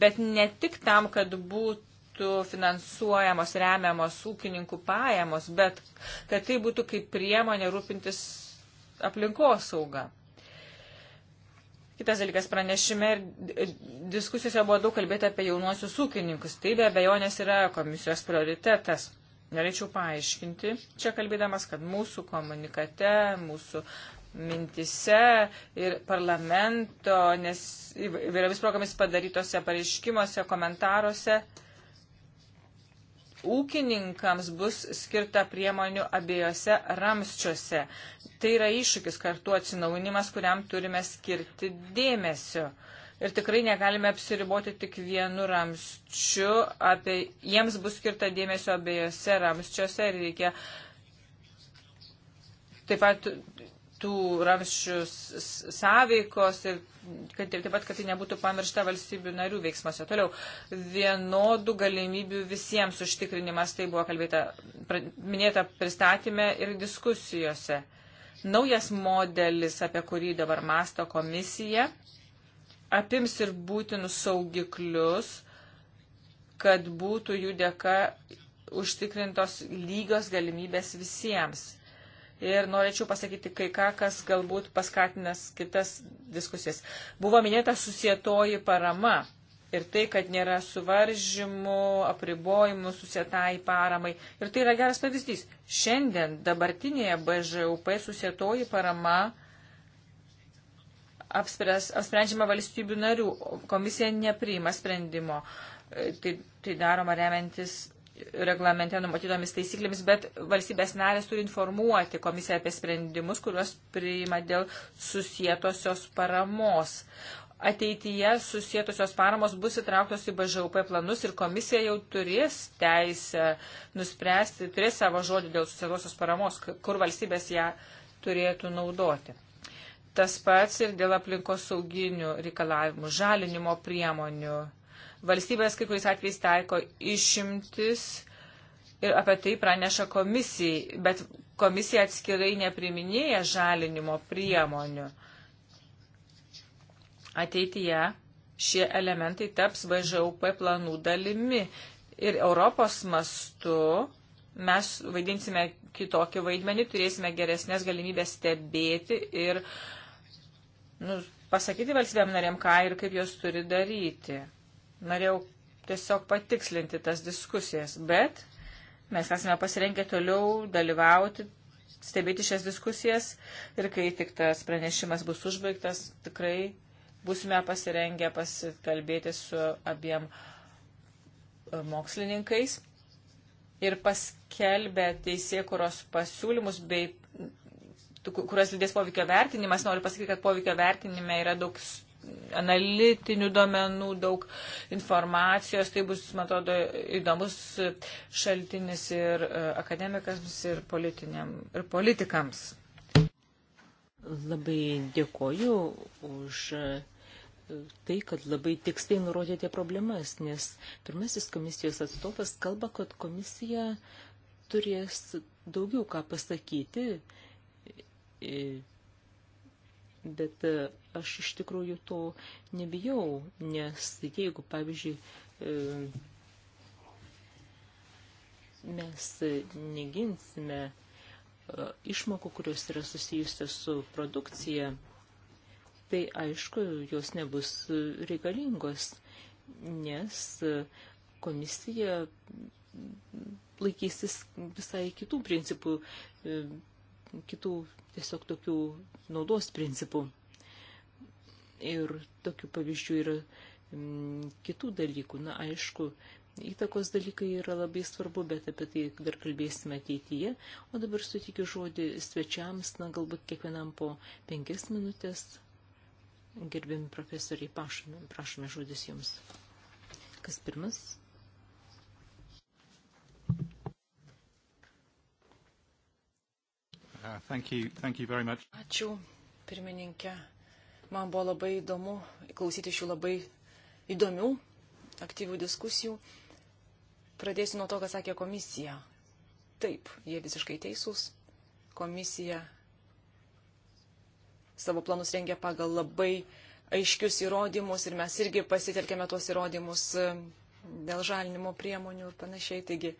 bet ne tik tam, kad būtų finansuojamos, remiamos ūkininkų pajamos, bet kad tai būtų kaip priemonė rūpintis aplinkosaugą. Kitas dalykas pranešime ir e, diskusijose buvo daug kalbėta apie jaunuosius ūkininkus. Tai be abejonės yra komisijos prioritetas. Norėčiau paaiškinti, čia kalbėdamas, kad mūsų komunikate, mūsų mintise ir parlamento, nes įvairiomis progomis padarytose pareiškimuose, komentaruose ūkininkams bus skirta priemonių abiejose ramščiuose. Tai yra iššūkis kartu atsinaujinimas, kuriam turime skirti dėmesio. Ir tikrai negalime apsiriboti tik vienu ramščiu, apie, jiems bus skirta dėmesio abiejose ramščiuose ir reikia taip pat tų ramščių sąveikos ir kad taip pat, kad tai nebūtų pamiršta valstybių narių veiksmuose. Toliau, vienodų galimybių visiems užtikrinimas, tai buvo kalbėta, minėta pristatymė ir diskusijose. Naujas modelis, apie kurį dabar masto komisija, apims ir būtinus saugiklius, kad būtų jų dėka užtikrintos lygios galimybės visiems ir norėčiau pasakyti kai ką, kas galbūt paskatinas kitas diskusijas. Buvo minėta susietoji parama ir tai, kad nėra suvaržymų, apribojimų susietai paramai. Ir tai yra geras pavyzdys. Šiandien dabartinėje BŽUP susietoji parama apspręs, apsprendžiama valstybių narių. Komisija nepriima sprendimo. E, tai, tai daroma remiantis reglamente numatytomis taisyklėmis, bet valstybės narės turi informuoti komisiją apie sprendimus, kuriuos priima dėl susietosios paramos. Ateityje susietosios paramos bus įtrauktos į BŽUP planus ir komisija jau turės teisę nuspręsti, turės savo žodį dėl susietosios paramos, kur valstybės ją turėtų naudoti. Tas pats ir dėl aplinkos sauginių reikalavimų, žalinimo priemonių Valstybės kai kuriais atvejais taiko išimtis ir apie tai praneša komisijai, bet komisija atskirai nepriminėja žalinimo priemonių. Ateityje šie elementai taps BŽUP planų dalimi ir Europos mastu mes vaidinsime kitokį vaidmenį, turėsime geresnės galimybės stebėti ir nu, pasakyti valstybėm narėm, ką ir kaip jos turi daryti. Norėjau tiesiog patikslinti tas diskusijas, bet mes esame pasirengę toliau dalyvauti, stebėti šias diskusijas ir kai tik tas pranešimas bus užbaigtas, tikrai busime pasirengę pasikalbėti su abiem e, mokslininkais ir paskelbę teisėkuros pasiūlymus bei kurios lydės poveikio vertinimas. Noriu pasakyti, kad poveikio vertinime yra daug analitinių duomenų, daug informacijos. Tai bus, man atrodo, įdomus šaltinis ir e, akademikams, ir, ir politikams. Labai dėkoju už e, tai, kad labai tiksliai nurodėte problemas, nes pirmasis komisijos atstovas kalba, kad komisija turės daugiau ką pasakyti e, Bet e, aš iš tikrųjų to nebijau, nes jeigu, pavyzdžiui, e, mes neginsime e, išmokų, kurios yra susijusios su produkcija, tai aišku, jos nebus reikalingos, nes komisija laikysis visai kitų principų kitų tiesiog tokių naudos principų. Ir tokių pavyzdžių yra m, mm, kitų dalykų. Na, aišku, įtakos dalykai yra labai svarbu, bet apie tai dar kalbėsime ateityje. O dabar sutikiu žodį svečiams, na, galbūt kiekvienam po penkias minutės. Gerbiami profesoriai, prašome, prašome žodis jums. Kas pirmas? Uh, thank you, thank you Ačiū, pirmininkė. Man buvo labai įdomu klausyti šių labai įdomių, aktyvių diskusijų. Pradėsiu nuo to, ką sakė komisija. Taip, jie visiškai teisūs. Komisija savo planus rengia pagal labai aiškius įrodymus ir mes irgi pasitelkėme tuos įrodymus um, dėl žalinimo priemonių ir panašiai. Taigi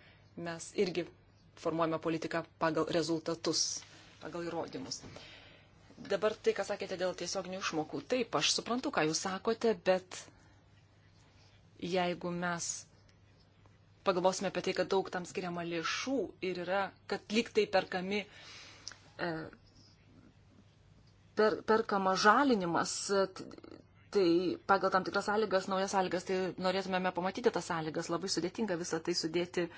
mes irgi formuojame politiką pagal rezultatus, pagal įrodymus. Dabar tai, ką sakėte dėl tiesioginių išmokų. Taip, aš suprantu, ką jūs sakote, bet jeigu mes pagalvosime apie tai, kad daug tam skiriama lėšų ir yra, kad lyg tai perkami, e, per, perkama žalinimas, e, tai pagal tam tikras sąlygas, naujas sąlygas, tai norėtumėme pamatyti tas sąlygas. Labai sudėtinga visą tai sudėti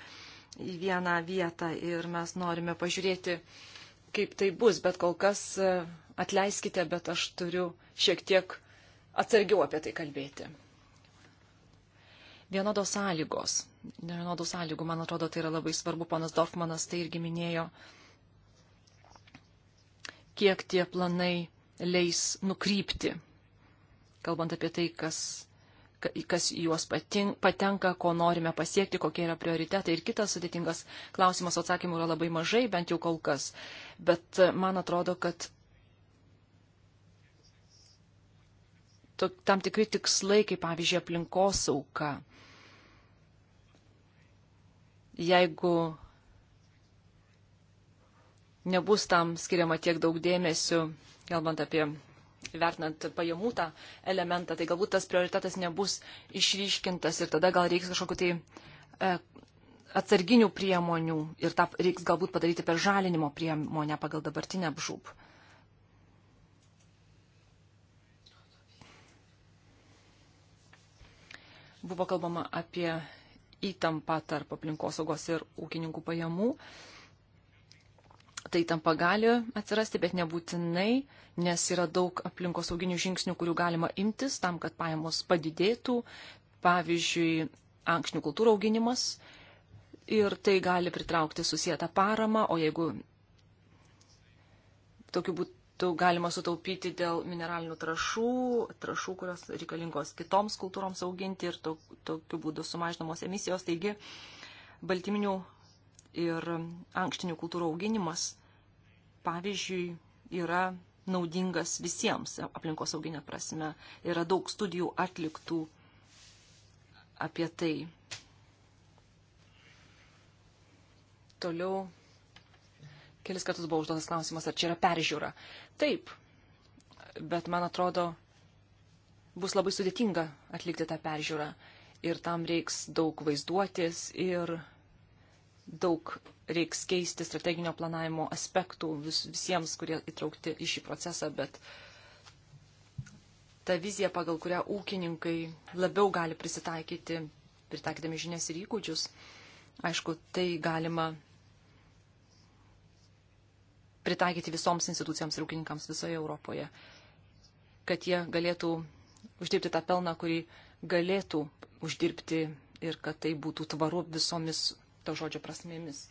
į vieną vietą ir mes norime pažiūrėti, uh, kaip tai bus, bet kol kas e, atleiskite, bet aš turiu šiek tiek atsargiau apie tai kalbėti. Vienodos sąlygos. Vienodų sąlygų, man atrodo, tai yra labai svarbu. Ponas Dorfmanas tai irgi minėjo, kiek tie planai leis nukrypti, kalbant apie tai, kas kas juos patenka, ko norime pasiekti, kokie yra prioritetai. Ir kitas sudėtingas klausimas, atsakymų yra labai mažai, bent jau kol kas. Bet man atrodo, kad tam tikri tikslai, kaip pavyzdžiui, aplinkosauka. Jeigu nebus tam skiriama tiek daug dėmesio, kalbant apie vertinant pajamų tą elementą, tai galbūt tas prioritetas nebus išryškintas ir tada gal reiks kažkokiu tai e, atsarginių priemonių ir tą reiks galbūt padaryti per žalinimo priemonę pagal dabartinę apžūp. Buvo kalbama apie įtampą tarp aplinkosaugos ir ūkininkų pajamų. E, tai tampa gali atsirasti, bet nebūtinai, nes yra daug aplinkosauginių žingsnių, kurių galima imtis tam, kad pajamos padidėtų. Pavyzdžiui, ankšnių kultūrų auginimas ir tai gali pritraukti susijęta parama, o jeigu tokiu būtų galima sutaupyti dėl mineralinių trašų, trašų, kurios reikalingos kitoms kultūroms auginti ir to, tokiu būdu sumažinamos emisijos. Taigi, baltyminių ir ankštinių kultūrų auginimas, pavyzdžiui, yra naudingas visiems aplinkos auginė prasme. Yra daug studijų atliktų apie tai. Toliau kelis kartus buvo užduotas klausimas, ar čia yra peržiūra. Taip, bet man atrodo, bus labai sudėtinga atlikti tą peržiūrą ir tam reiks daug vaizduotis ir daug reiks keisti strateginio planavimo aspektų vis, visiems, kurie įtraukti į šį procesą, bet ta vizija, pagal kurią ūkininkai labiau gali prisitaikyti, pritaikydami žinias ir įgūdžius, aišku, tai galima pritaikyti visoms institucijoms ir ūkininkams visoje Europoje, kad jie galėtų uždirbti tą pelną, kurį galėtų uždirbti ir kad tai būtų tvaru visomis to žodžio prasmėmis.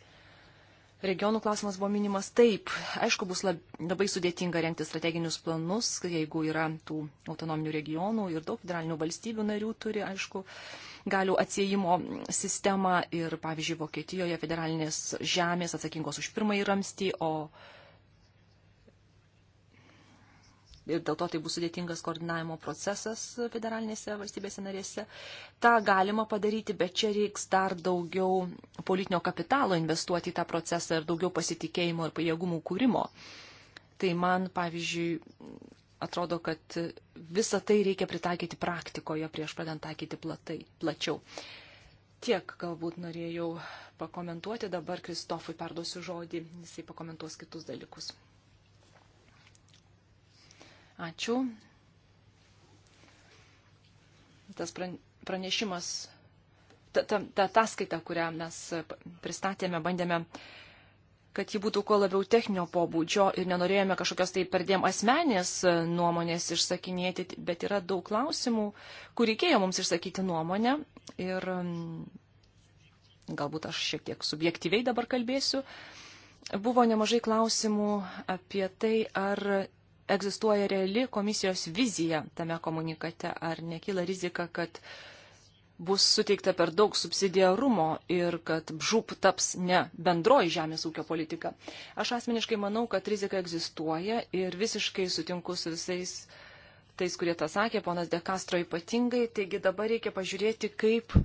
Regionų klausimas buvo minimas taip. Aišku, bus lab, labai sudėtinga renkti strateginius planus, jeigu yra tų autonominių regionų ir daug federalinių valstybių narių turi, aišku, galių atsiejimo sistemą ir, pavyzdžiui, Vokietijoje federalinės žemės atsakingos už pirmąjį ramstį, o ir dėl to tai bus sudėtingas koordinavimo procesas federalinėse valstybėse narėse. Ta galima padaryti, bet čia reiks dar daugiau politinio kapitalo investuoti į tą procesą ir daugiau pasitikėjimo ir pajėgumų kūrimo. Tai man, pavyzdžiui, atrodo, kad visą tai reikia pritaikyti praktikoje prieš pradant taikyti platai, plačiau. Tiek galbūt norėjau pakomentuoti, dabar Kristofui perduosiu žodį, jisai pakomentuos kitus dalykus. Ačiū. Tas pranešimas, ta ataskaita, ta, ta kurią mes pristatėme, bandėme kad ji būtų kuo labiau techninio pobūdžio ir nenorėjome kažkokios tai perdėm asmenės nuomonės išsakinėti, bet yra daug klausimų, kur reikėjo mums išsakyti nuomonę ir mm, galbūt aš šiek tiek subjektyviai dabar kalbėsiu. Buvo nemažai klausimų apie tai, ar egzistuoja reali komisijos vizija tame komunikate? Ar nekyla rizika, kad bus suteikta per daug subsidiarumo ir kad žūp taps ne bendroji žemės ūkio politika? Aš asmeniškai manau, kad rizika egzistuoja ir visiškai sutinku su visais tais, kurie tą sakė, ponas De Castro ypatingai. Taigi dabar reikia pažiūrėti, kaip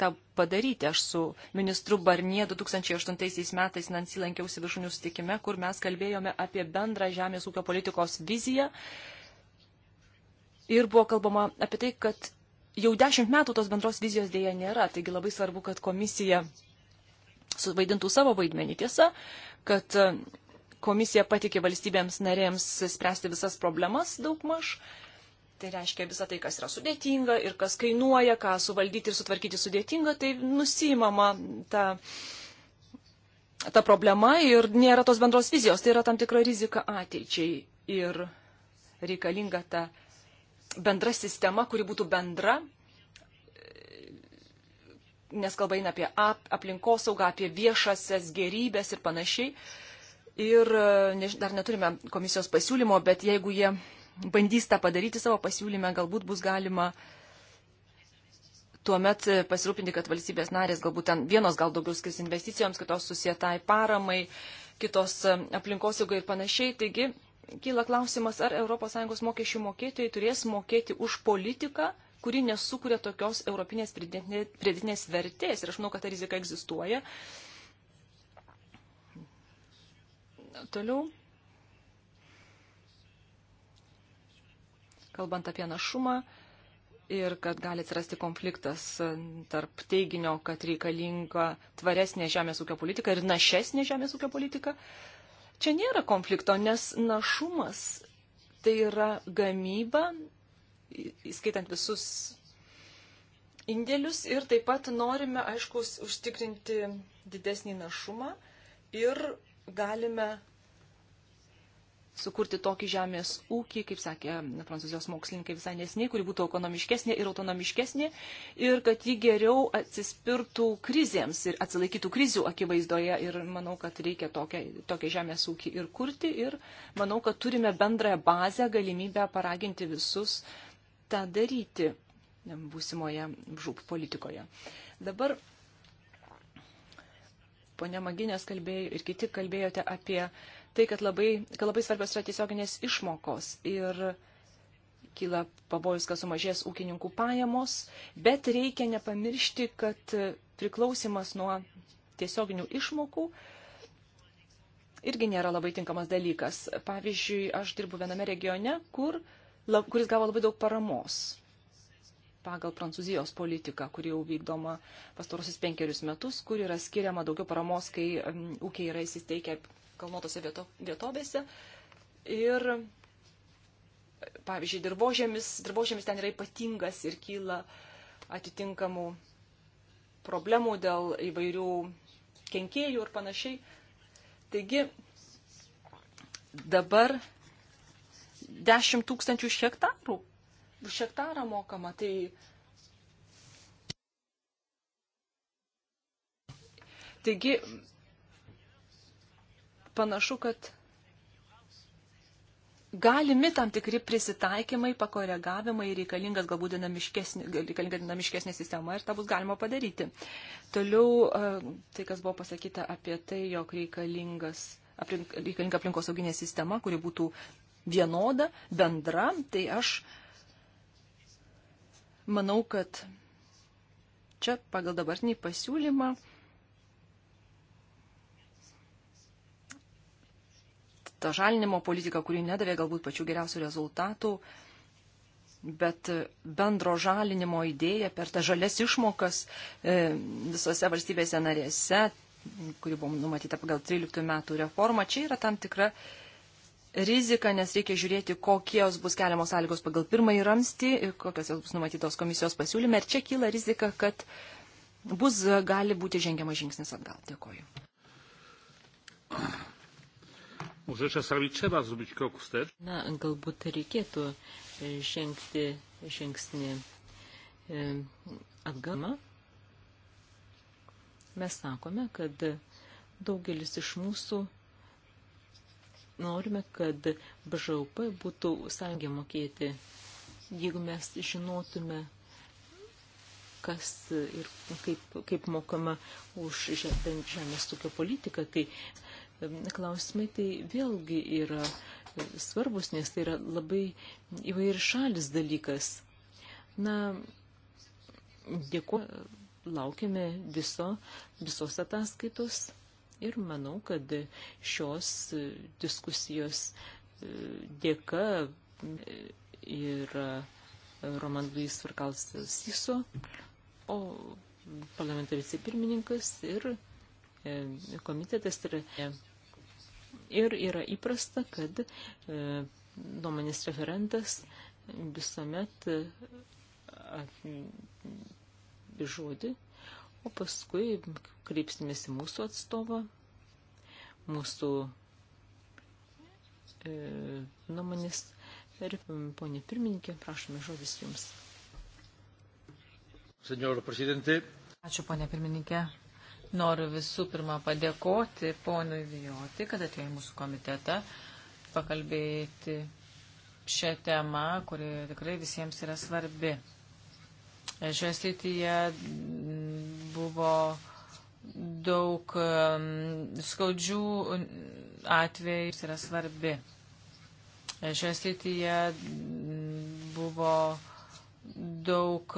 tą padaryti. Aš su ministru Barnie 2008 metais Nancy lankiausi viršūnių sutikime, kur mes kalbėjome apie bendrą žemės ūkio politikos viziją. Ir buvo kalbama apie tai, kad jau dešimt metų tos bendros vizijos dėja nėra. Taigi labai svarbu, kad komisija suvaidintų savo vaidmenį. Tiesa, kad e, komisija patikė valstybėms narėms spręsti visas problemas daugmaž. maž Tai reiškia visą tai, kas yra sudėtinga ir kas kainuoja, ką suvaldyti ir sutvarkyti sudėtinga, tai nusimama ta, ta problema ir nėra tos bendros vizijos. Tai yra tam tikra rizika ateičiai ir reikalinga ta bendra sistema, kuri būtų bendra, nes kalba eina apie ap, aplinkosaugą, apie viešasias gerybės ir panašiai. Ir e, ne, dar neturime komisijos pasiūlymo, bet jeigu jie bandys tą padaryti savo pasiūlyme, galbūt bus galima tuomet pasirūpinti, kad valstybės narės galbūt ten vienos gal daugiau skirs investicijoms, kitos susietai paramai, kitos e, aplinkosaugai ir panašiai. Taigi kyla klausimas, ar ES mokesčių mokėtojai turės mokėti už politiką, kuri nesukuria tokios europinės pridėtinės vertės. Ir aš manau, kad ta rizika egzistuoja. Toliau kalbant apie našumą ir kad gali atsirasti konfliktas tarp teiginio, kad reikalinga tvaresnė žemės ūkio politika ir našesnė žemės ūkio politika. Čia nėra konflikto, nes našumas tai yra gamyba, įskaitant visus indėlius ir taip pat norime, aišku, užtikrinti didesnį našumą ir galime sukurti tokį žemės ūkį, kaip sakė prancūzijos mokslininkai visai nesniai, kuri būtų ekonomiškesnė ir autonomiškesnė ir kad ji geriau atsispirtų krizėms ir atsilaikytų krizių akivaizdoje ir manau, kad reikia tokią, tokią žemės ūkį ir kurti ir manau, kad turime bendrąją bazę galimybę paraginti visus tą daryti būsimoje žūp politikoje. Dabar ponia Maginės kalbėjo ir kiti kalbėjote apie uh, tai, kad labai, kad labai svarbios yra tiesioginės išmokos ir kyla pavojus, kad sumažės ūkininkų pajamos, bet reikia nepamiršti, kad priklausimas nuo tiesioginių išmokų irgi nėra labai tinkamas dalykas. Pavyzdžiui, aš dirbu viename regione, kur, kuris gavo labai daug paramos pagal Prancūzijos politiką, kuri jau vykdoma pastarosius penkerius metus, kur yra skiriama daugiau paramos, kai ūkiai yra įsisteikę kalnuotose vieto, vietovėse. Ir, pavyzdžiui, dirbožėmis, dirbožėmis ten yra ypatingas ir kyla atitinkamų problemų dėl įvairių kenkėjų ir panašiai. Taigi, dabar 10 tūkstančių iš hektarų šektarą mokama, tai Taigi, panašu, kad galimi tam tikri prisitaikymai, pakoregavimai, reikalingas galbūt dinamiškesnė, reikalinga dinamiškesnė sistema ir tą bus galima padaryti. Toliau e, tai, kas buvo pasakyta apie tai, jog reikalingas, aplink, reikalinga aplinkosauginė sistema, kuri būtų vienoda, bendra, tai aš uh, Manau, kad čia pagal dabartinį pasiūlymą ta žalinimo politika, kuri nedavė galbūt pačių geriausių rezultatų, bet bendro žalinimo idėja per tą žalias išmokas e, visose valstybėse narėse, kuri buvo numatyta pagal 13 metų reformą, čia yra tam tikra riziką, nes reikia žiūrėti, kokios bus keliamos sąlygos pagal pirmąjį ramstį, kokios jos bus numatytos komisijos pasiūlyme. Ir čia kyla rizika, kad bus gali būti žengiama žingsnis atgal. Dėkoju. Na, galbūt reikėtų žengti žingsnį atgamą. Mes sakome, kad daugelis iš mūsų norime, kad BŽUP būtų sąjungė mokėti. Jeigu mes žinotume, kas ir kaip, kaip mokama už žemės tokio politiką, tai klausimai tai vėlgi yra svarbus, nes tai yra labai įvairi šalis dalykas. Na, dėkuoju, laukiame viso, visos ataskaitos. Ir manau, kad šios diskusijos e, dėka ir e, Roman Luis Varkalsas Siso, o parlamentarys pirmininkas ir e, komitetas yra. Ir yra įprasta, kad nuomonės referentas visuomet žodį O paskui kreipsimės į mūsų atstovą, mūsų e, nuomonės. Ir ponė pirmininkė, prašome žodis jums. Senor prezidentė. Ačiū, ponė pirmininkė. Noriu visų pirma padėkoti ponui Vijoti, kad atėjo į mūsų komitetą pakalbėti šią temą, kuri tikrai visiems yra svarbi. Šioje srityje buvo daug skaudžių atvejų yra svarbi. Šioje srityje buvo daug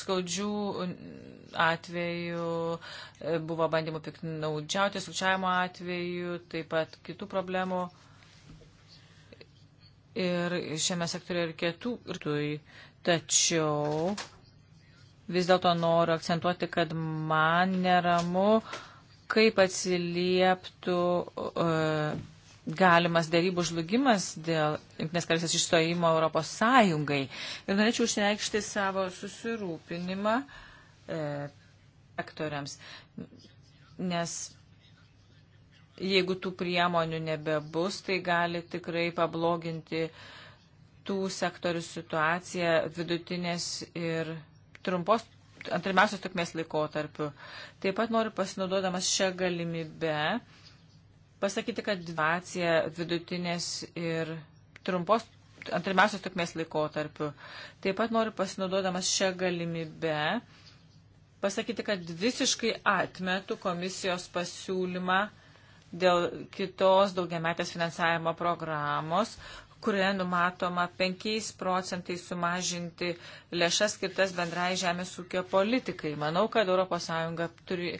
skaudžių atvejų, buvo bandymų piknaudžiauti, sukčiavimo atvejų, taip pat kitų problemų. Ir šiame sektoriuje ir kitų ir tui Tačiau vis dėlto noriu akcentuoti, kad man neramu, kaip atsilieptų uh, galimas dėrybų žlugimas dėl Junktinės karalystės išstojimo Europos Sąjungai. Ir norėčiau išreikšti savo susirūpinimą uh, aktoriams, nes jeigu tų priemonių nebebus, tai gali tikrai pabloginti uh, kitų sektorių situaciją vidutinės ir trumpos, antrimiausios trukmės laikotarpiu. Taip pat noriu pasinaudodamas šią galimybę pasakyti, kad situacija vidutinės ir trumpos, antrimiausios trukmės laikotarpiu. Taip pat noriu pasinaudodamas šią galimybę pasakyti, kad visiškai atmetu komisijos pasiūlymą dėl kitos daugiametės finansavimo programos, kurioje numatoma 5 procentai sumažinti lėšas skirtas bendrai žemės ūkio politikai. Manau, kad ES turi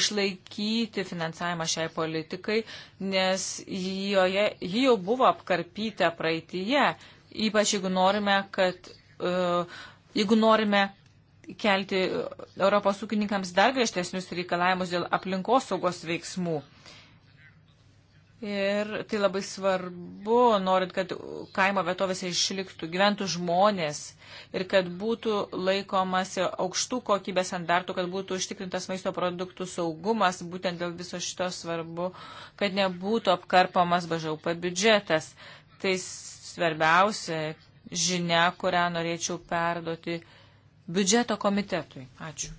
išlaikyti finansavimą šiai politikai, nes joje, ji jau buvo apkarpyta praeitįje, ypač jeigu norime, kad, e, jeigu norime kelti Europos ūkininkams dar griežtesnius reikalavimus dėl aplinkosaugos veiksmų. Ir tai labai svarbu, norint, kad kaimo vietovėse išliktų, gyventų žmonės ir kad būtų laikomasi aukštų kokybės standartų, kad būtų užtikrintas maisto produktų saugumas, būtent dėl viso šito svarbu, kad nebūtų apkarpamas BŽUP biudžetas. Tai svarbiausia žinia, kurią norėčiau perduoti biudžeto komitetui. Ačiū.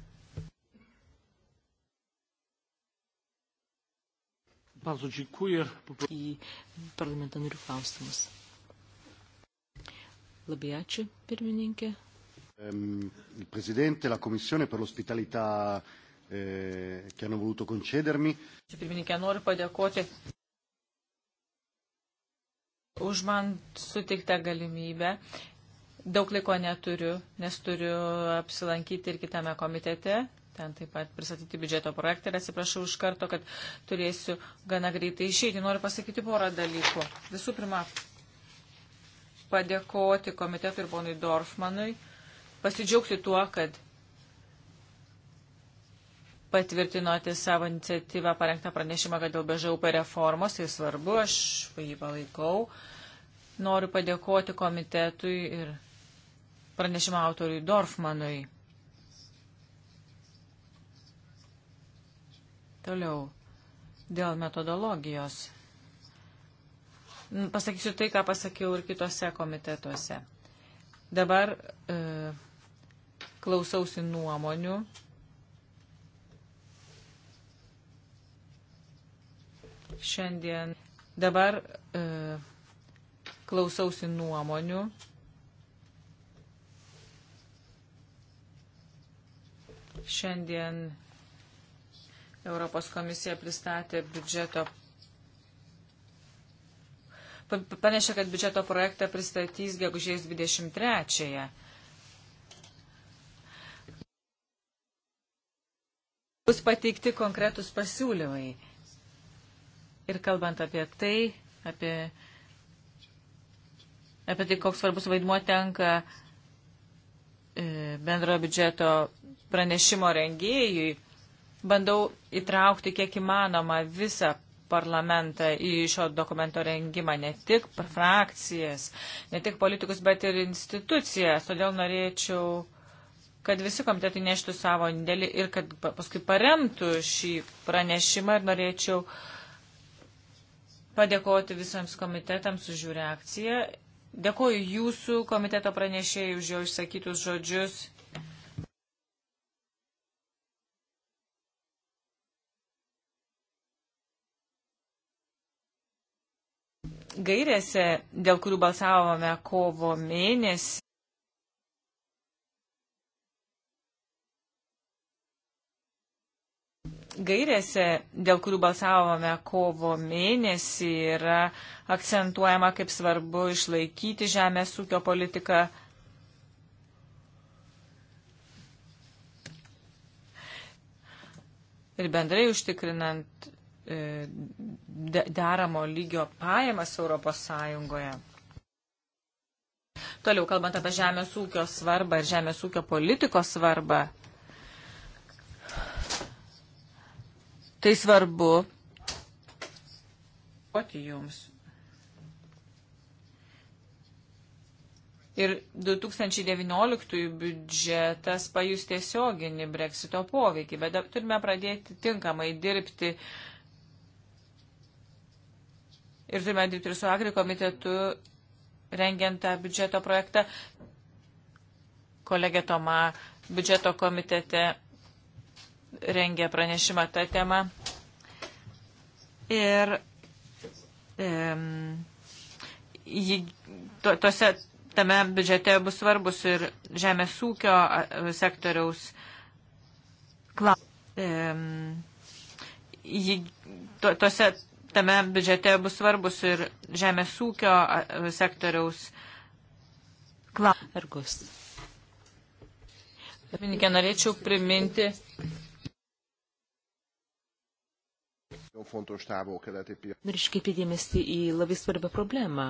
Bardzo dziękuję. Į parlamentą narių klausimus. Labai ačiū, pirmininkė. Ehm, Prezidentė, la komisionė per l'ospitalità eh, che hanno voluto concedermi. Ačiū, pirmininkė, noriu padėkoti už man sutiktą galimybę. Daug laiko neturiu, nes turiu apsilankyti ir kitame komitete, ten taip pat pristatyti biudžeto projektą ir atsiprašau iš karto, kad turėsiu gana greitai išeiti. Noriu pasakyti porą dalykų. Visų pirma, padėkoti komitetui ir ponui Dorfmanui, pasidžiaugti tuo, kad patvirtinote savo iniciatyvą parengtą pranešimą, kad dėl BŽUP reformos, tai svarbu, aš jį palaikau. Noriu padėkoti komitetui ir pranešimo autoriui Dorfmanui Toliau, dėl metodologijos. Pasakysiu tai, ką pasakiau ir kitose komitetuose. Dabar e, klausausi nuomonių. Šiandien dabar e, klausausi nuomonių. Šiandien Europos komisija pristatė biudžeto. Panešė, kad biudžeto projektą pristatys gegužės 23-ąją. Bus pateikti konkretus pasiūlymai. Ir kalbant apie tai, apie, apie tai, koks svarbus vaidmuo tenka e, bendrojo biudžeto pranešimo rengėjui, bandau įtraukti kiek įmanoma visą parlamentą į šio dokumento rengimą, ne tik frakcijas, ne tik politikus, bet ir institucijas. Todėl norėčiau, kad visi komitetai neštų savo indėlį ir kad paskui paremtų šį pranešimą ir norėčiau padėkoti visams komitetams už jų reakciją. Dėkoju jūsų komiteto pranešėjai už jo išsakytus žodžius gairėse, dėl kurių balsavome kovo mėnesį, gairėse, dėl kurių balsavome kovo mėnesį, yra akcentuojama, kaip svarbu išlaikyti žemės ūkio politiką. Ir bendrai užtikrinant E, deramo lygio pajamas Europos Sąjungoje. Toliau, kalbant apie žemės ūkio svarbą ir žemės ūkio politikos svarbą, tai svarbu. Jums. Ir 2019 biudžetas pajus tiesioginį breksito poveikį, bet turime pradėti tinkamai dirbti uh, ir turime dirbti ir su Agri komitetu, rengiant tą biudžeto projektą. Kolegė Toma biudžeto komitete rengia pranešimą tą temą. Ir um, jį, to, tose, tame biudžete bus svarbus ir žemės ūkio sektoriaus klausimas. Um, jį, to, tose, tame biudžete bus svarbus ir žemės ūkio sektoriaus klausimas. Pirmininkė, norėčiau priminti. Ir iškaip įdėmėsi į labai svarbią problemą.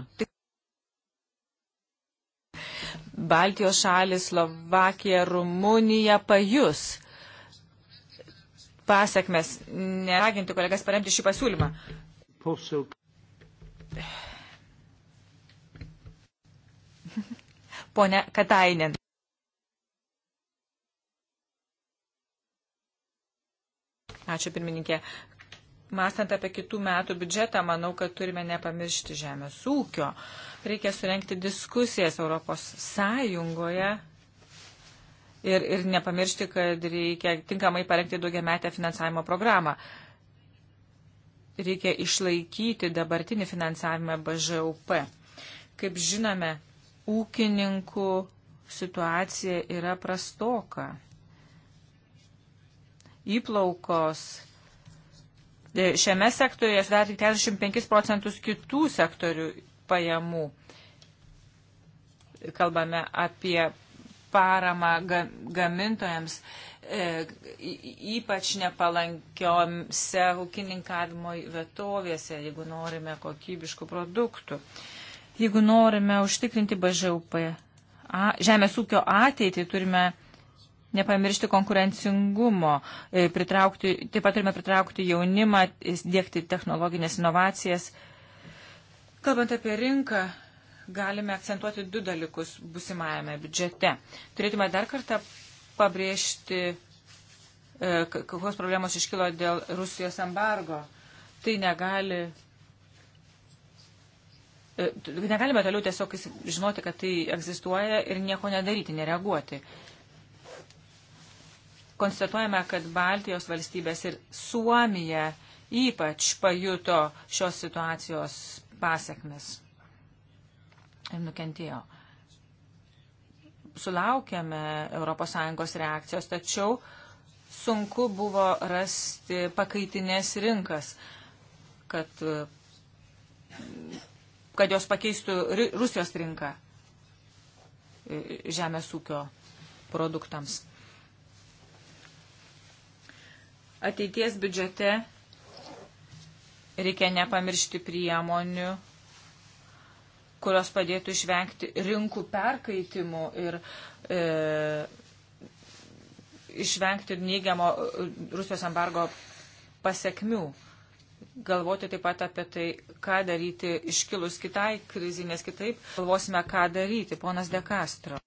Baltijos šalis, Slovakija, Rumunija pajus pasiekmes, neraginti kolegas paremti šį pasiūlymą. Poseł. Pone Katainen. Ačiū pirmininkė. Mąstant apie kitų metų biudžetą, manau, kad turime nepamiršti žemės ūkio. Reikia surenkti diskusijas Europos Sąjungoje ir, ir nepamiršti, kad reikia tinkamai parengti daugiametę finansavimo programą. Uh, reikia išlaikyti dabartinį finansavimą BŽUP. Kaip žinome, ūkininkų situacija yra prastoka. Įplaukos e, šiame sektoriuje sudaro tik 45 procentus kitų sektorių pajamų. Kalbame apie paramą gamintojams, e, ypač nepalankiomse ūkininkavimo vietovėse, jeigu norime kokybiškų produktų. Jeigu norime užtikrinti BŽUP žemės ūkio ateitį, turime nepamiršti konkurencingumo, e, pritraukti, taip pat turime pritraukti jaunimą, dėkti technologinės inovacijas. Kalbant apie rinką, galime akcentuoti du dalykus busimajame biudžete. Turėtume dar kartą pabrėžti, e, kokios problemos iškilo dėl Rusijos embargo. Tai negali. E, negalime toliau tiesiog žinoti, kad tai egzistuoja ir nieko nedaryti, nereaguoti. Konstatuojame, kad Baltijos valstybės ir Suomija ypač pajuto šios situacijos pasiekmes nukentėjo. Sulaukėme ES reakcijos, tačiau sunku buvo rasti pakaitinės rinkas, kad, kad jos pakeistų Rusijos rinką žemės ūkio produktams. Ateities biudžete reikia nepamiršti priemonių kurios padėtų išvengti rinkų perkaitimų ir e, išvengti neigiamo e, Rusijos embargo pasiekmių. Galvoti taip pat apie tai, ką daryti iškilus kitai krizi, nes kitaip galvosime, ką daryti, ponas De Castro.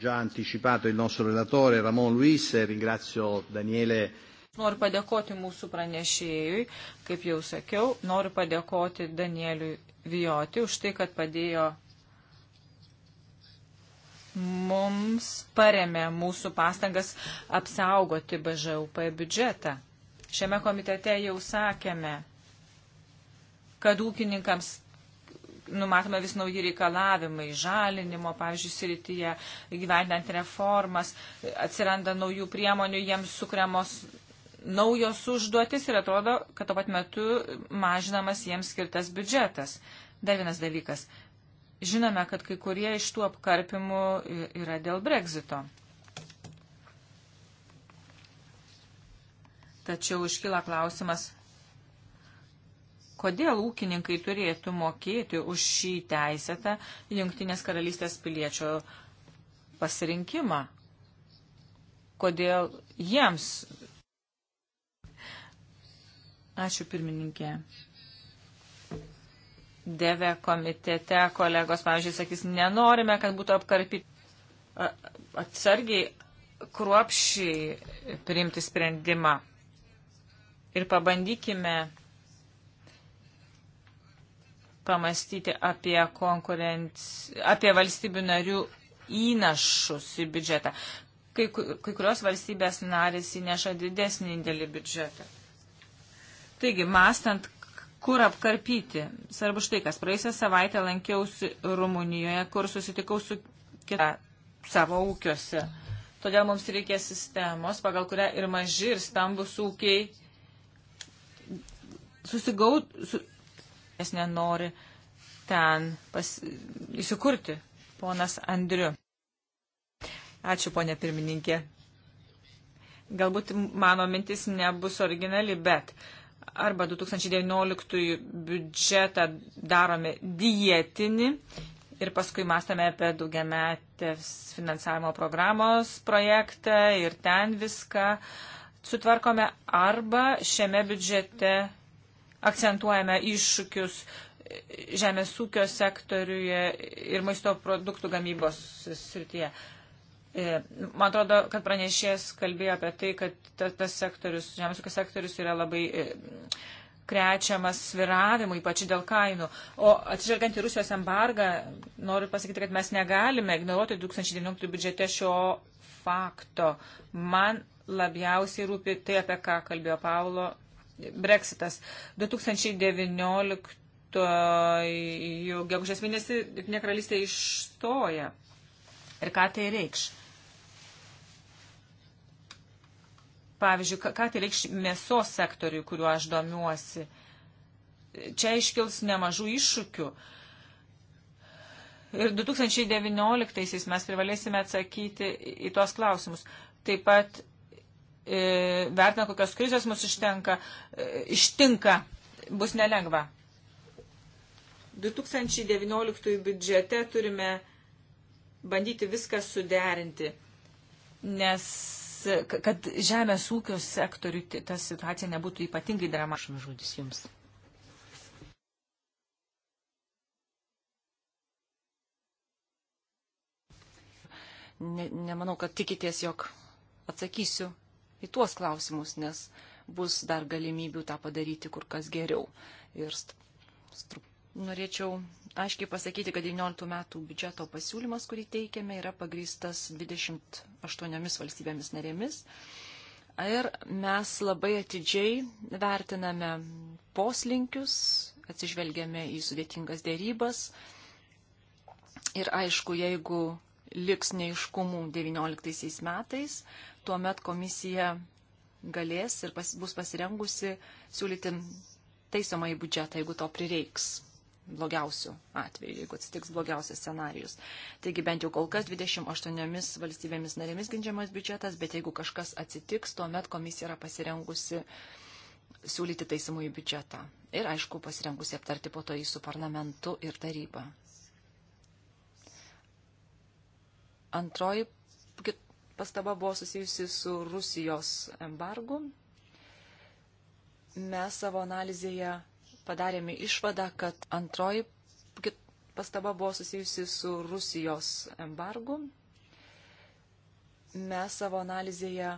Già anticipato il nostro relatore Ramon Luis, e ringrazio Daniele. Noriu padėkoti mūsų pranešėjui, kaip jau sakiau, noriu padėkoti Danieliui Vijoti už tai, kad padėjo mums paremė mūsų pastangas apsaugoti BŽUP biudžetą. Šiame komitete jau sakėme, kad ūkininkams numatome vis nauji reikalavimai žalinimo, pavyzdžiui, srityje, gyvendant reformas, atsiranda naujų priemonių, jiems sukuriamos naujos užduotis ir atrodo, kad tuo pat metu mažinamas jiems skirtas biudžetas. Dar vienas dalykas. Žinome, kad kai kurie iš tų apkarpimų yra dėl Brexito. Tačiau iškyla klausimas, kodėl ūkininkai turėtų mokėti už šį teisėtą Junktinės karalystės piliečio pasirinkimą, kodėl jiems Ačiū pirmininkė. Deve komitete kolegos, pavyzdžiui, sakys, nenorime, kad būtų apkarpyti atsargiai, kruopšiai priimti sprendimą. Ir pabandykime pamastyti apie, apie valstybių narių įnašus į biudžetą. Kai, kai kurios valstybės narės įneša didesnį indėlį biudžetą. Taigi, mastant, kur apkarpyti, svarbu štai, kas praeisę savaitę lankiausi Rumunijoje, kur susitikau su kita savo ūkiuose. Todėl mums reikia sistemos, pagal kurią ir maži, ir stambus ūkiai susigaut, su, nes nenori ten pas, įsikurti, ponas Andriu. Ačiū, ponė pirmininkė. Galbūt mano mintis nebus originali, bet uh, arba 2019 biudžetą darome dietinį ir paskui mąstame apie daugiametės finansavimo programos projektą ir ten viską sutvarkome arba šiame biudžete akcentuojame iššūkius žemės ūkio sektoriuje ir maisto produktų gamybos srityje. E, man atrodo, kad pranešės kalbėjo apie tai, kad tas sektorius, žemės ūkio sektorius yra labai e, krečiamas sviravimui, ypač dėl kainų. O atsižvelgiant į Rusijos embargą, noriu pasakyti, kad mes negalime ignoruoti 2019 biudžete šio fakto. Man labiausiai rūpi tai, apie ką kalbėjo Paulo Brexitas. 2019 gegužės mėnesį Junktinė karalystė išstoja ir ką tai reikš. Pavyzdžiui, ką tai reikš mėsos sektoriui, kuriuo aš domiuosi. Čia iškils nemažų iššūkių. Ir 2019 mes privalėsime atsakyti į tuos klausimus. Taip pat e, vertina, kokios krizės mus ištenka, e, ištinka, bus nelengva. 2019 biudžete turime bandyti viską suderinti, nes kad žemės ūkio sektoriui ta situacija nebūtų ypatingai dramatiška. Žodis jums. Ne, nemanau, kad tikitės, jog atsakysiu į tuos klausimus, nes bus dar galimybių tą padaryti kur kas geriau. Ir st... St... norėčiau aiškiai pasakyti, kad 19 metų biudžeto pasiūlymas, kurį teikiame, yra pagrįstas 28 valstybėmis narėmis. Ir mes labai atidžiai vertiname poslinkius, atsižvelgiame į sudėtingas dėrybas. Ir aišku, jeigu liks neiškumų 19 metais, tuomet komisija galės ir pas, bus pasirengusi siūlyti taisomą į biudžetą, jeigu to prireiks blogiausių atvejų, jeigu atsitiks blogiausias scenarius. Taigi bent jau kol kas 28 valstybėmis narėmis gindžiamas biudžetas, bet jeigu kažkas atsitiks, tuomet komisija yra pasirengusi siūlyti taisimų į biudžetą. Ir aišku, pasirengusi aptarti po to jį su parlamentu ir taryba. Antroji pastaba buvo susijusi su Rusijos embargu. Mes savo analizėje padarėme išvadą, kad antroji pastaba buvo susijusi su Rusijos embargu. Mes savo analizėje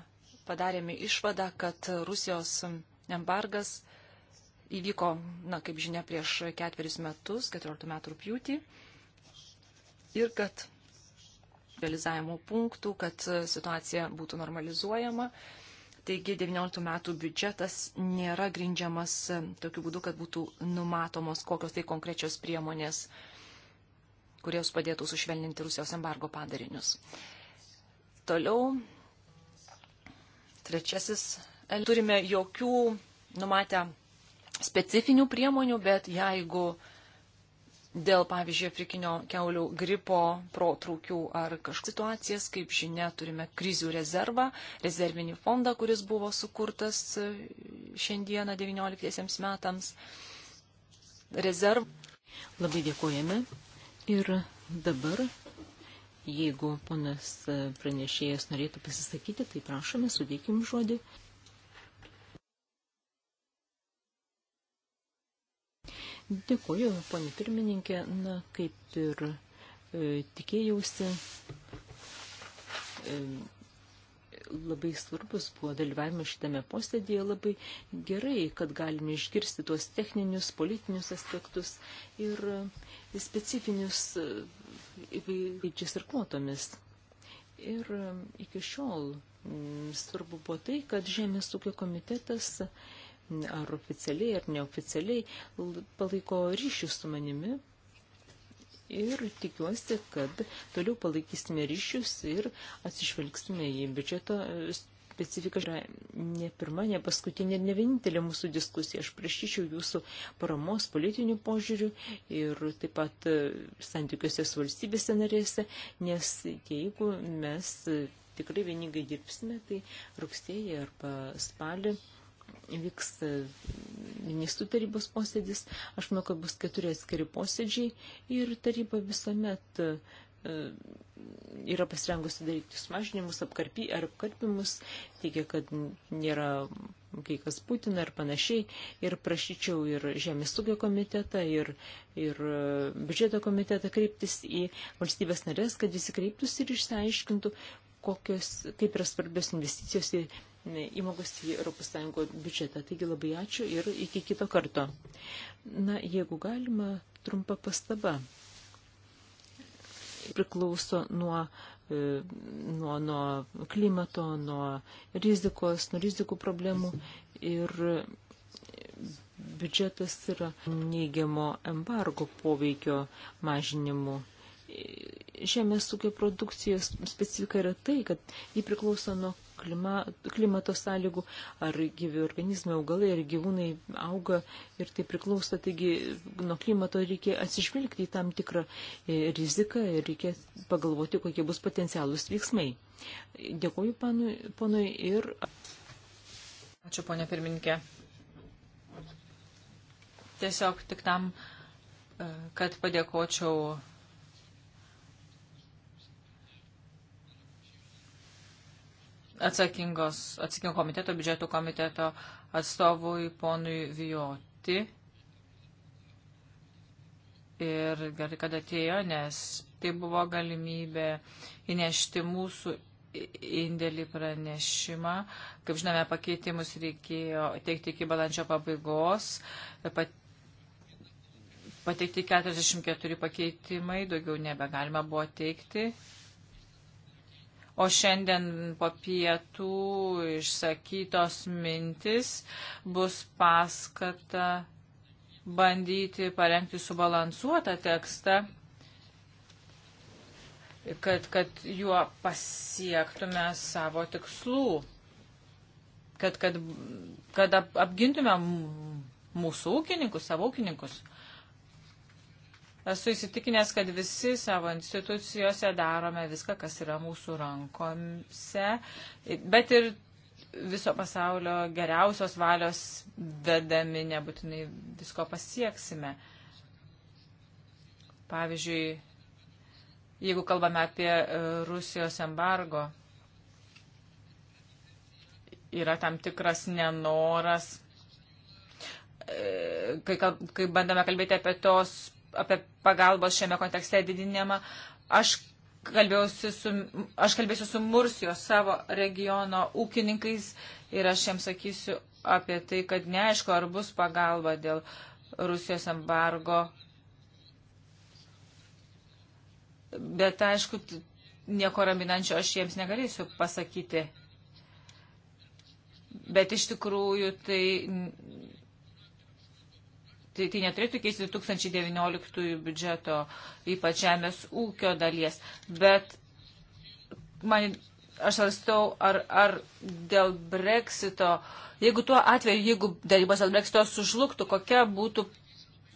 padarėme išvadą, kad Rusijos embargas įvyko, na, kaip žinia, prieš ketverius metus, 14 metų rūpjūtį, ir kad realizavimo punktų, kad situacija būtų normalizuojama. Taigi 19 metų biudžetas nėra grindžiamas e, tokiu būdu, kad būtų numatomos kokios tai konkrečios priemonės, kurios padėtų sušvelninti Rusijos embargo padarinius. Toliau, trečiasis, e, turime jokių numatę specifinių priemonių, bet jeigu ja, dėl, pavyzdžiui, afrikinio keulių gripo protrūkių ar kažkokias situacijas, kaip žinia, turime krizių rezervą, rezervinį fondą, kuris buvo sukurtas e, šiandieną 19 metams. Rezerv. Labai dėkojame. Ir dabar, jeigu ponas pranešėjas norėtų pasisakyti, tai prašome, sudėkim žodį. Dėkuoju, ponė pirmininkė, na, kaip ir e, tikėjausi, e, labai svarbus buvo dalyvavimas šitame posėdėje, labai gerai, kad galime išgirsti tuos techninius, politinius aspektus ir e, specifinius e, įvairiais ir kvotomis. E, ir iki šiol m, svarbu buvo tai, kad Žemės ūkio komitetas e, ar oficialiai, ar neoficialiai palaiko ryšių su manimi. Ir tikiuosi, kad toliau palaikysime ryšius ir atsižvelgsime į biudžeto e, specifika yra ne pirma, ne paskutinė, ne vienintelė mūsų diskusija. Aš prašyčiau jūsų paramos politinių požiūrių ir taip pat e, santykiuose su valstybėse narėse, nes jeigu mes e, tikrai vieningai dirbsime, tai rugsėjai arba spalį vyks e, ministrų tarybos posėdis. Aš manau, kad bus keturi atskiri posėdžiai ir taryba visuomet e, yra pasirengusi daryti sumažinimus, apkarpy, ar apkarpimus, teigia, kad nėra kai kas Putina ir panašiai. Ir prašyčiau ir Žemės ūkio komitetą, ir, ir e, biudžeto komitetą kreiptis į valstybės narės, kad visi kreiptųsi ir išsiaiškintų, kokios, kaip yra svarbios investicijos į įmokas į ES biudžetą. Taigi labai ačiū ir iki kito karto. Na, jeigu galima, trumpa pastaba. Priklauso nuo e, nuo, nuo klimato, nuo rizikos, nuo rizikų problemų ir biudžetas yra neigiamo embargo poveikio mažinimu. E, žemės ūkio produkcijos specifika yra tai, kad jį priklauso nuo klima, klimato sąlygų, ar gyvi organizmai, augalai, ar gyvūnai auga ir tai priklauso, taigi nuo klimato reikia atsižvelgti į tam tikrą e, riziką ir reikia pagalvoti, kokie bus potencialūs veiksmai. Dėkuoju panui, ponui ir. Ačiū, ponė pirmininkė. Tiesiog tik tam, e, kad padėkočiau atsakingos, atsakingo komiteto, biudžeto komiteto atstovui ponui Vijoti. Ir gerai, kad atėjo, nes tai buvo galimybė įnešti mūsų indėlį pranešimą. Kaip žinome, pakeitimus reikėjo teikti iki balandžio pabaigos. Pat Pateikti 44 pakeitimai, daugiau nebegalima buvo teikti. O šiandien po pietų išsakytos mintis bus paskata bandyti parengti subalansuotą tekstą, kad, kad juo pasiektume savo tikslų, kad, kad, kad ap, apgintume mūsų ūkininkus, savo ūkininkus. Esu įsitikinęs, kad visi savo institucijose darome viską, kas yra mūsų rankomse, bet ir viso pasaulio geriausios valios vedami nebūtinai visko pasieksime. Pavyzdžiui, jeigu kalbame apie e, Rusijos embargo, yra tam tikras nenoras, e, kai, kai bandome kalbėti apie tos apie pagalbos šiame kontekste didinimą. Aš kalbėjusi su, aš kalbėsiu su Mursijos savo regiono ūkininkais ir aš jiems sakysiu apie tai, kad neaišku, ar bus pagalba dėl Rusijos embargo. Bet aišku, nieko raminančio aš jiems negalėsiu pasakyti. Bet iš tikrųjų tai tai, tai neturėtų keisti 2019 biudžeto, ypač žemės ūkio dalies. Bet man, aš svarstau, ar, ar dėl breksito, jeigu tuo atveju, jeigu darybos dėl breksito sužlugtų, kokia būtų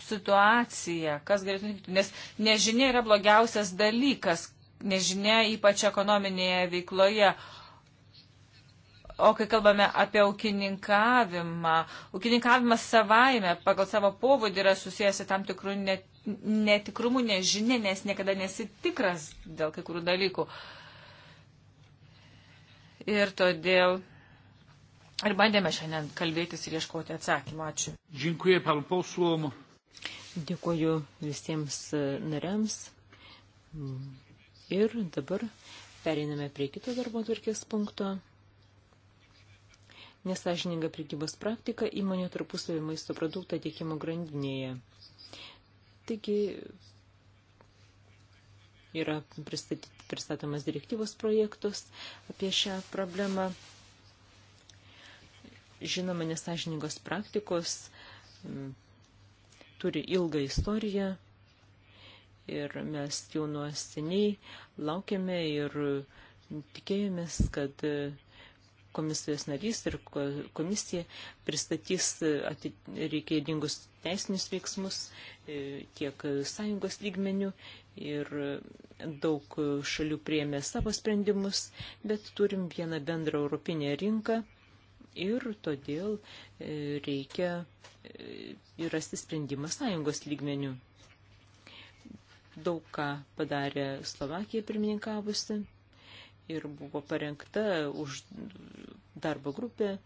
situacija, kas galėtų nutikti, nes nežinia yra blogiausias dalykas, nežinia ypač ekonominėje veikloje, O kai kalbame apie ūkininkavimą, ūkininkavimas savaime pagal savo povodį yra susijęs su tam tikrų net, netikrumu, nežinia, nes niekada nesitikras dėl kai kurių dalykų. Ir todėl ir bandėme šiandien kalbėtis ir ieškoti atsakymą. Ačiū. Dėkuoju pal posuom. Dėkuoju visiems e, nariams. Mm. Ir dabar periname prie kito darbo tvarkės punkto nesažininga prikybos praktika įmonių tarpusavį maisto produktą tiekimo grandinėje. Taigi yra pristatomas direktyvos projektus apie šią problemą. Žinoma, nesažiningos praktikos mm, turi ilgą istoriją ir mes jau nuo seniai laukiame ir tikėjomės, kad komisijos narys ir komisija pristatys reikėdingus teisinius veiksmus e, tiek sąjungos lygmenių ir daug šalių priėmė savo sprendimus, bet turim vieną bendrą europinę rinką ir todėl e, reikia e, rasti sprendimą sąjungos lygmenių. Daug ką padarė Slovakija pirmininkavusi ir buvo parengta už darbo grupę,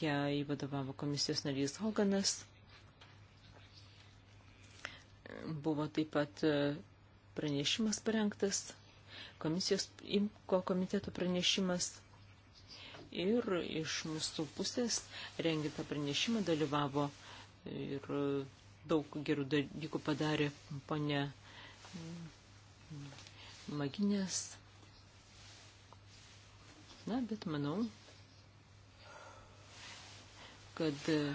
ją įvadovavo komisijos narys Hoganas. Buvo taip pat e, pranešimas parengtas, komisijos imko komiteto pranešimas. Ir iš mūsų pusės rengintą pranešimą dalyvavo ir daug gerų dalykų padarė ponė Maginės Na, bet manau, kad e,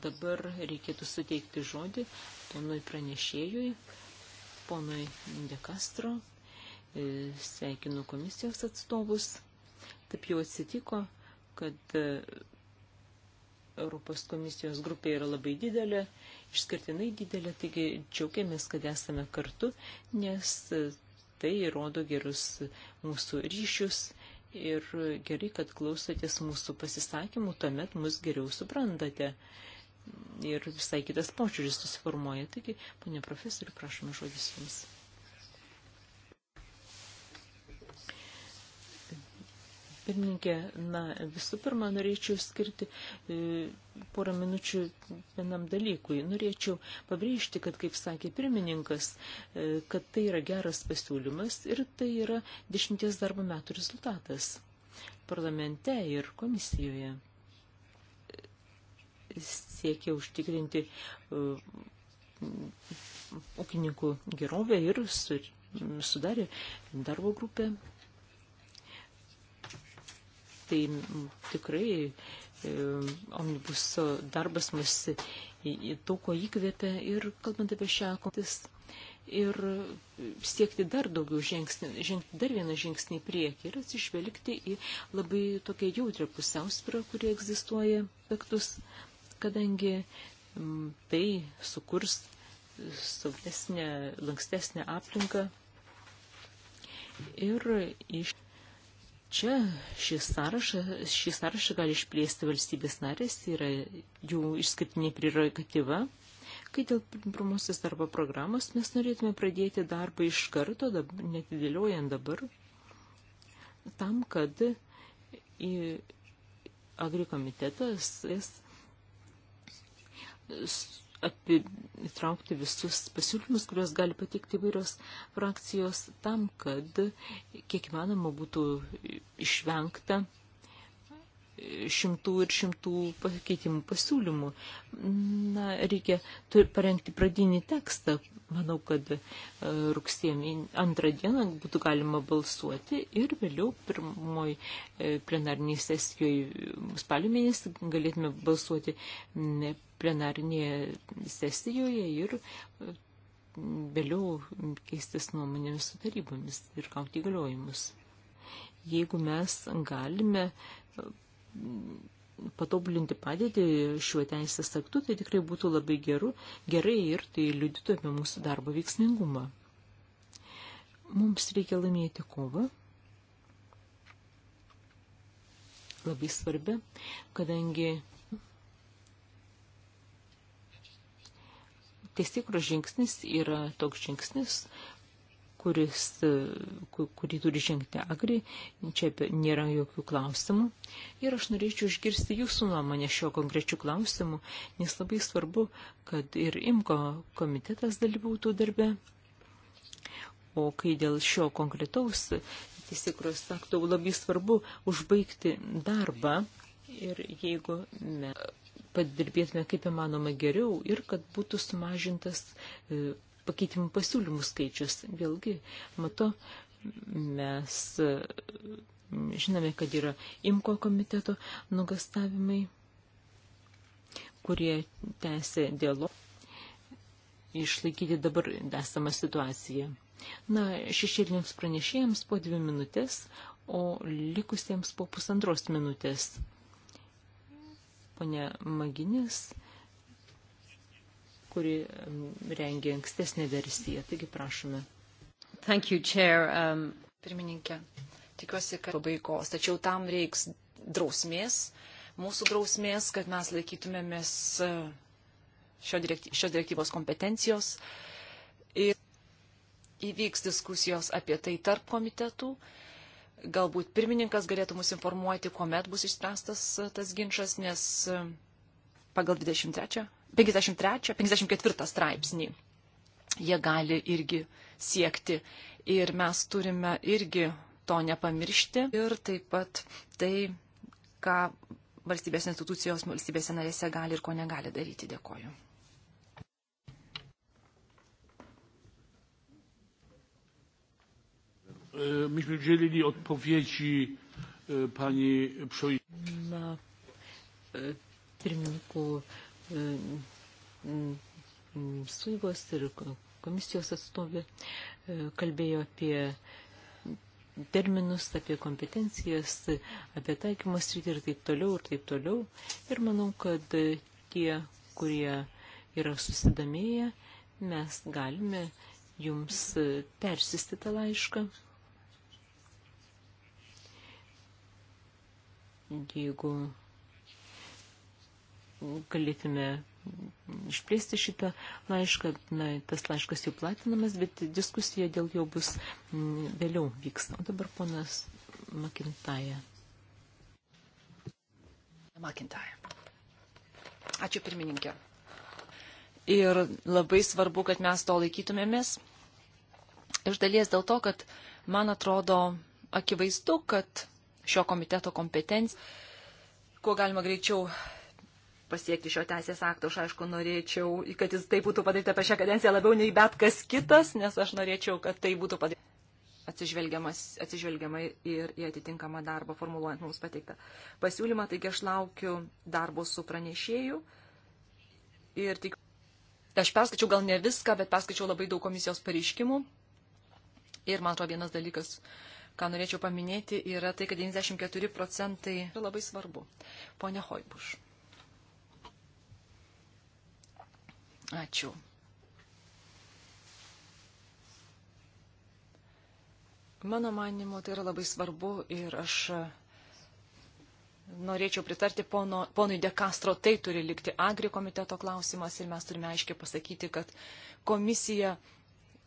dabar reikėtų suteikti žodį ponui pranešėjui, ponui Dekastro, e, sveikinu komisijos atstovus. Taip jau atsitiko, kad e, Europos komisijos grupė yra labai didelė, išskirtinai didelė, taigi džiaugiamės, kad esame kartu, nes tai rodo gerus mūsų ryšius ir gerai, kad klausotės mūsų pasisakymų, tuomet mus geriau suprantate. Ir visai kitas požiūris susiformuoja. Taigi, ponė profesorių, prašome žodis jums. pirmininkė, na, visų pirma, norėčiau skirti e, porą minučių vienam dalykui. Norėčiau pabrėžti, kad, kaip sakė pirmininkas, e, kad tai yra geras pasiūlymas ir tai yra dešimties darbo metų rezultatas parlamente ir komisijoje. Siekia užtikrinti e, ūkininkų e, gerovę ir su, sudarė darbo grupę tai tikrai e, omnibuso darbas mus daug ko įkvėpia ir kalbant apie šią kotis ir siekti dar daugiau žingsnį, žengti dar vieną žingsnį į priekį ir atsižvelgti į labai tokią jautrią pusiausvyrą, kurie egzistuoja aspektus, kadangi m, tai sukurs saugesnę, lankstesnę aplinką ir iš čia šį sąrašą, šį sąrašą gali išplėsti valstybės narės, yra jų išskirtinė prerogatyva. Kai dėl pirmosios darbo programos mes norėtume pradėti darbą iš karto, dab, netidėliojant dabar, tam, kad į agrikomitetas jis api, įtraukti visus pasiūlymus, kuriuos gali pateikti įvairios frakcijos tam, kad kiek įmanoma būtų išvengta šimtų ir šimtų pakeitimų pasiūlymų. Na, reikia parengti pradinį tekstą. Manau, kad e, rugsėjami antrą dieną būtų galima balsuoti ir vėliau pirmoj e, plenarniai sesijoje spalio mėnesį galėtume balsuoti plenarnėje sesijoje ir vėliau keistis nuomonėmis su tarybomis ir gauti įgaliojimus. Jeigu mes galime patobulinti padėtį šiuo teisės aktu, tai tikrai būtų labai geru, gerai ir tai liudytų apie mūsų darbo veiksmingumą. Mums reikia laimėti kovą, labai svarbi, kadangi teisėkros žingsnis yra toks žingsnis, kuris, e, kurį turi žengti agri, čia nėra jokių klausimų. Ir aš norėčiau išgirsti jūsų nuomonę šio konkrečių klausimų, nes labai svarbu, kad ir imko komitetas dalyvautų darbe. O kai dėl šio konkretaus teisėkros akto labai svarbu užbaigti darbą ir jeigu mes padirbėtume kaip įmanoma geriau ir kad būtų sumažintas e, pakeitimų pasiūlymų skaičius. Vėlgi, mato, mes e, žinome, kad yra imko komiteto nugastavimai, kurie tęsė dialogą išlaikyti dabar esamą situaciją. Na, šešėliniams pranešėjams po dvi minutės, o likusiems po pusantros minutės. Pone Maginis kuri rengė ankstesnę versiją. Taigi prašome. Thank you, Chair. Um, pirmininkė, tikiuosi, kad pabaigos, tačiau tam reiks drausmės, mūsų drausmės, kad mes laikytumėmės e, šio direkty, šios direktyvos kompetencijos. Ir įvyks diskusijos apie tai tarp komitetų. Galbūt pirmininkas galėtų mus informuoti, kuomet bus išspręstas tas ginčas, nes e, pagal 23 53-54 straipsnį. Jie gali irgi siekti. Ir mes turime irgi to nepamiršti. Ir taip pat tai, ką valstybės institucijos valstybėse narėse gali ir ko negali daryti. Dėkoju. E, myśmy udzielili odpowiedzi e, pani przewodniczącej. E, suigos ir komisijos atstovė e, kalbėjo apie terminus, apie kompetencijas, apie taikymus ir taip toliau, ir taip toliau. Ir manau, kad tie, kurie yra susidomėję, mes galime jums persisti tą laišką. Jeigu galėtume išplėsti šitą laišką. Na, tas laiškas jau platinamas, bet diskusija dėl jo bus mm, vėliau vyks. O dabar ponas Makintaja. Makintaja. Ačiū pirmininkė. Ir labai svarbu, kad mes to laikytumėmės. Iš dalies dėl to, kad man atrodo akivaizdu, kad šio komiteto kompetencija, kuo galima greičiau pasiekti šio teisės akto. Aš aišku norėčiau, kad jis tai būtų padaryta per šią kadenciją labiau nei bet kas kitas, nes aš norėčiau, kad tai būtų padaryta atsižvelgiamai ir į atitinkamą darbą formuluojant mums pateiktą pasiūlymą. Taigi aš laukiu darbo su pranešėju ir tik. Tai aš perskaičiau gal ne viską, bet perskaičiau labai daug komisijos pareiškimų. Ir man atrodo vienas dalykas, ką norėčiau paminėti, yra tai, kad 94 procentai yra labai svarbu. Pone Hoibuš. Ačiū. Mano manimu, tai yra labai svarbu ir aš norėčiau pritarti pono, ponui De Castro, tai turi likti agri komiteto klausimas ir mes turime aiškiai pasakyti, kad komisija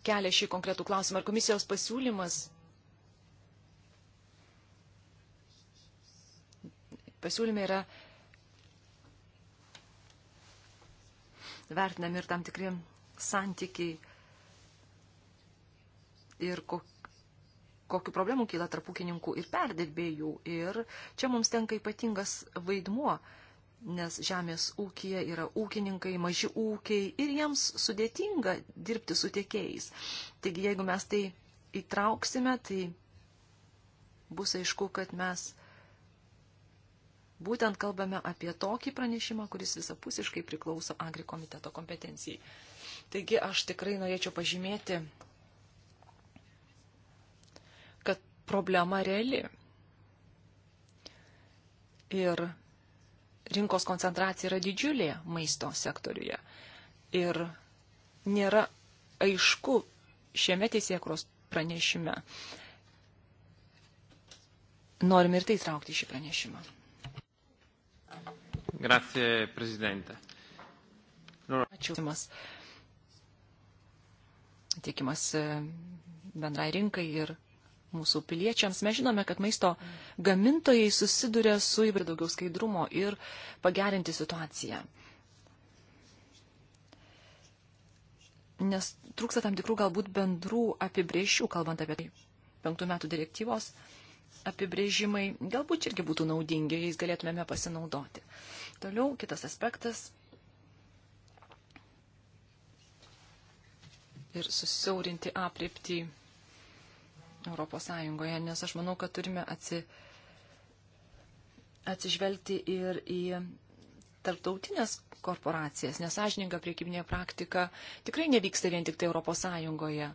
kelia šį konkretų klausimą. Ar komisijos pasiūlymas, pasiūlyme yra vertinami ir tam tikri santykiai ir kokie kokiu problemu kyla tarp ūkininkų ir perdirbėjų. Ir čia mums tenka ypatingas vaidmuo, nes žemės ūkija yra ūkininkai, maži ūkiai ir jiems sudėtinga dirbti su tiekėjais. Taigi jeigu mes tai įtrauksime, tai bus aišku, kad mes Būtent kalbame apie tokį pranešimą, kuris visapusiškai priklauso Agri komiteto kompetencijai. Taigi aš tikrai norėčiau pažymėti, kad problema reali. Ir rinkos koncentracija yra didžiulė maisto sektoriuje. Ir nėra aišku šiame teisėkros pranešime. Norim ir tai traukti šį pranešimą. Grazie, prezidente. Nu... Ačiū. Tikimasi e, bendrai rinkai ir mūsų piliečiams. Mes žinome, kad maisto gamintojai susiduria su įvair daugiau skaidrumo ir pagerinti situaciją. Nes trūksta tam tikrų galbūt bendrų apibrėžčių, kalbant apie tai. Penktų metų direktyvos apibrėžimai galbūt irgi būtų naudingi, jais galėtumėme pasinaudoti. Toliau kitas aspektas ir susiaurinti apriepti Europos Sąjungoje, nes aš manau, kad turime atsi, atsižvelgti ir į tarptautinės korporacijas, nes sąžininga priekybinė praktika tikrai nevyksta vien tik tai Europos Sąjungoje.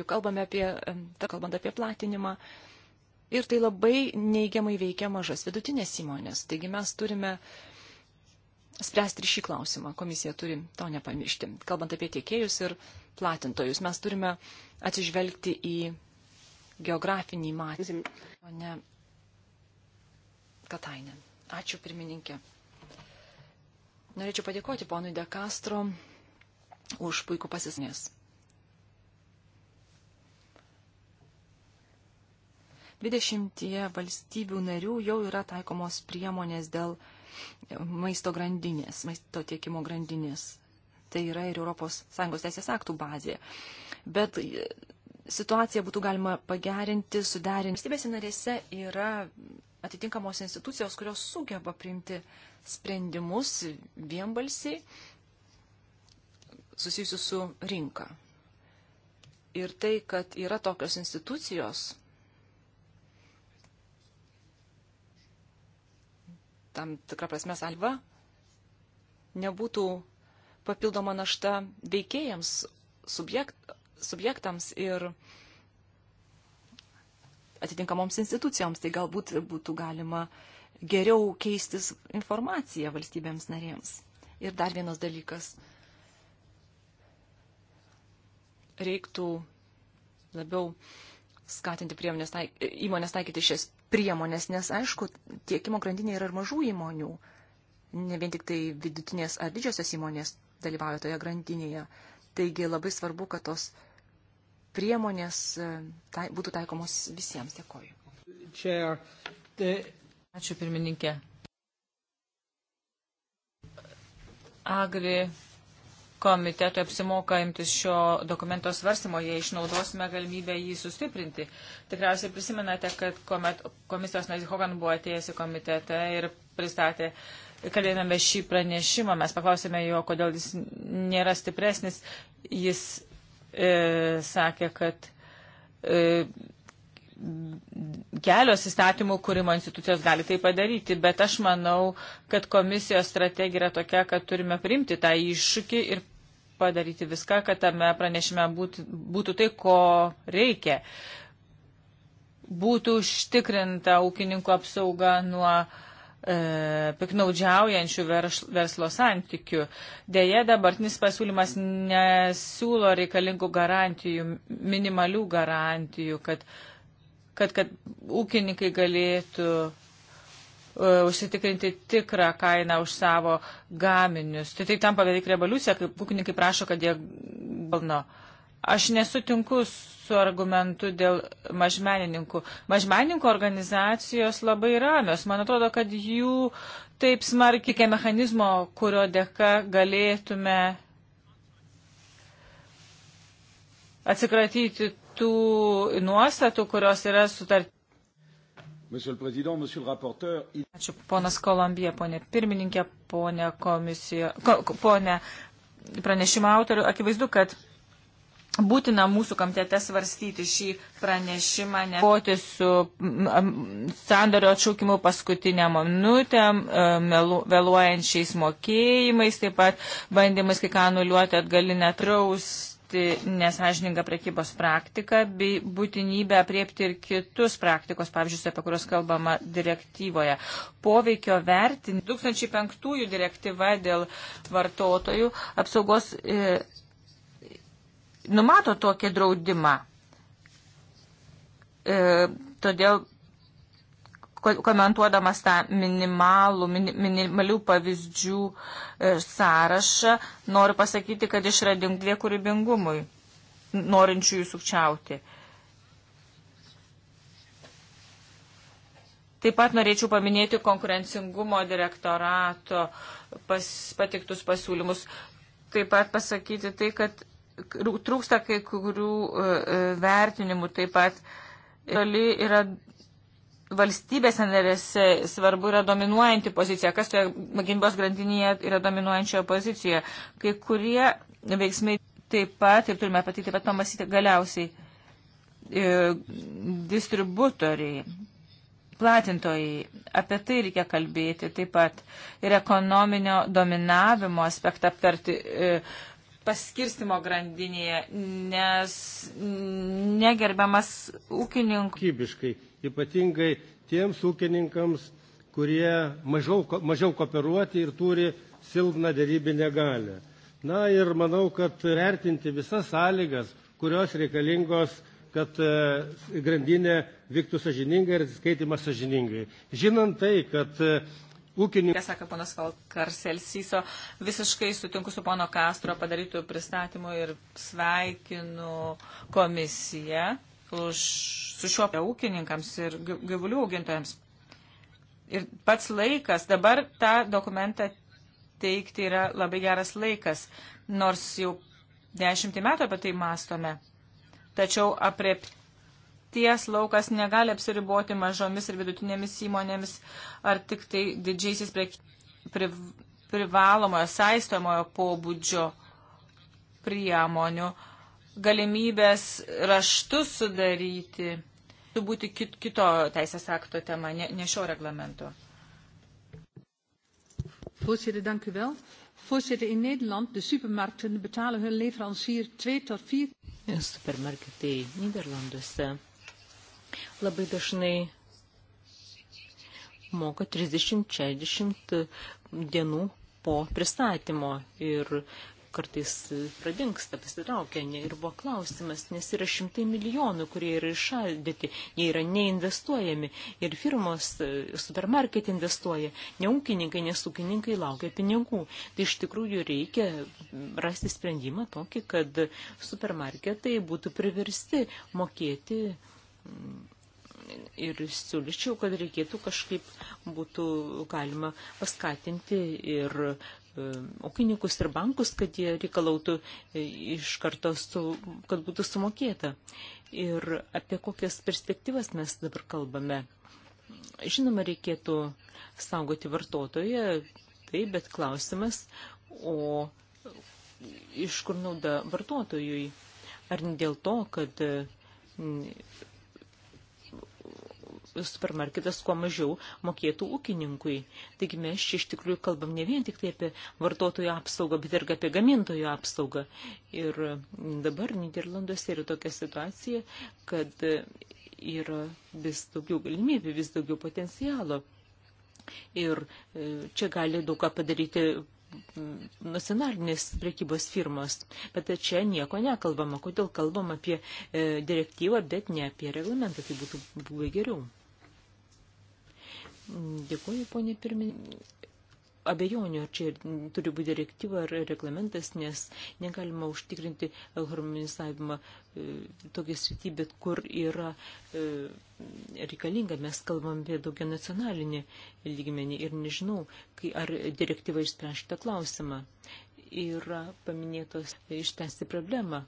Juk kalbame apie, ta, kalbant apie platinimą, ir tai labai neigiamai veikia mažas vidutinės įmonės. Taigi mes turime uh, spręsti ir šį klausimą. Komisija turi to nepamiršti. Kalbant apie tiekėjus ir platintojus, mes turime atsižvelgti į geografinį matymą, o ne Katainę. Ačiū pirmininkė. Norėčiau padėkoti ponui De Castro už puikų pasisnės. 20 valstybių narių jau yra taikomos priemonės dėl maisto grandinės, maisto tiekimo grandinės. Tai yra ir ES teisės aktų bazė. Bet e, situaciją būtų galima pagerinti, suderinti. Valstybėse narėse yra atitinkamos institucijos, kurios sugeba priimti sprendimus vienbalsiai susijusius su rinka. Ir tai, kad yra tokios institucijos, tam tikrą prasme salva nebūtų papildoma našta veikėjams, subjekt, subjektams ir atitinkamoms institucijoms. Tai galbūt būtų galima geriau keistis informaciją valstybėms narėms. Ir dar vienas dalykas. Reiktų labiau skatinti priemonės taik, įmonės taikyti šias priemonės, nes aišku, tiekimo grandinė yra ir mažų įmonių, ne vien tik tai vidutinės ar didžiosios įmonės dalyvauja toje grandinėje. Taigi labai svarbu, kad tos priemonės e, tai, būtų taikomos visiems. Dėkoju. Čia, tai... Ačiū pirmininkė. Agri komitetui apsimoka imtis šio dokumento svarstymo, jei išnaudosime galimybę jį sustiprinti. Tikriausiai prisimenate, kad kuomet komisijos narys Hogan buvo atėjęs į komitetą ir pristatė, kalbėjome šį pranešimą, mes paklausėme jo, kodėl jis nėra stipresnis. Jis e, sakė, kad e, kelios įstatymų kūrimo institucijos gali tai padaryti, bet aš manau, kad komisijos strategija yra tokia, kad turime priimti tą iššūkį ir padaryti viską, kad tame pranešime būtų, būtų tai, ko reikia. Būtų užtikrinta ūkininko apsauga nuo e, piknaudžiaujančių verslo santykių. Deja, dabartinis pasiūlymas nesiūlo reikalingų garantijų, minimalių garantijų, kad, kad, kad ūkininkai galėtų E, užsitikrinti tikrą kainą už savo gaminius. Tai tai tampa beveik revoliucija, kaip ūkininkai prašo, kad jie balno. Aš nesutinku su argumentu dėl mažmenininkų. Mažmenininkų organizacijos labai ramios. Man atrodo, kad jų taip smarkiai mechanizmo, kurio dėka galėtume atsikratyti tų nuostatų, kurios yra sutart, Ačiū ponas Kolumbija, ponė pirmininkė, ponė komisija, ko, ponė pranešimo autorių. Akivaizdu, kad būtina mūsų komitete svarstyti šį pranešimą, nekoti su sandario atšaukimu paskutinę minutę, vėluojančiais mokėjimais, taip pat bandymais kai ką nuliuoti atgalinę trausti uždrausti nesažiningą prekybos praktiką bei būtinybę apriepti ir kitus praktikos pavyzdžius, apie kuriuos kalbama direktyvoje. Poveikio vertinti 2005 direktyva dėl vartotojų apsaugos e, numato tokį draudimą. E, todėl komentuodamas tą minimalų, minimalių pavyzdžių e, sąrašą, noriu pasakyti, kad išradinklė kūrybingumui norinčiųjų sukčiauti. Taip pat norėčiau paminėti konkurencingumo direktorato pas, patiktus pasiūlymus. Taip pat pasakyti tai, kad trūksta kai kurių e, e, vertinimų. Taip pat toli yra valstybėse narėse svarbu yra dominuojanti pozicija, kas toje gynybos grandinėje yra dominuojančioje pozicijoje. Kai kurie veiksmai taip pat, ir turime apie tai taip pat pamastyti galiausiai, e, distributoriai, platintojai, apie tai reikia kalbėti taip pat ir ekonominio dominavimo aspektą aptarti. E, paskirstimo grandinėje, nes negerbiamas ūkininkų. Kybiškai, ypatingai tiems ūkininkams, kurie mažiau, mažiau kooperuoti ir turi silpną dėrybinę galę. Na ir manau, kad vertinti visas sąlygas, kurios reikalingos, kad e, grandinė vyktų sažiningai ir atsiskaitimas sažiningai. Žinant tai, kad e, ūkininkų. Sako ponas Karselsyso, visiškai sutinku su pono Kastro padarytų pristatymu ir sveikinu komisiją už, su šiuo ūkininkams ir gyvulių augintojams. Ir pats laikas, dabar tą dokumentą teikti yra labai geras laikas, nors jau dešimtį metų apie tai mastome. Tačiau apriepti Apriepties laukas negali apsiriboti mažomis ir vidutinėmis įmonėmis ar tik tai didžiaisiais prie, pri, privalomojo, saistomojo pobūdžio priemonių, galimybės raštus sudaryti. Tu būti kit, kito teisės akto tema, ne, ne šio reglamento. Voorzitter, dank u wel. Voorzitter, in Nederland, de supermarkten betalen hun leverancier 2 tot 4... Supermarketai Niderlanduose eh, labai dažnai moka 30-60 dienų po pristatymo ir kartais pradingsta, pasitraukia. Ir buvo klausimas, nes yra šimtai milijonų, kurie yra išaldyti, jie yra neinvestuojami. Ir firmos e, supermarket investuoja, ne ūkininkai, nes ūkininkai laukia pinigų. Tai iš tikrųjų reikia rasti sprendimą tokį, kad supermarketai būtų priversti mokėti ir siūlyčiau, kad reikėtų kažkaip būtų galima paskatinti ir e, ūkininkus ir bankus, kad jie reikalautų e, iš karto, su, kad būtų sumokėta. Ir apie kokias perspektyvas mes dabar kalbame. Žinoma, reikėtų saugoti vartotoje, tai bet klausimas, o iš kur nauda vartotojui? Ar ne dėl to, kad supermarketas kuo mažiau mokėtų ūkininkui. Taigi mes čia iš tikrųjų kalbam ne vien tik tai apie vartotojų apsaugą, bet ir apie gamintojų apsaugą. Ir dabar Niderlanduose yra tokia situacija, kad yra vis daugiau galimybių, vis daugiau potencialo. Ir e, čia gali daug ką padaryti mm, nacionalinės prekybos firmos. Bet čia nieko nekalbama. Kodėl kalbam apie e, direktyvą, bet ne apie reglamentą. Tai būtų buvę geriau. Dėkuoju, ponė pirmininkė. Abejonių, ar čia turi būti direktyva ar reglamentas, nes negalima užtikrinti harmonizavimą e, tokia srity, bet kur yra e, reikalinga. Mes kalbam apie daugia nacionalinį lygmenį ir nežinau, kai, ar direktyva išspręs šitą klausimą. Yra paminėtos išspręsti problemą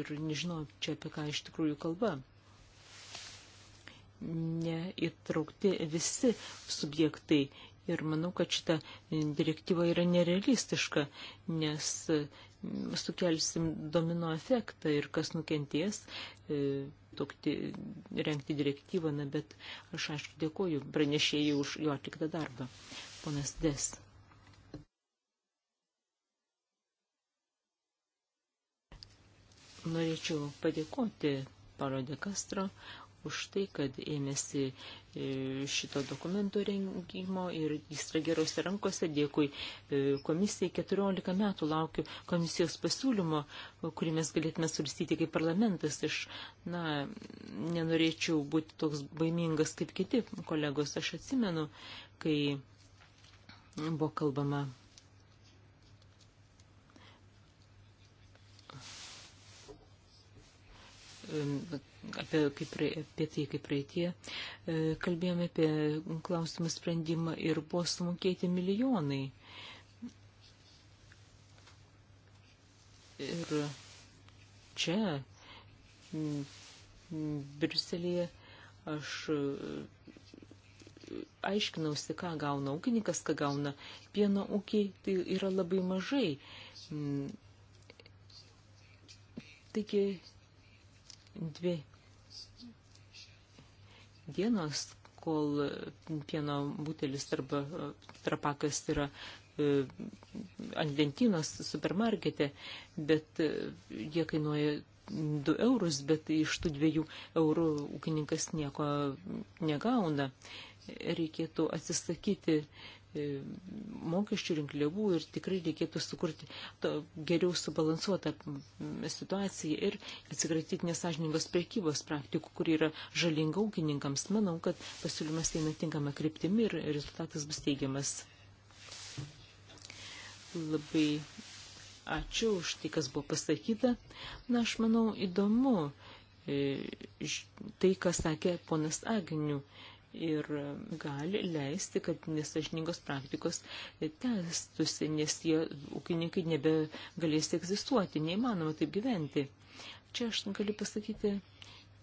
ir nežinau, čia apie ką iš tikrųjų kalba neįtraukti visi subjektai. Ir manau, kad šita direktyva yra nerealistiška, nes mm, sukelsim domino efektą ir kas nukentės e, tokti, renkti direktyvą, na, bet aš aišku dėkoju pranešėjai už jo atliktą darbą. Ponas Des. Norėčiau padėkoti parodė Kastro už tai, kad ėmėsi e, šito dokumento rengimo ir jis yra gerose rankose. Dėkui e, komisijai. 14 metų laukiu komisijos pasiūlymo, kurį mes galėtume svarstyti kaip parlamentas. Aš, na, nenorėčiau būti toks baimingas kaip kiti kolegos. Aš atsimenu, kai buvo kalbama apie, kaip, apie tai, kaip praeitie, e, kalbėjome apie klausimų sprendimą ir buvo sumokėti milijonai. Ir čia, Briuselėje, aš e, aiškinausi, ką gauna ūkininkas, ką gauna pieno ūkiai, tai yra labai mažai. Taigi, dvi dienos, kol pieno butelis arba e, trapakas yra e, ant lentynos supermarkete, bet e, jie kainuoja 2 eurus, bet iš tų 2 eurų ūkininkas nieko negauna. Reikėtų atsisakyti E, mokesčių rinkliavų ir tikrai reikėtų sukurti geriau subalansuotą mm, situaciją ir atsikratyti nesažiningos prekybos praktikų, kur yra žalinga ūkininkams. Manau, kad pasiūlymas eina tinkama kryptimi ir rezultatas bus teigiamas. Labai ačiū už tai, kas buvo pasakyta. Na, aš manau, įdomu e, tai, ką sakė ponas Agnių ir gali leisti, kad nesažiningos praktikos testusi, nes jie ūkininkai nebegalės egzistuoti, neįmanoma taip gyventi. Čia aš galiu pasakyti,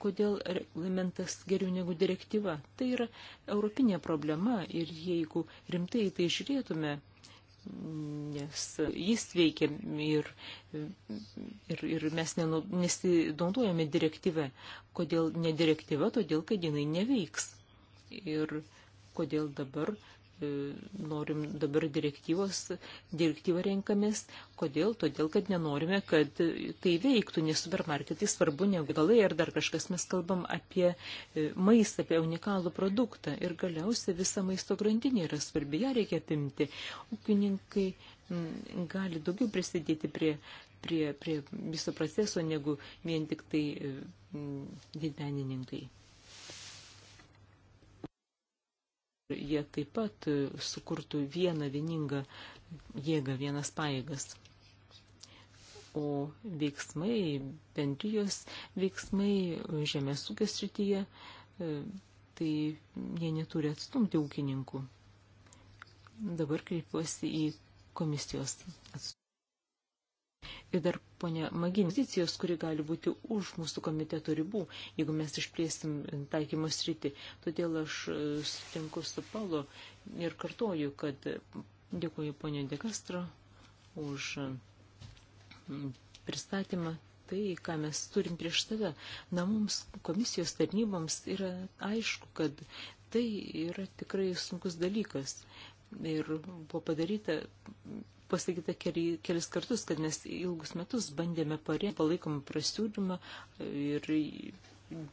kodėl reglamentas geriau negu direktyva. Tai yra europinė problema ir jeigu rimtai tai žiūrėtume, nes jis veikia ir, ir, ir mes nesidontuojame direktyvę. Kodėl ne direktyva? Todėl, kad jinai neveiks ir kodėl dabar e, norim dabar direktyvos, direktyvą renkamės. Kodėl? Todėl, kad nenorime, kad tai veiktų, nes supermarketai svarbu ne augalai ar dar kažkas. Mes kalbam apie e, maistą, apie unikalų produktą ir galiausiai visa maisto grandinė yra svarbi, ją reikia apimti. Ūkininkai mm, gali daugiau prisidėti prie, prie, prie viso proceso negu vien tik tai e, mm, didmenininkai. jie taip pat e, sukurtų vieną vieningą jėgą, vienas paėgas. O veiksmai, bendrijos veiksmai žemės ūkio srityje, e, tai jie neturi atstumti ūkininkų. Dabar kreipiuosi į komisijos atstumą. Ir dar, ponė Magin, pozicijos, kuri gali būti už mūsų komiteto ribų, jeigu mes išplėsim taikymo sritį. Todėl aš e, sutinku su Paulo ir kartoju, kad dėkuoju ponė Dekastro už e, pristatymą. Tai, ką mes turim prieš save, na mums komisijos tarnyboms yra aišku, kad tai yra tikrai sunkus dalykas. Ir buvo padaryta pasakyta keli, kelis kartus, kad mes ilgus metus bandėme parė palaikomą prasiūlymą ir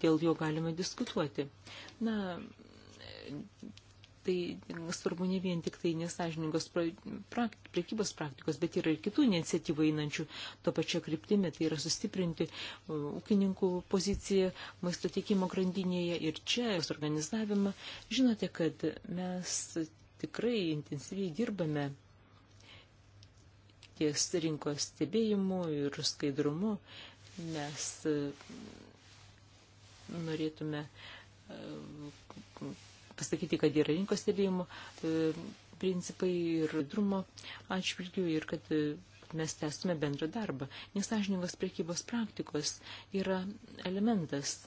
dėl jo galima diskutuoti. Na, tai svarbu ne vien tik tai nesažiningos praktik, priekybos praktikos, bet yra ir kitų iniciatyvų einančių to pačio kryptimi, tai yra sustiprinti ūkininkų poziciją maisto tiekimo grandinėje ir čia jos organizavimą. Žinote, kad mes tikrai intensyviai dirbame ties rinkos stebėjimu ir skaidrumu. Mes e, norėtume e, pasakyti, kad yra rinkos stebėjimo e, principai ir drumo atšvilgių ir kad mes testume bendrą darbą. Nesažiningos priekybos praktikos yra elementas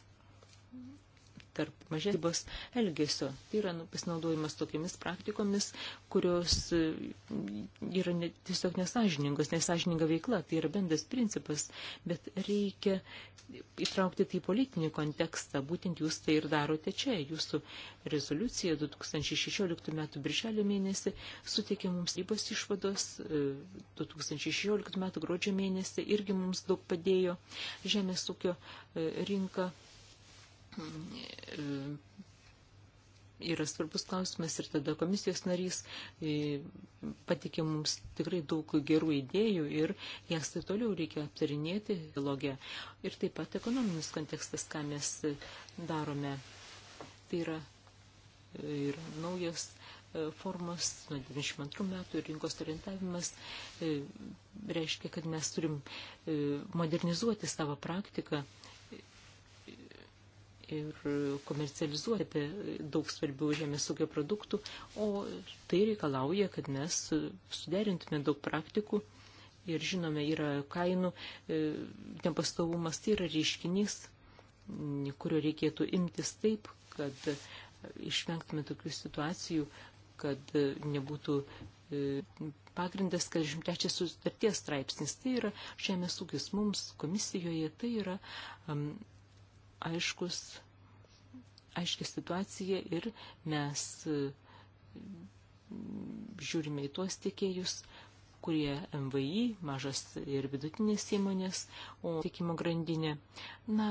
tarp mažesnybos elgesio. Tai yra nu, pasinaudojimas tokiamis praktikomis, kurios e, yra ne, tiesiog nesažiningos, nesažininga veikla. Tai yra bendras principas, bet reikia įtraukti tai politinį kontekstą. Būtent jūs tai ir darote čia. Jūsų rezoliucija 2016 m. birželio mėnesį suteikė mums rybos išvados 2016 e, m. gruodžio mėnesį irgi mums daug padėjo žemės ūkio e, rinka Mm, yra svarbus klausimas ir tada komisijos narys e, patikė mums tikrai daug gerų idėjų ir jas tai toliau reikia aptarinėti logė. Ir taip pat ekonominis kontekstas, ką mes darome. Tai yra, yra e, naujas e, formos nuo 92 metų rinkos orientavimas reiškia, kad mes turim modernizuoti savo praktiką ir komercializuoti daug svarbių žemės ūkio produktų, o tai reikalauja, kad mes suderintume daug praktikų ir žinome, yra kainų e, nepastovumas, tai yra reiškinys, kurio reikėtų imtis taip, kad išvengtume tokių situacijų, kad nebūtų e, pagrindas 43 sutarties straipsnis. Tai yra žemės ūkis mums komisijoje, tai yra um, aiškus, aiški situacija ir mes e, žiūrime į tuos tikėjus, kurie MVI, mažas ir vidutinės įmonės, o tikimo grandinė. Na,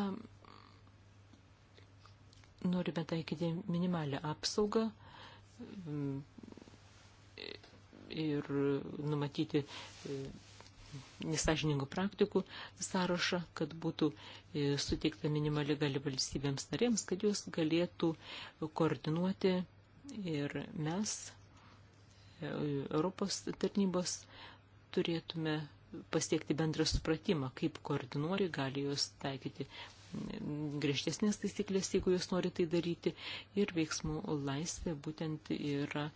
norime taikyti minimalią apsaugą ir numatyti e, nesažiningų praktikų sąrašą, kad būtų e, suteikta minimali gali valstybėms narėms, kad jos galėtų koordinuoti ir mes, e, Europos tarnybos, turėtume pasiekti bendrą supratimą, kaip koordinuori gali jos taikyti mm, griežtesnės taisyklės, jeigu jūs norite tai daryti, ir veiksmų laisvė būtent yra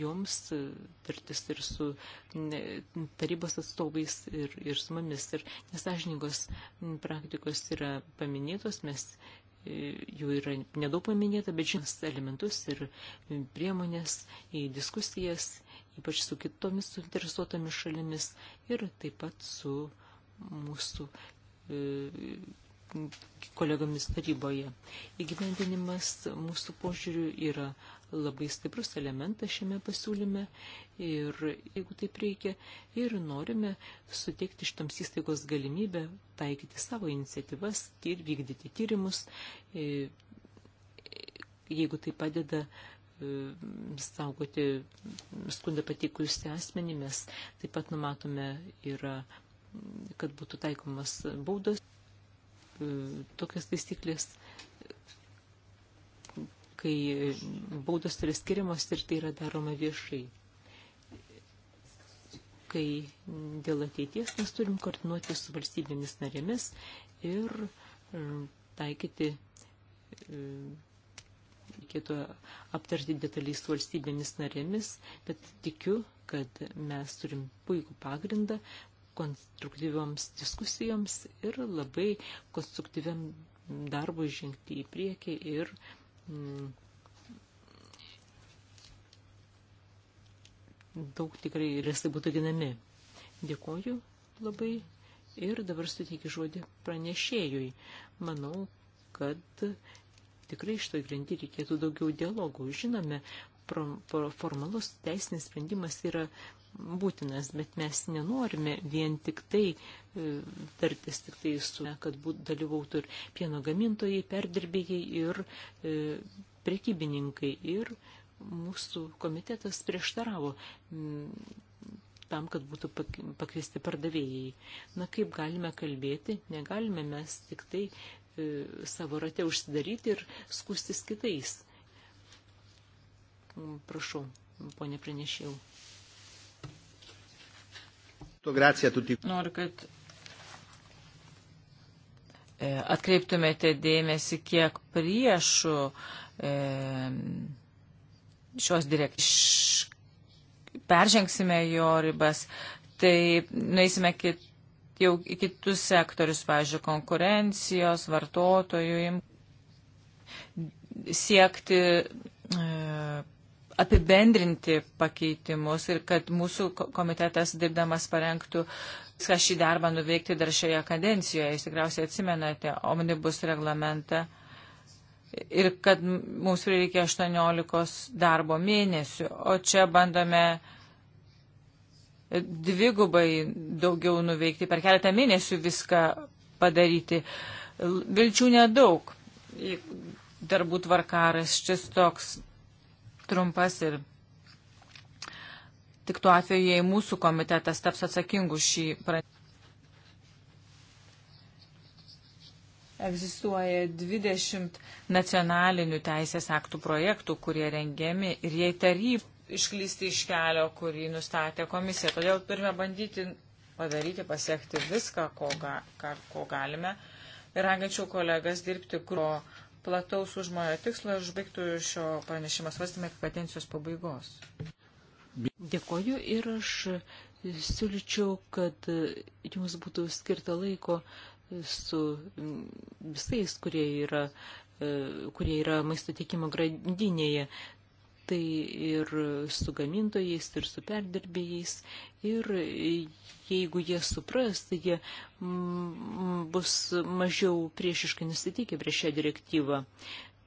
jums, e, tartis ir su tarybos atstovais ir, ir su mumis. Ir nesažiningos praktikos yra paminėtos, mes e, jų yra nedaug paminėta, bet žinot elementus ir e, priemonės į diskusijas, ypač su kitomis suinteresuotomis šalimis ir taip pat su mūsų kolegomis taryboje. Įgyvendinimas mūsų požiūrių yra labai stiprus elementas šiame pasiūlyme ir, jeigu taip reikia, ir norime suteikti šitoms įstaigos galimybę taikyti savo iniciatyvas ir vykdyti tyrimus, e, jeigu tai padeda e, saugoti skundą pateikusi asmenį, mes taip pat numatome ir kad būtų taikomas baudos, e, tokias taisyklės, kai baudos yra skiriamos ir tai yra daroma viešai. Kai dėl ateities mes turim koordinuoti su valstybėmis narėmis ir mm, taikyti, mm, reikėtų aptarti detaliai su valstybėmis narėmis, bet tikiu, kad mes turim puikų pagrindą konstruktyvioms diskusijoms ir labai konstruktyviam darbui žengti į priekį ir Mm. daug tikrai restai būtų ginami. Dėkoju labai ir dabar suteikiu žodį pranešėjui. Manau, kad tikrai iš to grindį reikėtų daugiau dialogų. Žinome, pro, pro, formalus teisinis sprendimas yra būtinas, bet mes nenorime vien tik tai e, tartis tik tai su, kad būt, dalyvautų ir pieno gamintojai, perdirbėjai ir e, prekybininkai. Ir mūsų komitetas prieštaravo mm, tam, kad būtų pakviesti pardavėjai. Na, kaip galime kalbėti, negalime mes tik tai e, savo rate užsidaryti ir skustis kitais. Prašau, ponė pranešėjau. Noriu, kad e, atkreiptumėte dėmesį, kiek priešų e, šios direktyvos peržengsime jo ribas, tai nueisime kit, jau į kitus sektorius, pavyzdžiui, konkurencijos, vartotojų, siekti e, apibendrinti pakeitimus ir kad mūsų komitetas dirbdamas parengtų viską šį darbą nuveikti dar šioje kadencijoje. Jūs tikriausiai atsimenate omnibus reglamentą ir kad mums reikia 18 darbo mėnesių, o čia bandome dvigubai daugiau nuveikti, per keletą mėnesių viską padaryti. Vilčių nedaug darbų tvarkaras šis toks trumpas ir tik tuo atveju, jei mūsų komitetas taps atsakingų šį pranešimą. Egzistuoja 20 nacionalinių teisės aktų projektų, kurie rengiami ir jei taryb išklysti iš kelio, kurį nustatė komisija. Todėl turime bandyti padaryti, pasiekti viską, ko, ga, ką, ko galime. Ir angačiau kolegas dirbti, kurio plataus užmojo tikslo ir užbaigtų šio pranešimo svarstymą iki kadencijos pabaigos. Dėkoju ir aš siūlyčiau, kad jums būtų skirta laiko su visais, kurie yra kurie yra maisto tiekimo grandinėje tai ir su gamintojais, ir su perdirbėjais. Ir jeigu jie supras, tai jie mm, bus mažiau priešiškai nusiteikę prieš šią direktyvą.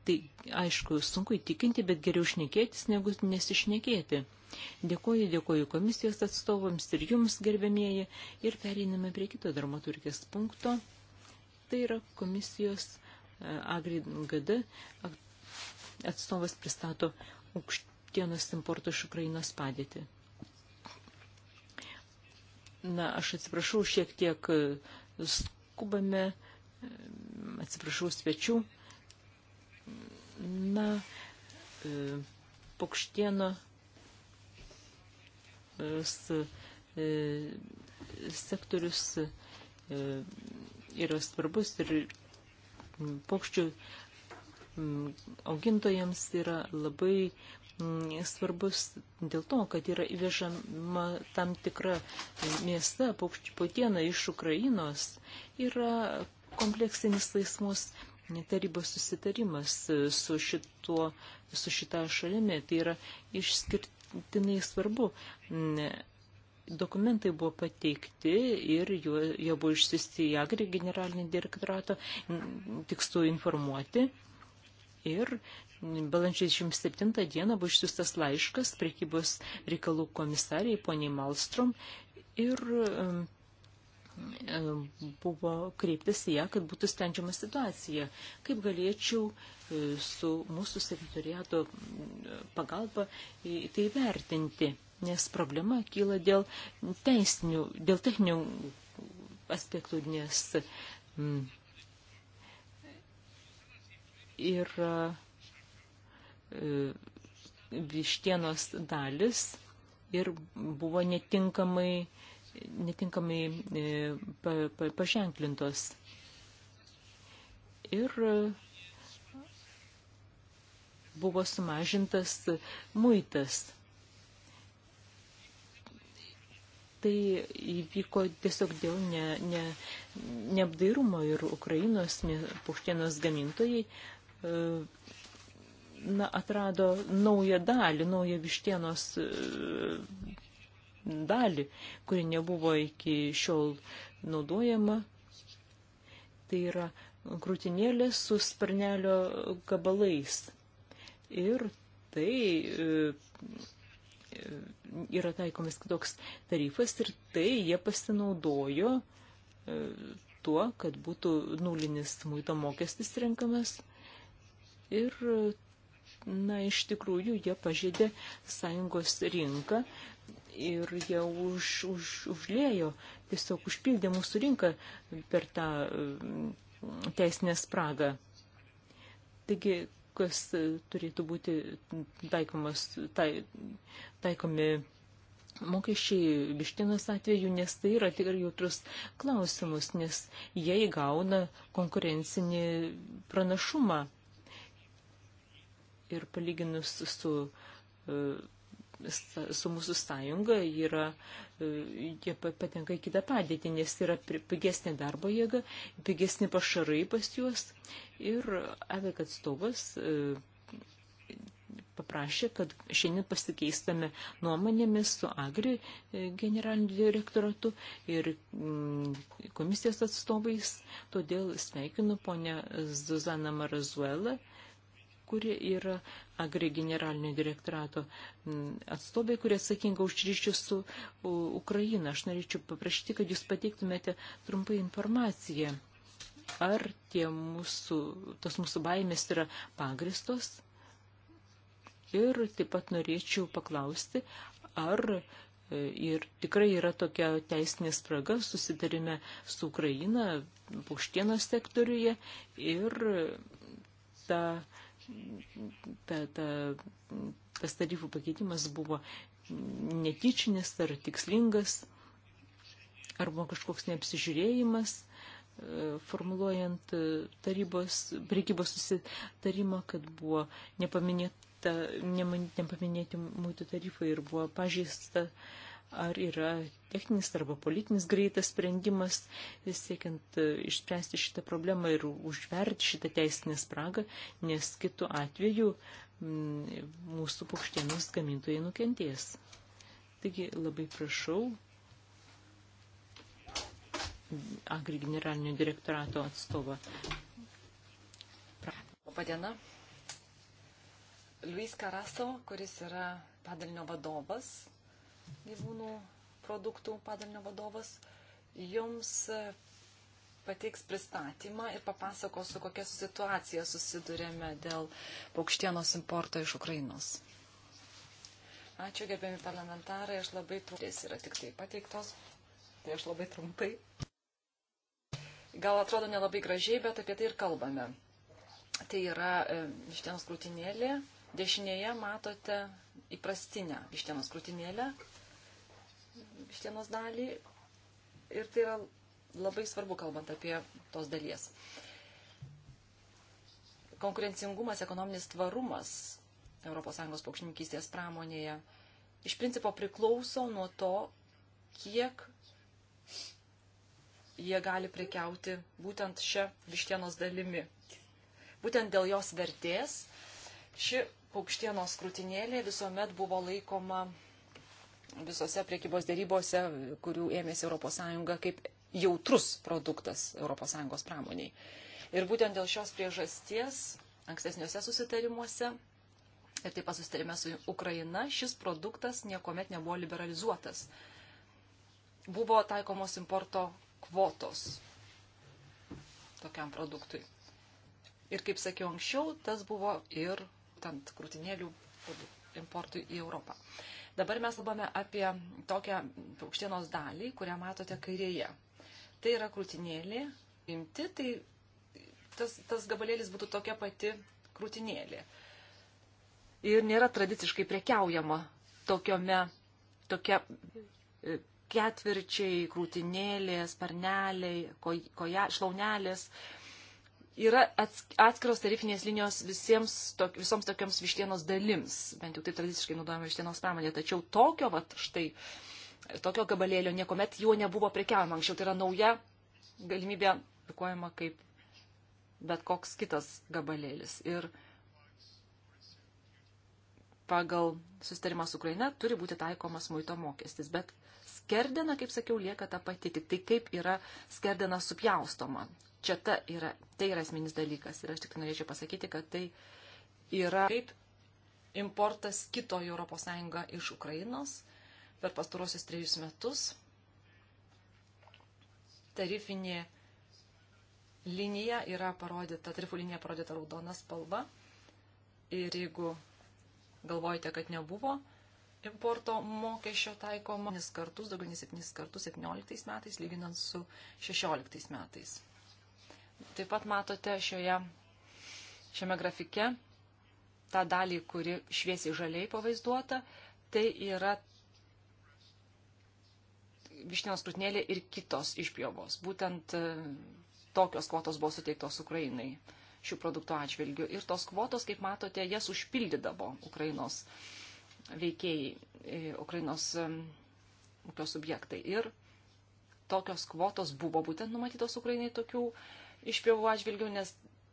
Tai aišku, sunku įtikinti, bet geriau šnekėtis negu nesišnekėti. Dėkoju, dėkoju komisijos atstovams ir jums, gerbėmieji, ir pereiname prie kito dramaturgės punkto. Tai yra komisijos e, AgriGD atstovas pristato aukštienos importo iš Ukrainos padėtį. Na, aš atsiprašau, šiek tiek e, skubame, e, atsiprašau svečių. Na, e, paukštieno sektorius yra svarbus ir paukščių Mm, augintojams yra labai mm, svarbus dėl to, kad yra įvežama tam tikra mėsa, paukščių patiena iš Ukrainos, yra kompleksinis laisvos tarybos susitarimas e, su, šituo, su šita šalimi. Tai yra išskirtinai svarbu mm, dokumentai buvo pateikti ir jie buvo išsisti į Agri generalinį direktoratą, tikslu informuoti ir balandžio 27 dieną buvo išsiustas laiškas prekybos reikalų komisariai poniai Malstrom ir um, buvo kreiptis į ją, kad būtų sprendžiama situacija. Kaip galėčiau e, su mūsų sekretoriato e, pagalba tai vertinti, nes problema kyla dėl teisinių, dėl techninių aspektų, nes m, ir e, vištienos dalis ir buvo netinkamai, netinkamai e, pa, pa, paženklintos. Ir buvo sumažintas muitas. Tai įvyko tiesiog dėl ne, ne, neapdairumo ir Ukrainos paukštienos gamintojai E, na, atrado naują dalį, naują vištienos e, dalį, kuri nebuvo iki šiol naudojama. Tai yra krūtinėlė su sparnelio gabalais. Ir tai e, yra taikomas kitoks tarifas ir tai jie pasinaudojo tuo, kad būtų nulinis muito mokestis renkamas ir, na, iš tikrųjų jie pažydė sąjungos rinką ir jie už, už, užlėjo, tiesiog užpildė mūsų rinką per tą mm, teisinę spragą. Taigi, kas turėtų būti taikomas, tai, taikomi mokesčiai vištienos atveju, nes tai yra tikrai jautrus klausimus, nes jie įgauna konkurencinį pranašumą ir palyginus su, e, su mūsų sąjunga, yra, e, jie patenka į kitą padėtį, nes yra pigesnė darbo jėga, pigesnė pašarai pas juos ir avek atstovas e, paprašė, kad šiandien pasikeistame nuomonėmis su Agri generaliniu direktoratu ir mm, komisijos atstovais. Todėl sveikinu ponę Zuzaną Marazuelą kuri yra Agri generalinio direktorato atstovė, kuri atsakinga už ryšius su Ukraina. Aš norėčiau paprašyti, kad jūs pateiktumėte trumpai informaciją, ar tie mūsų, tos mūsų baimės yra pagristos. Ir taip pat norėčiau paklausti, ar e, ir tikrai yra tokia teisinė spraga susitarime su Ukraina paukštienos sektoriuje ir ta ta, ta, tas tarifų pakeitimas buvo netyčinis ar tikslingas, ar buvo kažkoks neapsižiūrėjimas, e, formuluojant e, tarybos, prekybos susitarimą, kad buvo nepaminėta, nepaminėti mūtų tarifai ir buvo pažįsta uh, ar yra techninis arba politinis greitas sprendimas, siekiant e, išspręsti šitą problemą ir užverti šitą teisinę spragą, nes kitu atveju mm, mūsų paukštienos gamintojai nukentės. Taigi labai prašau Agri generalinio direktorato atstovą. Labadiena. Luis Karaso, kuris yra padalinio vadovas gyvūnų produktų padalinio vadovas jums e, pateiks pristatymą ir papasakos, su kokia situacija susidurėme dėl paukštienos importo iš Ukrainos. Ačiū, gerbiami parlamentarai, aš labai trumpai, yra tik tai pateiktos, tai aš labai trumpai. Gal atrodo nelabai gražiai, bet apie tai ir kalbame. Tai yra e, vištienos krūtinėlė, dešinėje matote įprastinę vištienos krūtinėlę, vištienos dalį ir tai yra labai svarbu, kalbant apie tos dalies. Konkurencingumas, ekonominis tvarumas ES paukšininkystės pramonėje iš principo priklauso nuo to, kiek jie gali prekiauti būtent šią vištienos dalimi. Būtent dėl jos vertės ši paukštienos krūtinėlė visuomet buvo laikoma visose priekybos dėrybose, kurių ėmėsi ES kaip jautrus produktas ES pramoniai. Ir būtent dėl šios priežasties ankstesniuose susitarimuose ir taip pat susitarime su Ukraina šis produktas niekuomet nebuvo liberalizuotas. Buvo taikomos importo kvotos tokiam produktui. Ir kaip sakiau anksčiau, tas buvo ir tant krūtinėlių importui į Europą. Uh, Dabar mes kalbame apie tokią paukštienos dalį, kurią matote kairėje. Tai yra krūtinėlė, imti, tai tas, tas gabalėlis būtų tokia pati krūtinėlė. Ir nėra tradiciškai prekiaujama tokiome, tokia e, ketvirčiai, krūtinėlės, parneliai, koja, šlaunelės. Ko, yra atskiros tarifinės linijos visiems, tok, visoms tokiams vištienos dalims, bent jau taip tradiciškai naudojama vištienos pramonė, tačiau tokio, va, štai, tokio gabalėlio niekuomet juo nebuvo prekiaujama. Anksčiau tai yra nauja galimybė, pikuojama kaip bet koks kitas gabalėlis. Ir pagal sustarimą su Ukraina turi būti taikomas muito mokestis, bet skerdena, kaip sakiau, lieka ta pati, tik tai kaip yra skerdena supjaustoma, čia ta yra, tai yra esminis dalykas. Ir aš tik norėčiau pasakyti, kad tai yra kaip importas kito į ES iš Ukrainos per pastarosius trejus metus. Tarifinė linija yra parodyta, tarifų linija parodyta raudona spalva. Ir jeigu galvojate, kad nebuvo importo mokesčio taikoma, kartus, daugiau nei 7 kartus 17 metais, lyginant su 16 metais. Taip pat matote šioje, šiame grafike tą dalį, kuri šviesiai žaliai pavaizduota, tai yra višnienos krūtinėlė ir kitos išpjovos. Būtent e, tokios kvotos buvo suteiktos Ukrainai šių produktų atžvilgių. Ir tos kvotos, kaip matote, jas užpildydavo Ukrainos veikėjai, e, Ukrainos e, ūkio subjektai. Ir tokios kvotos buvo būtent numatytos Ukrainai tokių uh, išpjovų atžvilgių, nes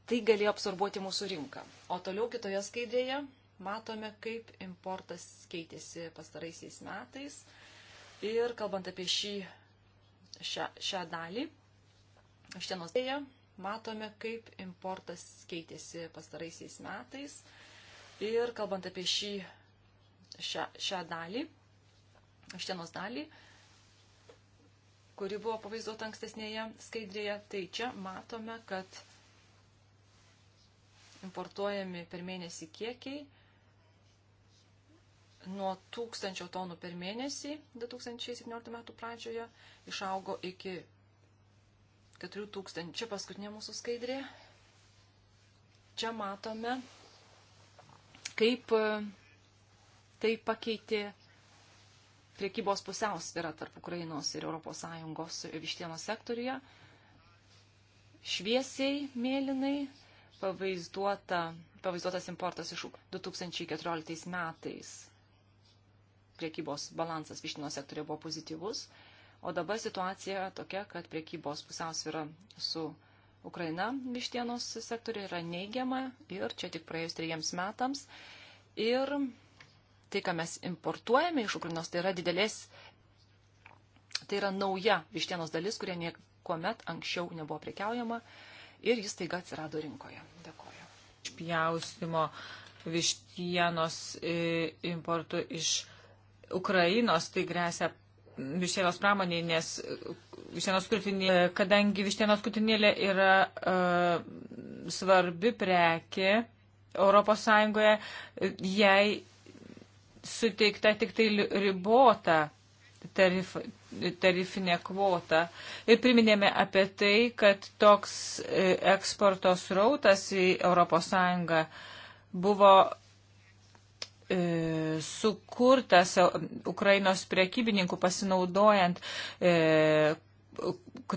tai galėjo absorbuoti mūsų rinką. O toliau kitoje skaidrėje matome, kaip importas keitėsi pastaraisiais metais. Ir kalbant apie šį, šią, šią dalį, štienos dėje, matome, kaip importas keitėsi pastaraisiais metais. Ir kalbant apie šį, šią, šią dalį, štienos dalį, kuri buvo pavaizduota ankstesnėje skaidrėje, tai čia matome, kad importuojami per mėnesį kiekiai nuo 1000 tonų per mėnesį 2017 metų pradžioje išaugo iki 4000. Čia paskutinė mūsų skaidrė. Čia matome, kaip e, tai pakeitė priekybos pusiausvyrą tarp Ukrainos ir ES vištienos sektoriuje. Šviesiai, mėlynai pavaizduota, pavaizduotas importas iš 2014 metais. Priekybos balansas vištienos sektoriuje buvo pozityvus, o dabar situacija tokia, kad priekybos pusiausvyrą su Ukraina vištienos sektoriuje yra neigiama ir čia tik praėjus trejiems metams. Ir tai, ką mes importuojame iš Ukrainos, tai yra didelės, tai yra nauja vištienos dalis, kurie niekuomet anksčiau nebuvo prekiaujama ir jis taiga atsirado rinkoje. Dėkoju. Pjaustimo vištienos e, importų iš Ukrainos tai grėsia vištienos pramoniai, nes e, vištienos krūtinėlė, e, kadangi vištienos krūtinėlė yra uh, svarbi prekė Europos Sąjungoje, jai suteikta tik tai ribota tarif, tarifinė kvota. Ir priminėme apie tai, kad toks e, eksporto srautas į ES buvo e, sukurtas e, Ukrainos priekybininkų pasinaudojant e,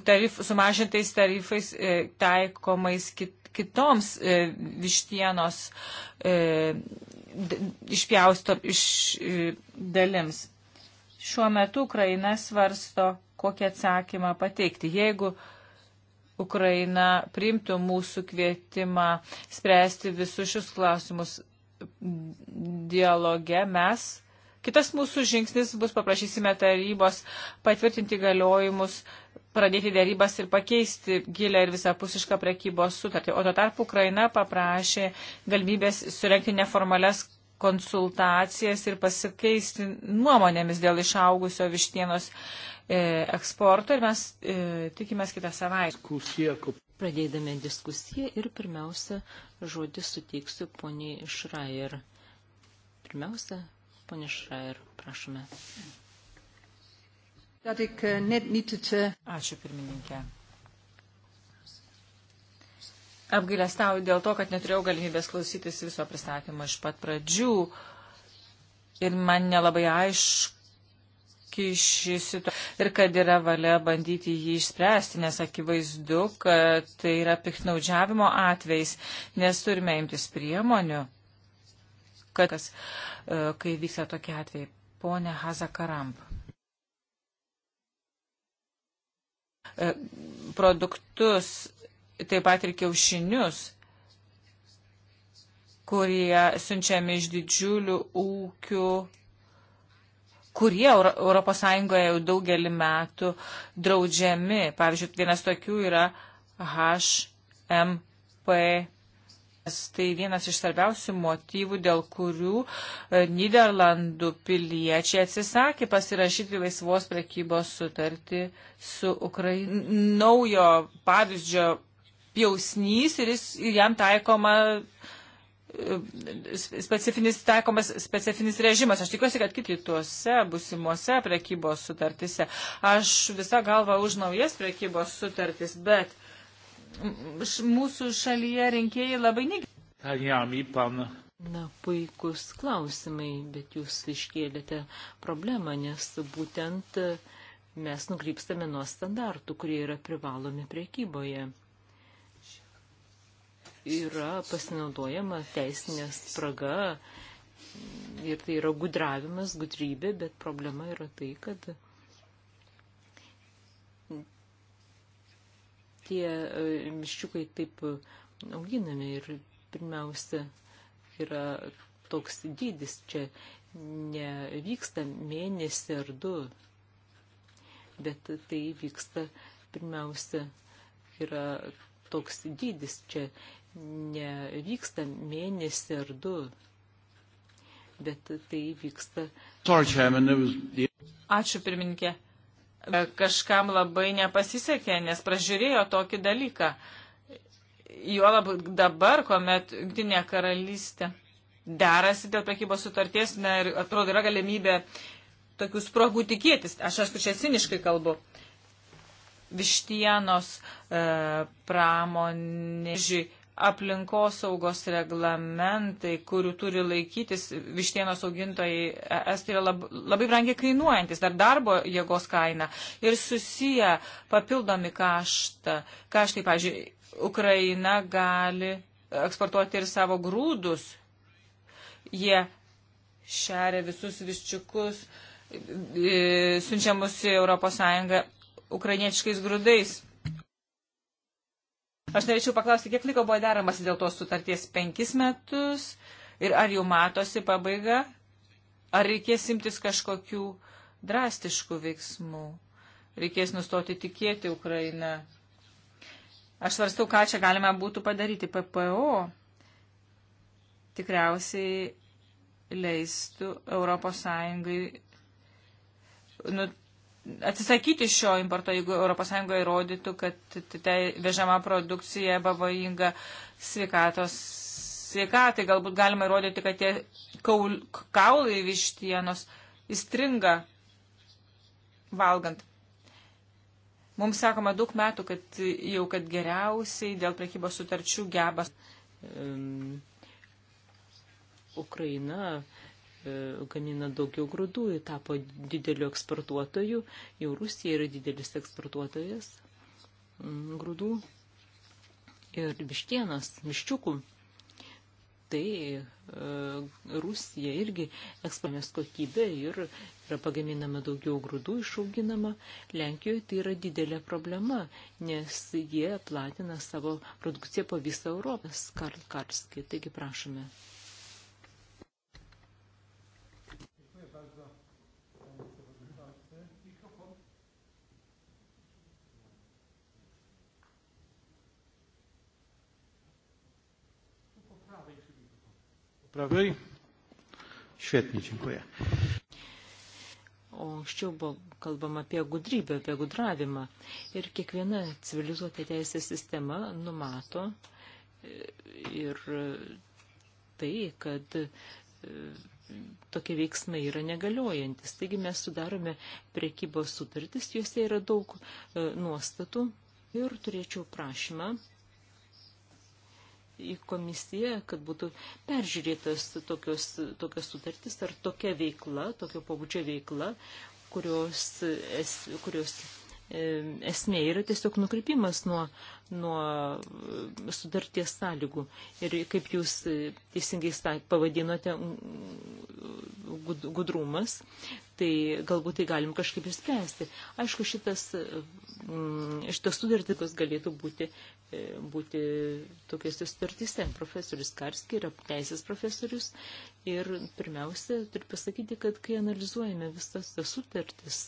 tarif, sumažintais tarifais e, taikomais kit, kitoms e, vištienos e, išpjausto iš e, dalims. Šiuo metu Ukraina svarsto, kokį atsakymą pateikti. Jeigu Ukraina priimtų mūsų kvietimą spręsti visus šius klausimus dialoge, mes kitas mūsų žingsnis bus paprašysime tarybos patvirtinti galiojimus pradėti dėrybas ir pakeisti gilę ir visapusišką prekybos sutartį. O tuo tarpu Ukraina paprašė galimybės surenkti neformales konsultacijas ir pasikeisti nuomonėmis dėl išaugusio vištienos e, eksporto ir mes e, tikimės kitą savaitę. Pradėdami diskusiją ir pirmiausia žodį suteiksiu poniai Šrajer. Pirmiausia, ponia Šrajer, prašome. Eh, eh, Ačiū pirmininkė. Apgailestauju dėl to, kad neturėjau galimybės klausytis viso pristatymo iš pat pradžių ir man nelabai aiški ši situacija ir kad yra valia bandyti jį išspręsti, nes akivaizdu, kad tai yra piktnaudžiavimo atvejs, nes turime imtis priemonių, kad, e, kai vyksta tokie atvejai. Pone Hazakaramp. E, produktus, taip pat ir kiaušinius, kurie siunčiami iš didžiulių ūkių, kurie ES jau daugelį metų draudžiami. Pavyzdžiui, vienas tokių yra HMP nes tai vienas iš svarbiausių motyvų, dėl kurių e, Niderlandų piliečiai atsisakė pasirašyti laisvos prekybos sutartį su Ukraina. Naujo pavyzdžio pjausnys ir jis, jam taikoma e, specifinis taikomas specifinis režimas. Aš tikiuosi, kad kitose busimuose prekybos sutartise. Aš visą galvą už naujas prekybos sutartis, bet mūsų šalyje rinkėjai labai negi. Na, puikus klausimai, bet jūs iškėlėte problemą, nes būtent e, mes nukrypstame nuo standartų, kurie yra privalomi priekyboje. Yra pasinaudojama teisinė spraga ir tai yra gudravimas, gudrybė, bet problema yra tai, kad tie e, miščiukai taip auginami ir pirmiausia yra toks dydis, čia nevyksta mėnesį ar du, bet tai vyksta pirmiausia yra toks dydis, čia nevyksta mėnesį ar du, bet tai vyksta. Ačiū pirmininkė. E, kažkam labai nepasisekė, nes pražiūrėjo tokį dalyką. Juolab dabar, kuomet Junktinė karalystė derasi dėl prekybos sutarties, na ir atrodo yra galimybė tokių sprogų tikėtis. Aš aišku, čia siniškai kalbu vištienos e, pramonė, žiūrėjau, aplinkosaugos reglamentai, kurių turi laikytis vištienos augintojai, es tai yra lab, labai brangiai kainuojantis, dar darbo jėgos kaina ir susiję papildomi kaštą. Kaštai, pavyzdžiui, Ukraina gali eksportuoti ir savo grūdus. Jie šeria visus viščiukus, siunčiamus į ES ukrainiečiais grūdais. Aš norėčiau paklausti, kiek laiko buvo deramasi dėl tos sutarties penkis metus ir ar jau matosi pabaiga, ar reikės imtis kažkokių drastiškų veiksmų, reikės nustoti tikėti Ukrainą. Aš svarstau, ką čia galima būtų padaryti. PPO tikriausiai leistų Europos Sąjungai nu, atsisakyti šio importo, jeigu ES įrodytų, kad ta vežama produkcija pavojinga sveikatos sveikatai. Galbūt galima įrodyti, kad tie kaul, kaulai vištienos įstringa valgant. Mums sakoma daug metų, kad jau kad geriausiai dėl prekybos sutarčių gebas. Um, Ukraina uh, E, gamina daugiau grūdų ir tapo dideliu eksportuotoju. Jau Rusija yra didelis eksportuotojas mm, grūdų ir vištienos, viščiukų. Tai e, Rusija irgi eksportuojamas kokybė ir yra pagaminama daugiau grūdų išauginama. Lenkijoje tai yra didelė problema, nes jie platina savo produkciją po visą Europą. Karl Karski, taigi prašome. Prawej? Świetnie, dziękuję. O anksčiau buvo kalbama apie gudrybę, apie gudravimą. Ir kiekviena civilizuota teisės sistema numato e, ir e, tai, kad e, tokie veiksmai yra negaliojantis. Taigi mes sudarome prekybos sutartis, juose yra daug nuostatų. Ir turėčiau prašymą į komisiją, kad būtų peržiūrėtas tokios, tokios sutartys ar tokia veikla, tokio pabudžio veikla, kurios, es, kurios E, esmė yra tiesiog nukrypimas nuo, nuo e, sudarties sąlygų. Ir kaip jūs e, teisingai pavadinote gudrumas, tai galbūt tai galim kažkaip išspręsti. Aišku, šitas, šitas sudartikas galėtų būti, būti tokiuose sutartyse. Profesorius Karski yra teisės profesorius ir pirmiausia, turiu pasakyti, kad kai analizuojame visas tas sutartis,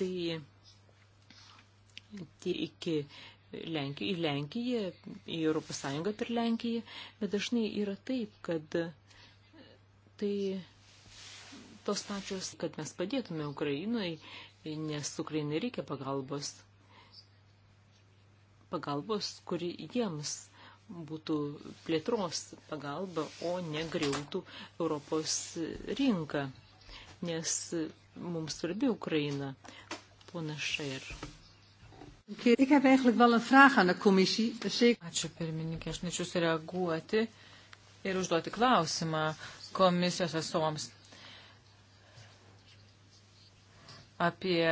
tai iki Lenkiją, į Lenkiją, į Europos Sąjungą per Lenkiją, bet dažnai yra taip, kad tai tos pačios, kad mes padėtume Ukrainai, nes Ukrainai reikia pagalbos, pagalbos, kuri jiems būtų plėtros pagalba, o negriautų Europos rinką, nes mums svarbi Ukraina. Pona Šair. Ačiū pirmininkė, aš nečiu sureaguoti ir užduoti klausimą komisijos atstovams apie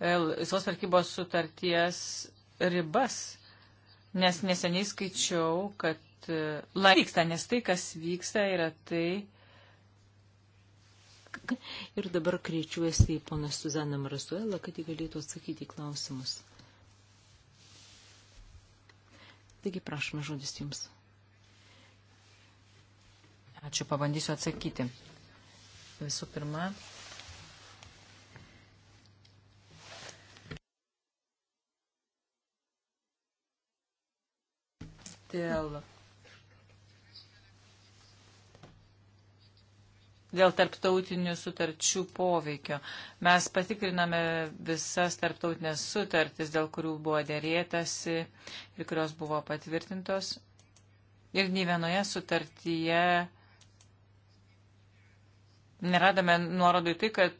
laisvos e, varkybos sutarties ribas, nes neseniai skaičiau, kad e, laiksta, nes tai, kas vyksta, yra tai. Ir dabar kreičiuosi į poną Suzaną Marasuelą, kad jį galėtų atsakyti klausimus. Taigi prašome žodis jums. Ačiū, pabandysiu atsakyti. Visų pirma, dėl dėl tarptautinių sutarčių poveikio. Mes patikriname visas tarptautinės sutartis, dėl kurių buvo dėrėtasi ir kurios buvo patvirtintos. Ir nei vienoje sutartyje neradome nuorodų į tai, kad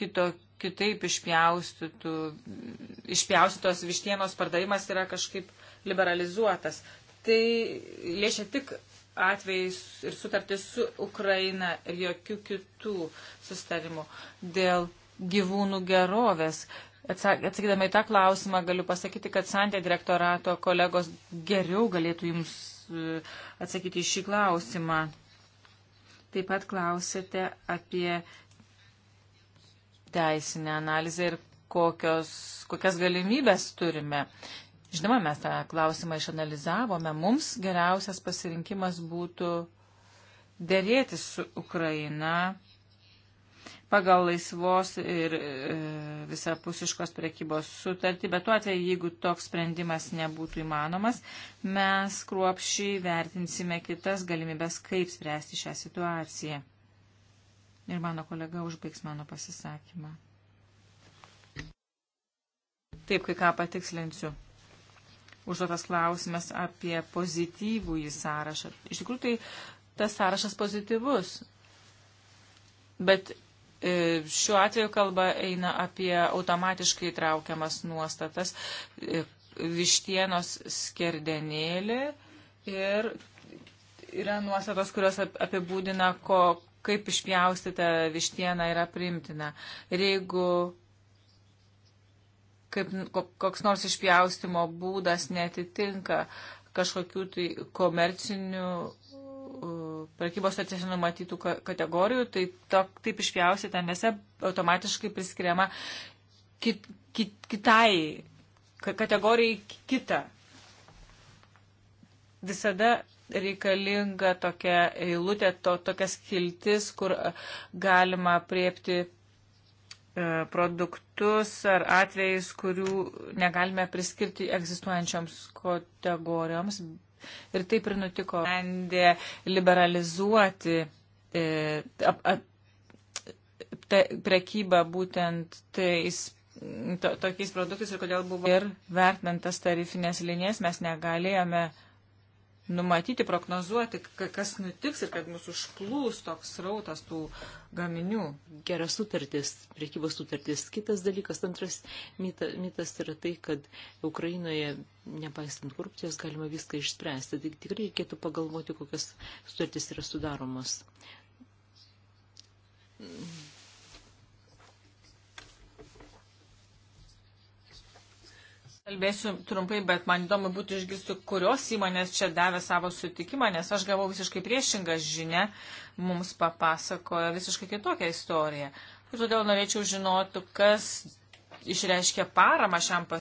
kito, kitaip išpjaustytos vištienos pardavimas yra kažkaip liberalizuotas. Tai liečia tik atvejais ir sutartis su Ukraina ir jokių kitų sustarimų dėl gyvūnų gerovės. Atsakydama į tą klausimą, galiu pasakyti, kad santė direktorato kolegos geriau galėtų jums e, atsakyti į šį klausimą. Taip pat klausėte apie teisinę analizę ir kokios, kokias galimybės turime. Žinoma, mes tą klausimą išanalizavome. Mums geriausias pasirinkimas būtų dėrėti su Ukraina pagal laisvos ir e, visapusiškos prekybos sutartį, bet tuo atveju, jeigu toks sprendimas nebūtų įmanomas, mes kruopšiai vertinsime kitas galimybės, kaip spręsti šią situaciją. Ir mano kolega užbaigs mano pasisakymą. Taip, kai ką patikslinsiu užduotas klausimas apie pozityvų į sąrašą. Iš tikrųjų, tai tas sąrašas pozityvus. Bet e, šiuo atveju kalba eina apie automatiškai traukiamas nuostatas e, vištienos skerdenėlį ir yra nuostatos, kurios apibūdina, ko, kaip išpjaustyta vištiena yra primtina. Ir jeigu kaip koks nors išpjaustimo būdas netitinka kažkokių tai komercinių prekybos atėse numatytų kategorijų, tai to, taip išpjaustyta mėsa automatiškai priskiriama kit, kit, kitai kategorijai kitą. Visada reikalinga tokia eilutė, to, tokia skiltis, kur galima priepti E, produktus ar atvejais, kurių negalime priskirti egzistuojančioms kategorijoms. Ir taip ir nutiko. Bandė liberalizuoti e, ap, ap, te, prekybą būtent tais to, tokiais produktais ir kodėl buvo ir vertinant tas tarifinės linijas mes negalėjome numatyti, prognozuoti, kas nutiks ir kad mūsų užplūs toks rautas tų gaminių. Geras sutartis, priekybos sutartis. Kitas dalykas, antras mitas yra tai, kad Ukrainoje, nepaisant korupcijos, galima viską išspręsti. Tik tikrai reikėtų pagalvoti, kokias sutartis yra sudaromos. Kalbėsiu trumpai, bet man įdomu būtų išgirsti, kurios įmonės čia davė savo sutikimą, nes aš gavau visiškai priešingą žinę, mums papasakojo visiškai kitokią istoriją. Ir todėl norėčiau žinoti, kas išreiškė paramą šiam pasiūlymui.